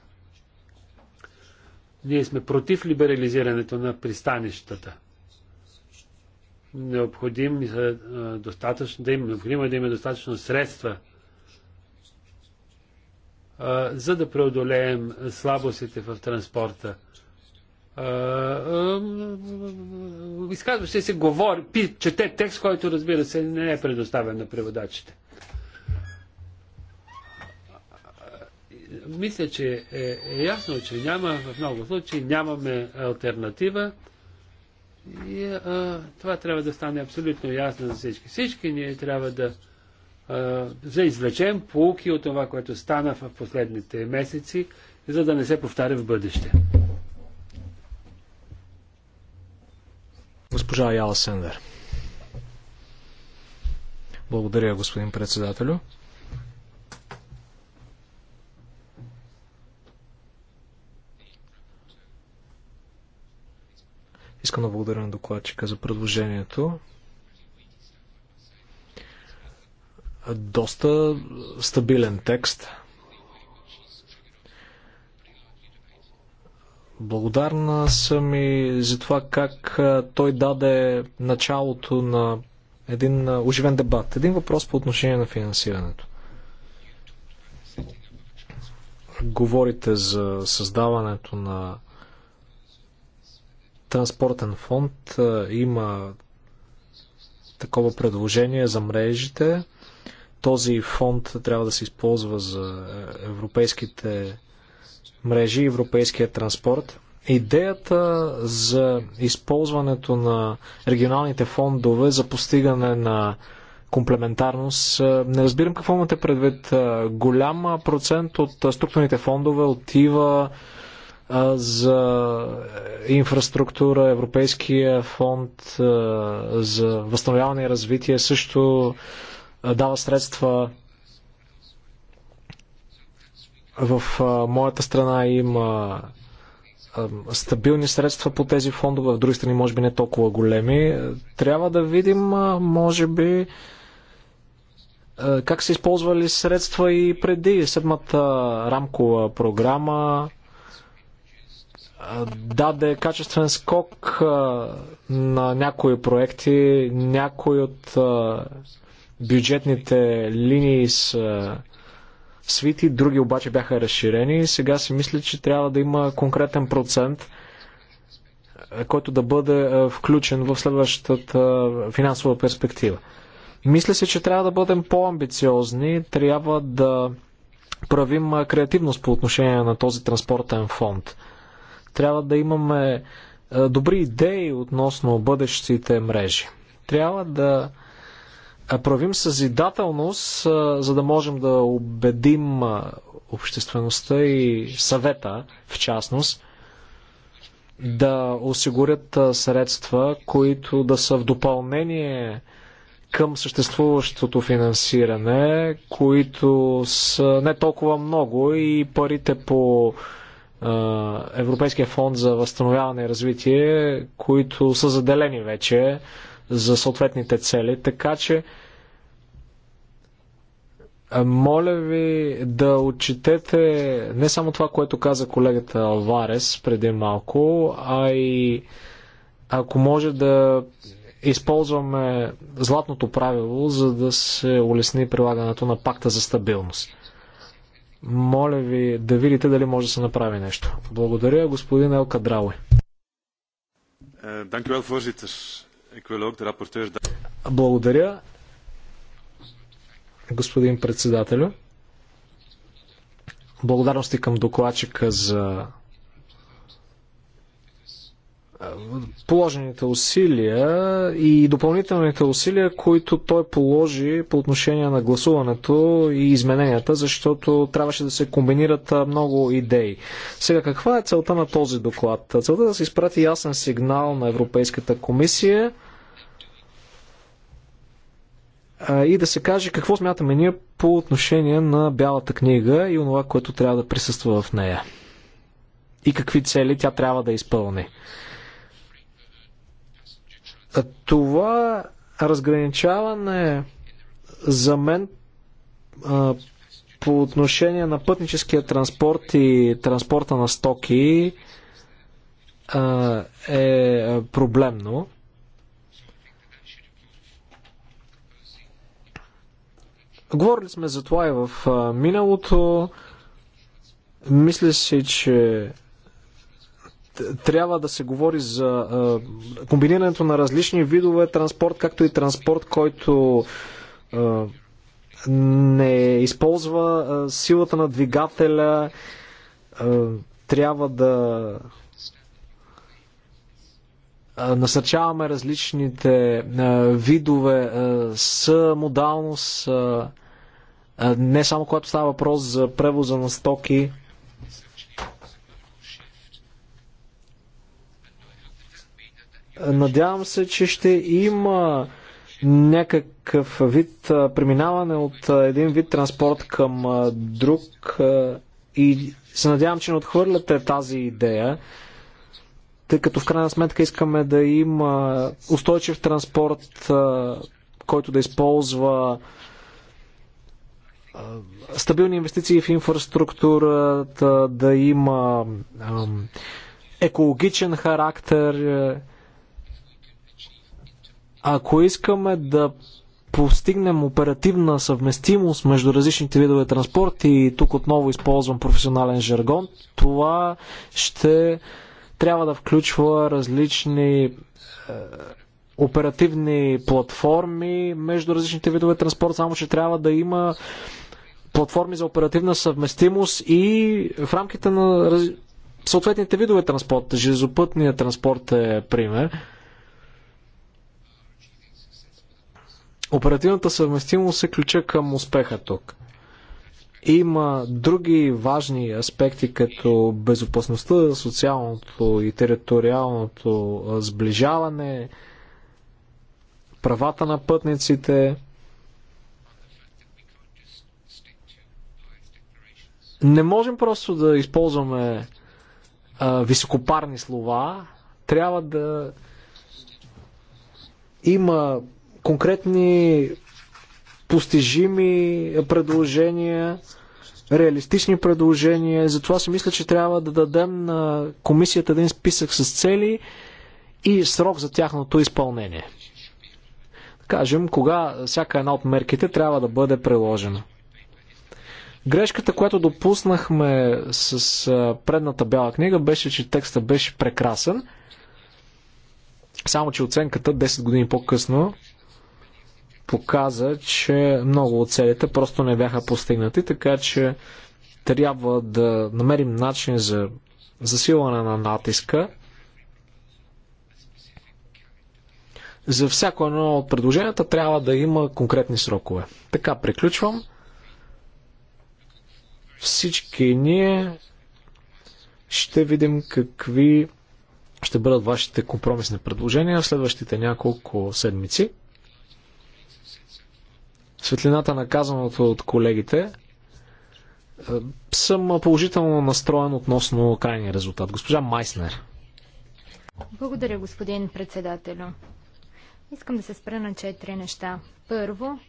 Ние сме против либерализирането на пристанищата. Необходим са, достатъчно, да им, необходимо е да има достатъчно средства, а, за да преодолеем слабостите в транспорта. Изказващия се говори, чете текст, който разбира се не е предоставен на преводачите. мисля, че е, е ясно, че няма, в много случаи нямаме альтернатива и а, това трябва да стане абсолютно ясно за всички. Всички ние трябва да за извлечем полуки от това, което стана в последните месеци, за да не се повтаря в бъдеще. Госпожа Яла Сендер. Благодаря, господин председателю. Искам да благодаря на докладчика за предложението. Доста стабилен текст. Благодарна съм и за това как той даде началото на един оживен дебат. Един въпрос по отношение на финансирането. Говорите за създаването на транспортен фонд има такова предложение за мрежите. Този фонд трябва да се използва за е, европейските мрежи, европейския транспорт. Идеята за използването на регионалните фондове за постигане на комплементарност. Е, не разбирам какво имате предвид. Е, голям процент от структурните фондове отива за инфраструктура, Европейския фонд за възстановяване и развитие също дава средства. В моята страна има стабилни средства по тези фондове, в други страни може би не толкова големи. Трябва да видим, може би, как са използвали средства и преди седмата рамкова програма даде качествен скок на някои проекти, някои от бюджетните линии са свити, други обаче бяха разширени. Сега си мисля, че трябва да има конкретен процент, който да бъде включен в следващата финансова перспектива. Мисля се, че трябва да бъдем по-амбициозни, трябва да правим креативност по отношение на този транспортен фонд. Трябва да имаме е, добри идеи относно бъдещите мрежи. Трябва да е, правим съзидателност, е, за да можем да убедим обществеността и съвета, в частност, да осигурят средства, които да са в допълнение към съществуващото финансиране, които са не толкова много и парите по Европейския фонд за възстановяване и развитие, които са заделени вече за съответните цели. Така че, моля ви да отчетете не само това, което каза колегата Алварес преди малко, а и ако може да използваме златното правило, за да се улесни прилагането на пакта за стабилност. Моля ви да видите дали може да се направи нещо. Благодаря, господин Елка Драуи. Благодаря, господин председателю. Благодарности към докладчика за положените усилия и допълнителните усилия, които той положи по отношение на гласуването и измененията, защото трябваше да се комбинират много идеи. Сега, каква е целта на този доклад? Целта е да се изпрати ясен сигнал на Европейската комисия и да се каже какво смятаме ние по отношение на Бялата книга и онова, което трябва да присъства в нея. И какви цели тя трябва да изпълни. Това разграничаване за мен по отношение на пътническия транспорт и транспорта на стоки е проблемно. Говорили сме за това и в миналото. Мисля си, че трябва да се говори за комбинирането на различни видове транспорт, както и транспорт, който не използва силата на двигателя, трябва да насърчаваме различните видове а, не само когато става въпрос за превоза на стоки. Надявам се, че ще има някакъв вид преминаване от един вид транспорт към друг и се надявам, че не отхвърляте тази идея, тъй като в крайна сметка искаме да има устойчив транспорт, който да използва стабилни инвестиции в инфраструктурата, да има екологичен характер, ако искаме да постигнем оперативна съвместимост между различните видове транспорт и тук отново използвам професионален жаргон, това ще трябва да включва различни е, оперативни платформи между различните видове транспорт, само че трябва да има платформи за оперативна съвместимост и в рамките на съответните видове транспорт. Железопътният транспорт е пример. Оперативната съвместимост е ключа към успеха тук. Има други важни аспекти, като безопасността, социалното и териториалното сближаване, правата на пътниците. Не можем просто да използваме а, високопарни слова. Трябва да има конкретни постижими предложения, реалистични предложения. Затова си мисля, че трябва да дадем на комисията един списък с цели и срок за тяхното изпълнение. кажем, кога всяка една от мерките трябва да бъде приложена. Грешката, която допуснахме с предната бяла книга, беше, че текста беше прекрасен. Само, че оценката 10 години по-късно показа, че много от целите просто не бяха постигнати, така че трябва да намерим начин за засилване на натиска за всяко едно от предложенията трябва да има конкретни срокове. Така приключвам. Всички ние ще видим какви ще бъдат вашите компромисни предложения в следващите няколко седмици светлината на казаното от колегите, е, съм положително настроен относно крайния резултат. Госпожа Майснер. Благодаря, господин председателю. Искам да се спра на четири неща. Първо,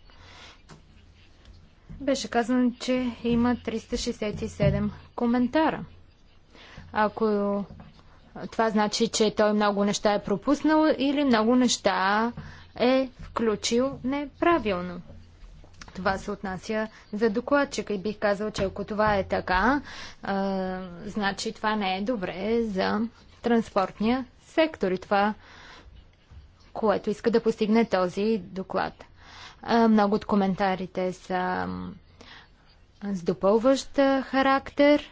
беше казано, че има 367 коментара. Ако това значи, че той много неща е пропуснал или много неща е включил неправилно. Това се отнася за докладчика и бих казал, че ако това е така, а, значи това не е добре за транспортния сектор и това, което иска да постигне този доклад. А, много от коментарите са с допълващ характер.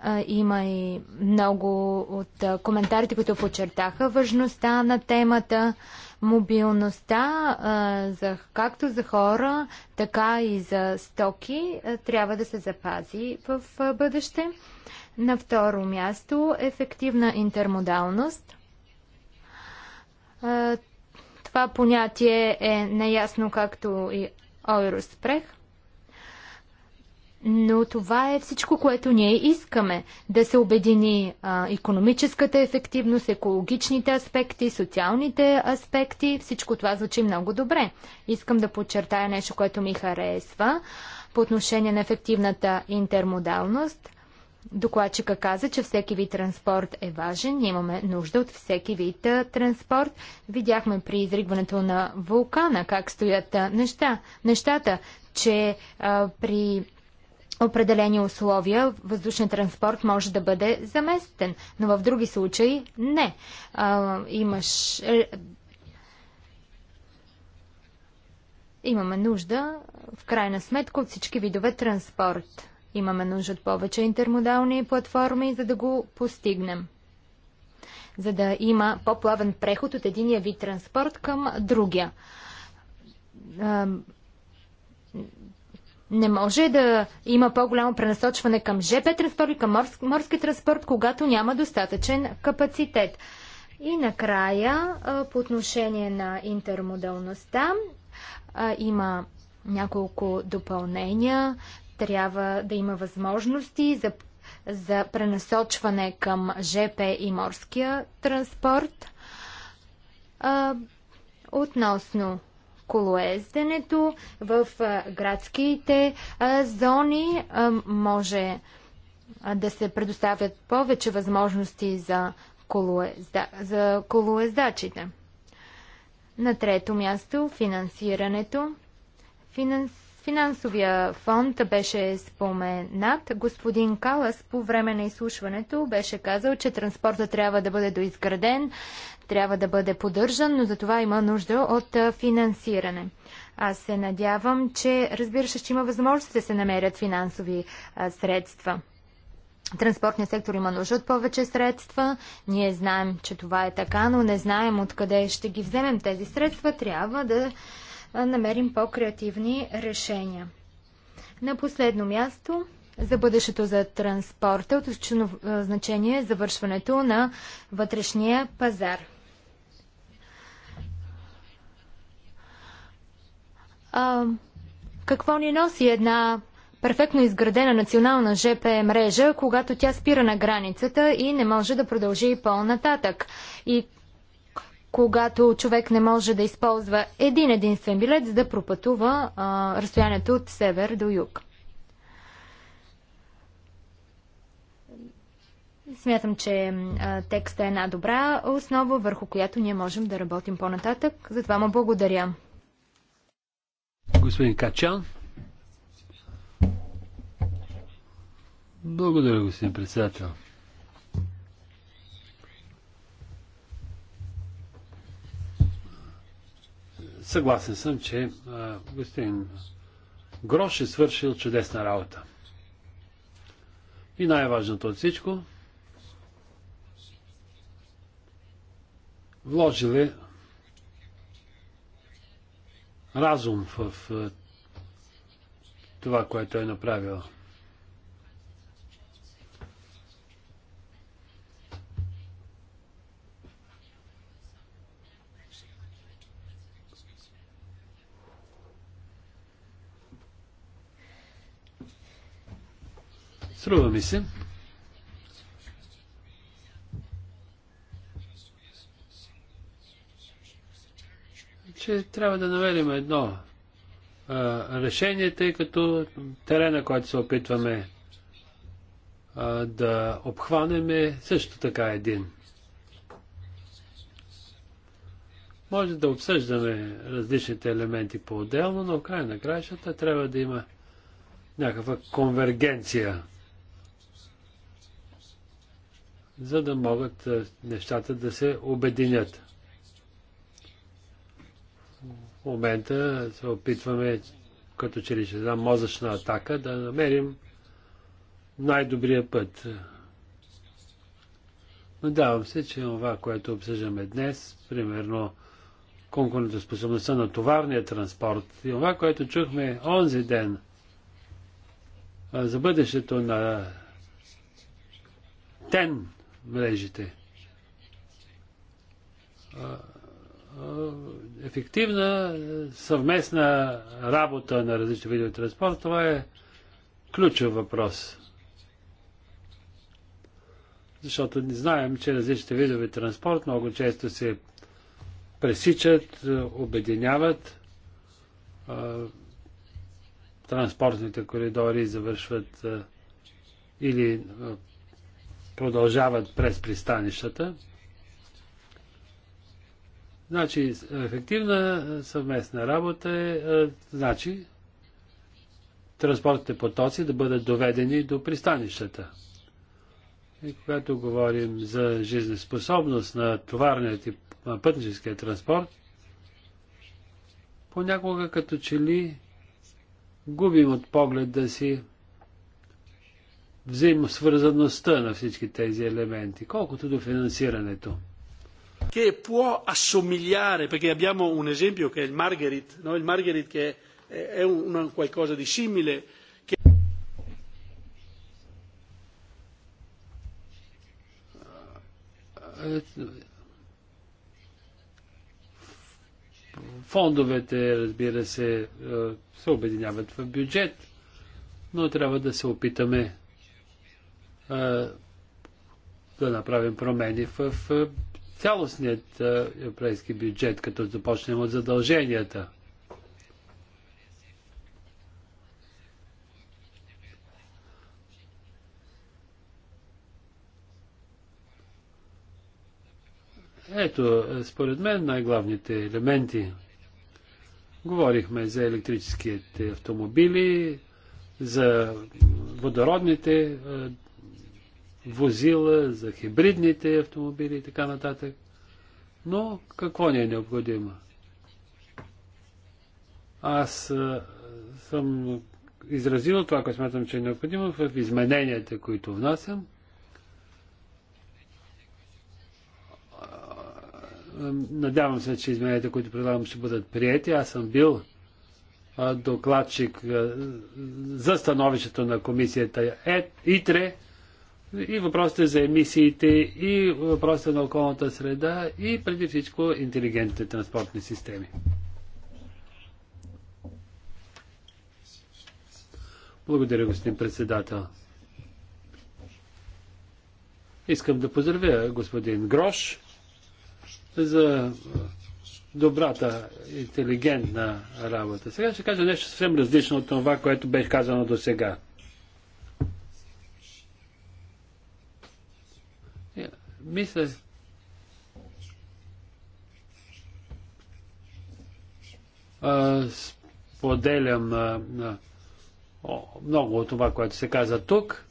А, има и много от коментарите, които подчертаха важността на темата Мобилността, а, за, както за хора, така и за стоки, а, трябва да се запази в а, бъдеще. На второ място, ефективна интермодалност. Това понятие е неясно както и Ойроспрех – но това е всичко, което ние искаме. Да се обедини а, економическата ефективност, екологичните аспекти, социалните аспекти. Всичко това звучи много добре. Искам да подчертая нещо, което ми харесва по отношение на ефективната интермодалност. Докладчика каза, че всеки вид транспорт е важен. Ние имаме нужда от всеки вид транспорт. Видяхме при изригването на вулкана как стоят неща, нещата, че а, при определени условия въздушен транспорт може да бъде заместен, но в други случаи не. А, имаш. Е, имаме нужда, в крайна сметка, от всички видове транспорт. Имаме нужда от повече интермодални платформи, за да го постигнем. За да има по-плавен преход от единия вид транспорт към другия. А, не може да има по-голямо пренасочване към ЖП транспорт и към морски, морски транспорт, когато няма достатъчен капацитет. И накрая, по отношение на интермодалността, има няколко допълнения. Трябва да има възможности за, за пренасочване към ЖП и морския транспорт. Относно колоезденето в градските зони може да се предоставят повече възможности за, колоезда, за колоездачите. На трето място финансирането. Финанс... Финансовия фонд беше споменат. Господин Калас по време на изслушването беше казал, че транспорта трябва да бъде доизграден, трябва да бъде поддържан, но за това има нужда от финансиране. Аз се надявам, че разбира се, че има възможност да се намерят финансови средства. Транспортният сектор има нужда от повече средства. Ние знаем, че това е така, но не знаем откъде ще ги вземем тези средства. Трябва да намерим по-креативни решения. На последно място за бъдещето за транспорта от изключително значение е завършването на вътрешния пазар. А, какво ни носи една перфектно изградена национална ЖП мрежа, когато тя спира на границата и не може да продължи и по-нататък? И когато човек не може да използва един единствен билет, за да пропътува а, разстоянието от север до юг. Смятам, че а, текста е една добра основа, върху която ние можем да работим по-нататък. Затова му благодаря. Господин Качан. Благодаря, господин председател. Съгласен съм, че а, господин Грош е свършил чудесна работа. И най-важното от всичко, вложил е разум в, в това, което е направил. Струва ми се, че трябва да намерим едно а, решение, тъй като терена, който се опитваме а, да обхванем е също така един. Може да обсъждаме различните елементи по-отделно, но в край на краищата трябва да има някаква конвергенция за да могат е, нещата да се обединят. В момента се опитваме, като че ли ще една мозъчна атака, да намерим най-добрия път. Надявам се, че това, което обсъждаме днес, примерно конкурентоспособността на товарния транспорт и това, което чухме онзи ден за бъдещето на ТЕН, мрежите. Ефективна съвместна работа на различни видове транспорт, това е ключов въпрос. Защото не знаем, че различните видове транспорт много често се пресичат, обединяват. Транспортните коридори завършват или продължават през пристанищата. Значи, ефективна съвместна работа е, е, значи, транспортните потоци да бъдат доведени до пристанищата. И когато говорим за жизнеспособност на товарният и пътническия транспорт, понякога като че ли губим от погледа си взаимосвързаността на всички тези елементи, колкото до финансирането. Che può assomigliare, perché abbiamo un esempio che è il Margherit, no? il Margherit che è un, qualcosa di simile. Che... Е, фондовете, разбира се, е, се обединяват в бюджет, но трябва да се опитаме да направим промени в цялостният европейски бюджет, като започнем от задълженията. Ето, според мен най-главните елементи. Говорихме за електрическите автомобили, за водородните возила, за хибридните автомобили и така нататък. Но какво ни е необходимо? Аз съм изразил това, което смятам, че е необходимо в измененията, които внасям. Надявам се, че измененията, които предлагам, ще бъдат прияти. Аз съм бил докладчик за становището на комисията е, ИТРЕ и въпросите за емисиите, и въпросите на околната среда, и преди всичко интелигентните транспортни системи. Благодаря, господин председател. Искам да поздравя господин Грош за добрата, интелигентна работа. Сега ще кажа нещо съвсем различно от това, което беше казано до сега. мисля, а, споделям а, а, о, много от това, което се каза тук,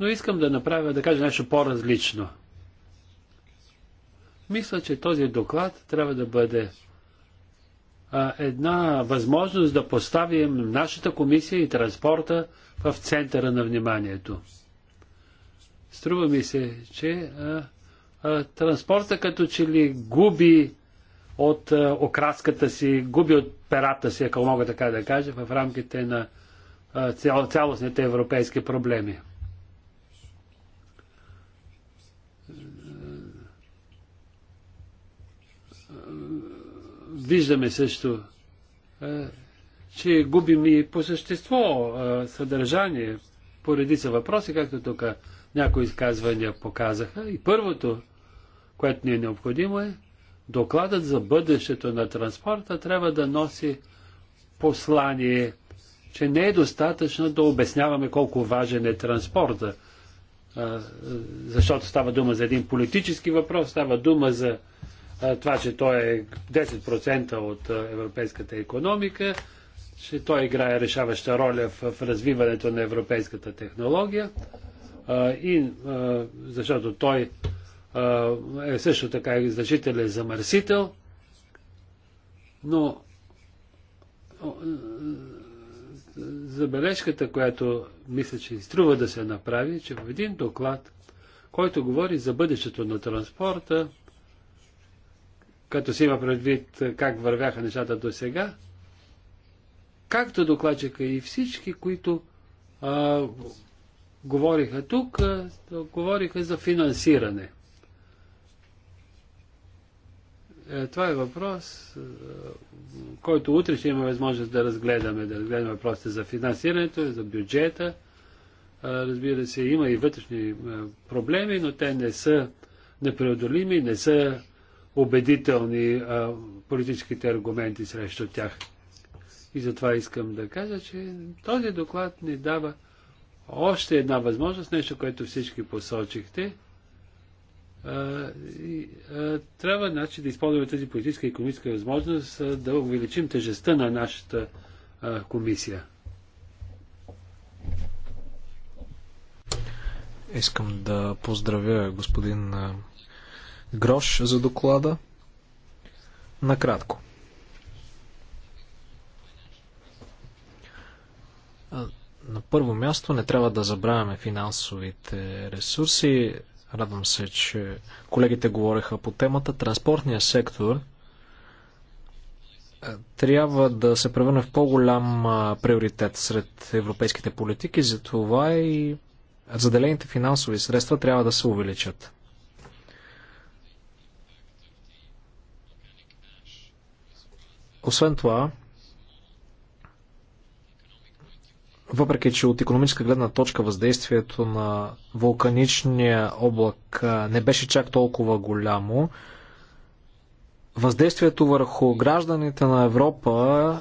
но искам да направя, да кажа нещо по-различно. Мисля, че този доклад трябва да бъде а, една възможност да поставим нашата комисия и транспорта в центъра на вниманието. Струва ми се, че а, транспорта като че ли губи от окраската си, губи от перата си, ако мога така да кажа, в рамките на цяло, цялостните европейски проблеми. Виждаме също, че губим и по същество съдържание по редица въпроси, както тук някои изказвания показаха. И първото, което ни е необходимо е, докладът за бъдещето на транспорта трябва да носи послание, че не е достатъчно да обясняваме колко важен е транспорта, защото става дума за един политически въпрос, става дума за това, че той е 10% от европейската економика, че той играе решаваща роля в развиването на европейската технология и защото той е също така и значителен замърсител, но забележката, която мисля, че изтрува да се направи, че в един доклад, който говори за бъдещето на транспорта, като си има предвид как вървяха нещата до сега, както докладчика и всички, които а, говориха тук, говориха за финансиране. Е, това е въпрос, е, който утре ще има възможност да разгледаме, да разгледаме въпросите за финансирането, за бюджета. Е, разбира се, има и вътрешни е, проблеми, но те не са непреодолими, не са убедителни политическите аргументи срещу тях. И затова искам да кажа, че този доклад ни дава още една възможност, нещо, което всички посочихте, и, а, трябва значи, да използваме тази политическа и економическа възможност а, да увеличим тежестта на нашата а, комисия. Искам да поздравя господин Грош за доклада. Накратко. На първо място не трябва да забравяме финансовите ресурси. Радвам се, че колегите говореха по темата. Транспортният сектор е, трябва да се превърне в по-голям приоритет сред европейските политики, затова и заделените финансови средства трябва да се увеличат. Освен това, Въпреки, че от економическа гледна точка въздействието на вулканичния облак не беше чак толкова голямо, въздействието върху гражданите на Европа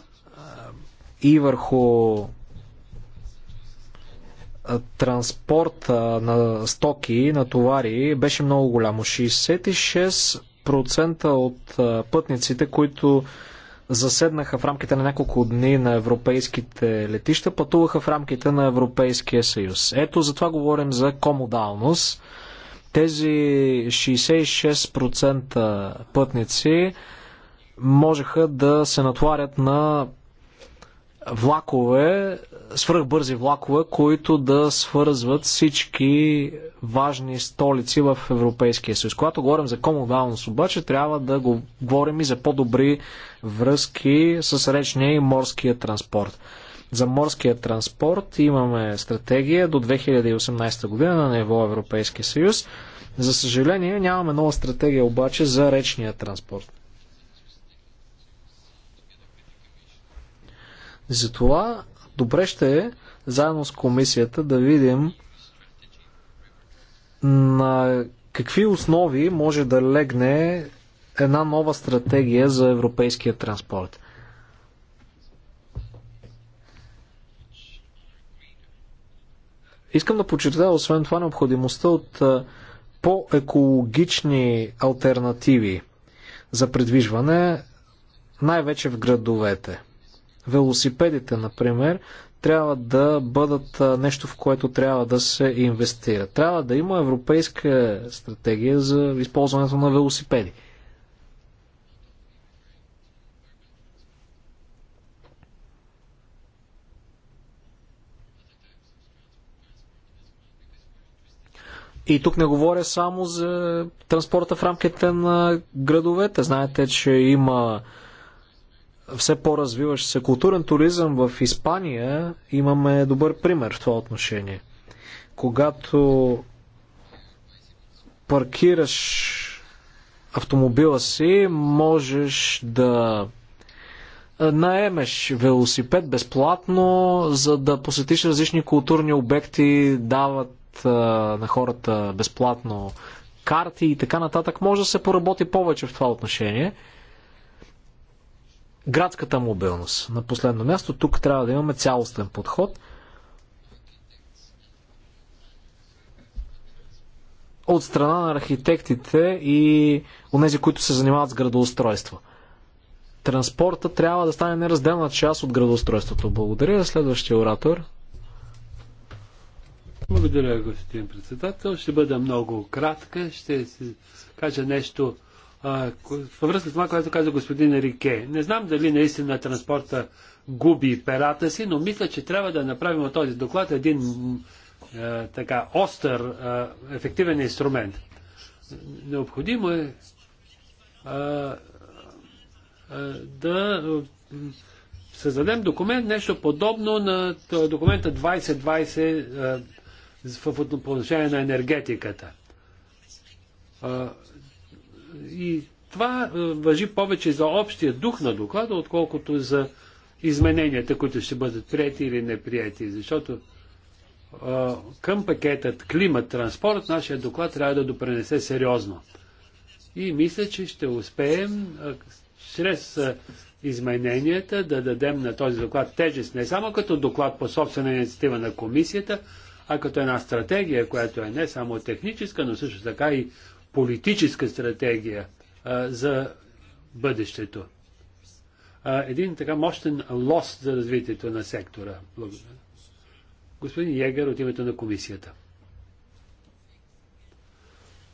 и върху транспорта на стоки, на товари беше много голямо. 66% от пътниците, които заседнаха в рамките на няколко дни на европейските летища, пътуваха в рамките на Европейския съюз. Ето за това говорим за комодалност. Тези 66% пътници можеха да се натварят на влакове, свръхбързи влакове, които да свързват всички важни столици в Европейския съюз. Когато говорим за комодалност обаче, трябва да го говорим и за по-добри връзки с речния и морския транспорт. За морския транспорт имаме стратегия до 2018 година на ниво Европейския съюз. За съжаление нямаме нова стратегия обаче за речния транспорт. Затова добре ще е заедно с комисията да видим на какви основи може да легне една нова стратегия за европейския транспорт. Искам да подчертая, освен това, необходимостта от по-екологични альтернативи за придвижване, най-вече в градовете. Велосипедите, например, трябва да бъдат нещо, в което трябва да се инвестира. Трябва да има европейска стратегия за използването на велосипеди. И тук не говоря само за транспорта в рамките на градовете. Знаете, че има все по-развиващ се културен туризъм в Испания имаме добър пример в това отношение. Когато паркираш автомобила си, можеш да наемеш велосипед безплатно, за да посетиш различни културни обекти, дават а, на хората безплатно карти и така нататък. Може да се поработи повече в това отношение. Градската мобилност. На последно място тук трябва да имаме цялостен подход. От страна на архитектите и от тези, които се занимават с градоустройство. Транспорта трябва да стане неразделна част от градоустройството. Благодаря. Следващия оратор. Благодаря, господин председател. Ще бъда много кратка. Ще кажа нещо във връзка с това, което каза господин Рике. Не знам дали наистина транспорта губи перата си, но мисля, че трябва да направим от този доклад един а, е, така остър, а, е, ефективен инструмент. Необходимо е, а, е, да създадем документ, нещо подобно на документа 2020 в отношение на енергетиката. И това е, въжи повече за общия дух на доклада, отколкото за измененията, които ще бъдат прияти или неприяти. Защото е, към пакетът климат, транспорт, нашия доклад трябва да допренесе сериозно. И мисля, че ще успеем е, чрез измененията да дадем на този доклад тежест не само като доклад по собствена инициатива на комисията, а като една стратегия, която е не само техническа, но също така и политическа стратегия а, за бъдещето. А, един така мощен лост за развитието на сектора. Благодаря. Господин Ягер от името на комисията.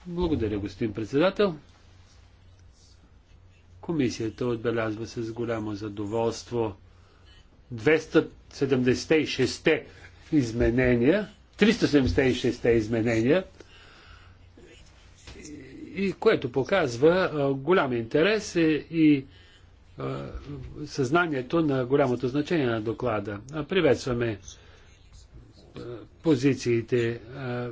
Благодаря, господин председател. Комисията отбелязва с голямо задоволство 276 изменения, 376 изменения, и което показва а, голям интерес и, е и а, съзнанието на голямото значение на доклада. А, приветстваме а, позициите а,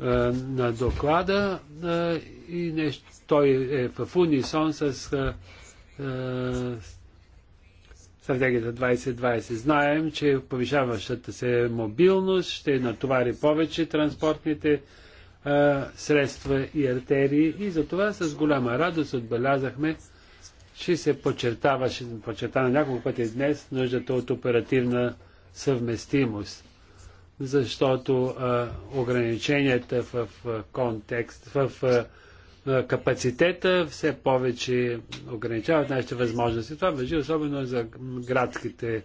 а, на доклада а, и нещо, той е в унисон с а, а, стратегията 2020. Знаем, че повишаващата се мобилност ще натовари повече транспортните средства и артерии и затова с голяма радост отбелязахме, че се подчертава, ще подчертана няколко пъти днес, нуждата от оперативна съвместимост. Защото а, ограниченията в, в контекст, в в капацитета все повече ограничават нашите възможности. Това въжи особено за градските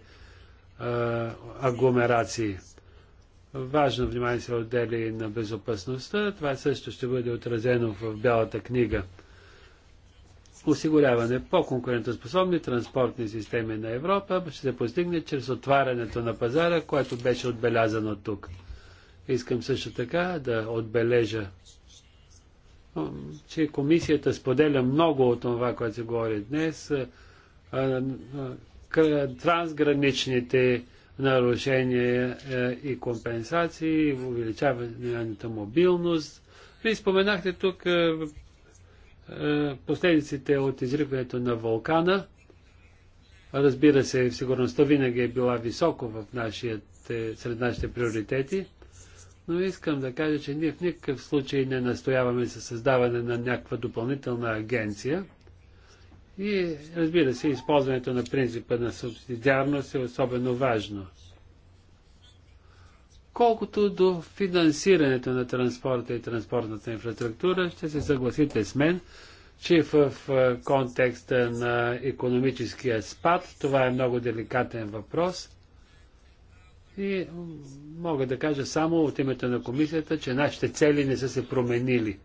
а, агломерации. Важно внимание се отдели на безопасността. Това също ще бъде отразено в Бялата книга. Осигуряване по-конкурентоспособни транспортни системи на Европа ще се постигне чрез отварянето на пазара, което беше отбелязано тук. Искам също така да отбележа, че комисията споделя много от това, което се говори днес. Трансграничните нарушения е, и компенсации, на мобилност. Вие споменахте тук е, е, последиците от изригването на вулкана. Разбира се, сигурността винаги е била високо в нашите, сред нашите приоритети, но искам да кажа, че ние в никакъв случай не настояваме за създаване на някаква допълнителна агенция – и разбира се, използването на принципа на субсидиарност е особено важно. Колкото до финансирането на транспорта и транспортната инфраструктура, ще се съгласите с мен, че в контекста на економическия спад това е много деликатен въпрос. И мога да кажа само от името на комисията, че нашите цели не са се променили.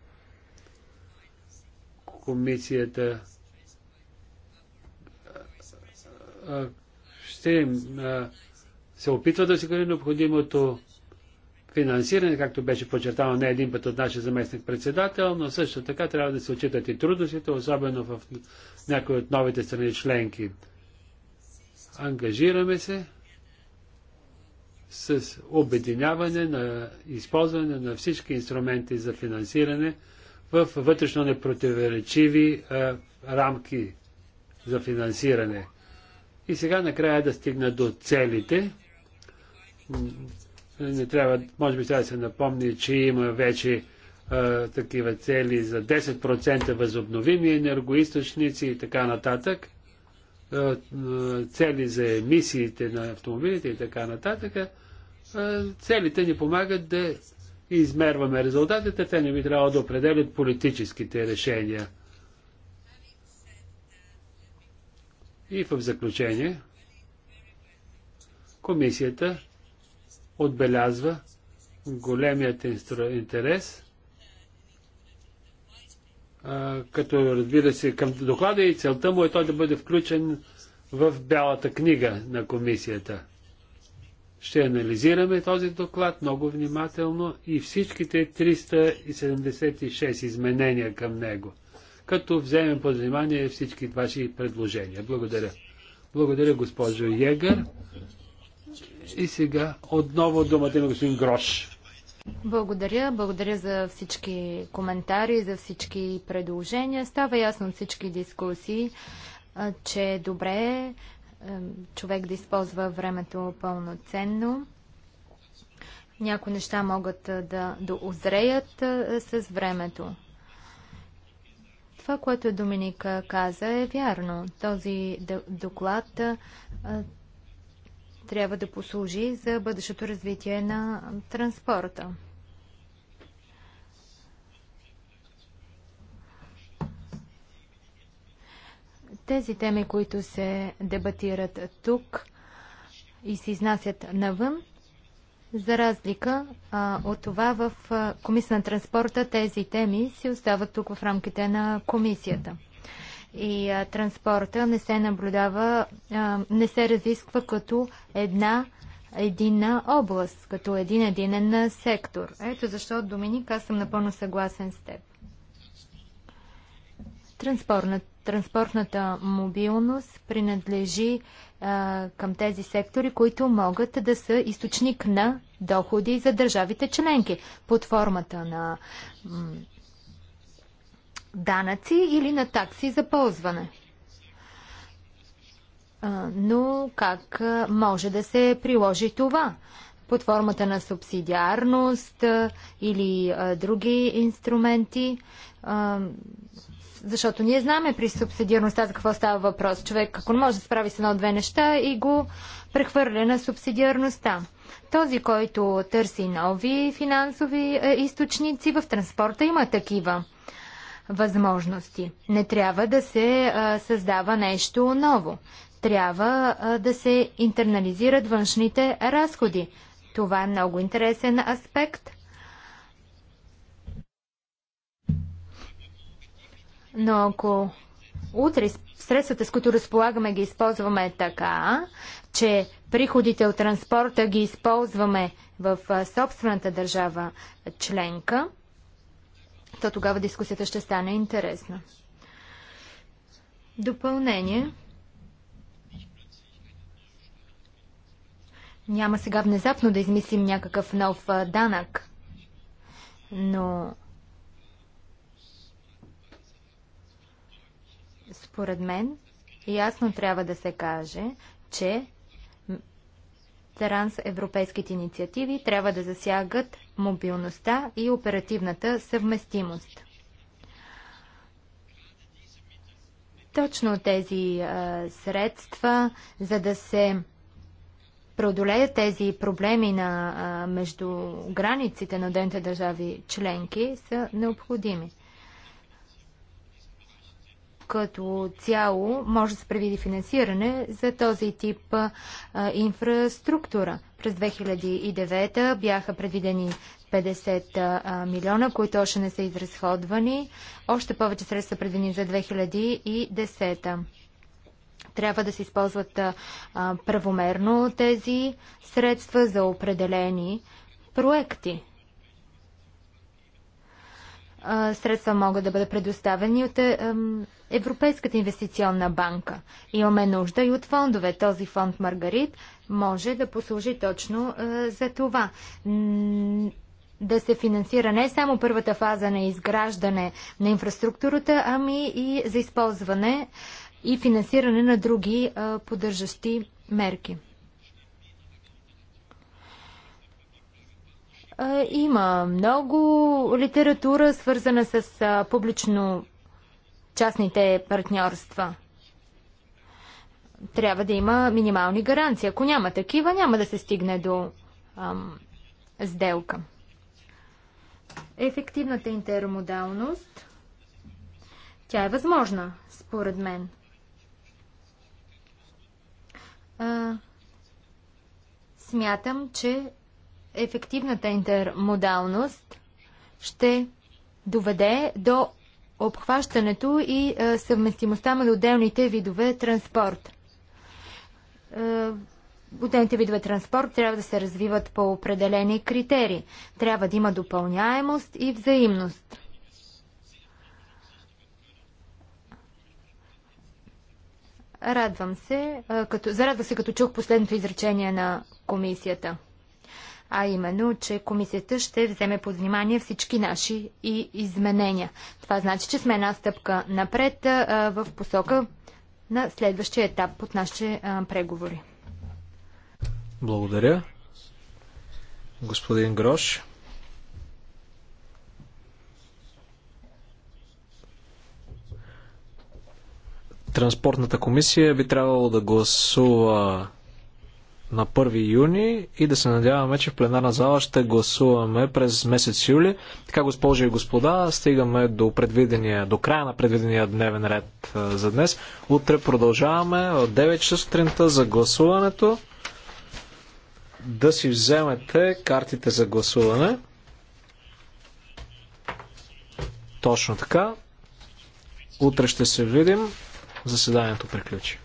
Комисията ще се опитва да осигури необходимото финансиране, както беше подчертано не един път от нашия заместник председател, но също така трябва да се отчитат и трудностите, особено в някои от новите страни членки. Ангажираме се с обединяване на използване на всички инструменти за финансиране в вътрешно непротиворечиви рамки за финансиране. И сега накрая да стигна до целите. Не трябва, може би трябва да се напомни, че има вече а, такива цели за 10% възобновими енергоисточници и така нататък. А, цели за емисиите на автомобилите и така нататък. А, целите ни помагат да измерваме резултатите, те не би трябвало да определят политическите решения. И в заключение, комисията отбелязва големият интерес, като разбира се към доклада и целта му е той да бъде включен в бялата книга на комисията. Ще анализираме този доклад много внимателно и всичките 376 изменения към него – като вземем под внимание всички ваши предложения. Благодаря. Благодаря, госпожо Егър. И сега отново думата на господин Грош. Благодаря. Благодаря за всички коментари, за всички предложения. Става ясно от всички дискусии, че е добре е, човек да използва времето пълноценно. Някои неща могат да, да озреят с времето. Това, което Доминик каза, е вярно. Този доклад трябва да послужи за бъдещото развитие на транспорта. Тези теми, които се дебатират тук и се изнасят навън, за разлика а, от това в Комисия на транспорта тези теми си остават тук в рамките на комисията. И а, транспорта не се наблюдава, а, не се разисква като една единна област, като един единен сектор. Ето защо, Доминик, аз съм напълно съгласен с теб. Транспортна, транспортната мобилност принадлежи а, към тези сектори, които могат да са източник на доходи за държавите членки под формата на данъци или на такси за ползване. А, но как може да се приложи това? Под формата на субсидиарност а, или а, други инструменти? Защото ние знаме при субсидиарността за какво става въпрос. Човек, ако не може да справи с едно-две неща и го прехвърля на субсидиарността. Този, който търси нови финансови е, източници в транспорта, има такива възможности. Не трябва да се създава нещо ново. Трябва да се интернализират външните разходи. Това е много интересен аспект. Но ако утре средствата, с които разполагаме, ги използваме така, че приходите от транспорта ги използваме в собствената държава членка, то тогава дискусията ще стане интересна. Допълнение. Няма сега внезапно да измислим някакъв нов данък, но Според мен ясно трябва да се каже, че трансевропейските инициативи трябва да засягат мобилността и оперативната съвместимост. Точно тези а, средства, за да се преодолеят тези проблеми на, а, между границите на отделните държави членки, са необходими като цяло може да се предвиди финансиране за този тип а, инфраструктура. През 2009 бяха предвидени 50 а, милиона, които още не са изразходвани. Още повече средства са предвидени за 2010. Трябва да се използват а, правомерно тези средства за определени проекти средства могат да бъдат предоставени от е, Европейската инвестиционна банка. Имаме нужда и от фондове. Този фонд Маргарит може да послужи точно е, за това. Да се финансира не само първата фаза на изграждане на инфраструктурата, ами и за използване и финансиране на други е, поддържащи мерки. Има много литература, свързана с публично-частните партньорства. Трябва да има минимални гаранции. Ако няма такива, няма да се стигне до ам, сделка. Ефективната интермодалност, тя е възможна, според мен. А, смятам, че ефективната интермодалност ще доведе до обхващането и е, съвместимостта на отделните видове транспорт. Е, отделните видове транспорт трябва да се развиват по определени критерии. Трябва да има допълняемост и взаимност. Радвам се, е, като, зарадва се като чух последното изречение на комисията а именно, че комисията ще вземе под внимание всички наши и изменения. Това значи, че сме една стъпка напред а, в посока на следващия етап от нашите а, преговори. Благодаря. Господин Грош. Транспортната комисия би трябвало да гласува на 1 юни и да се надяваме, че в пленарна зала ще гласуваме през месец юли. Така, госпожи и господа, стигаме до, предвидения, до края на предвидения дневен ред за днес. Утре продължаваме от 9 часа сутринта за гласуването. Да си вземете картите за гласуване. Точно така. Утре ще се видим. Заседанието приключи.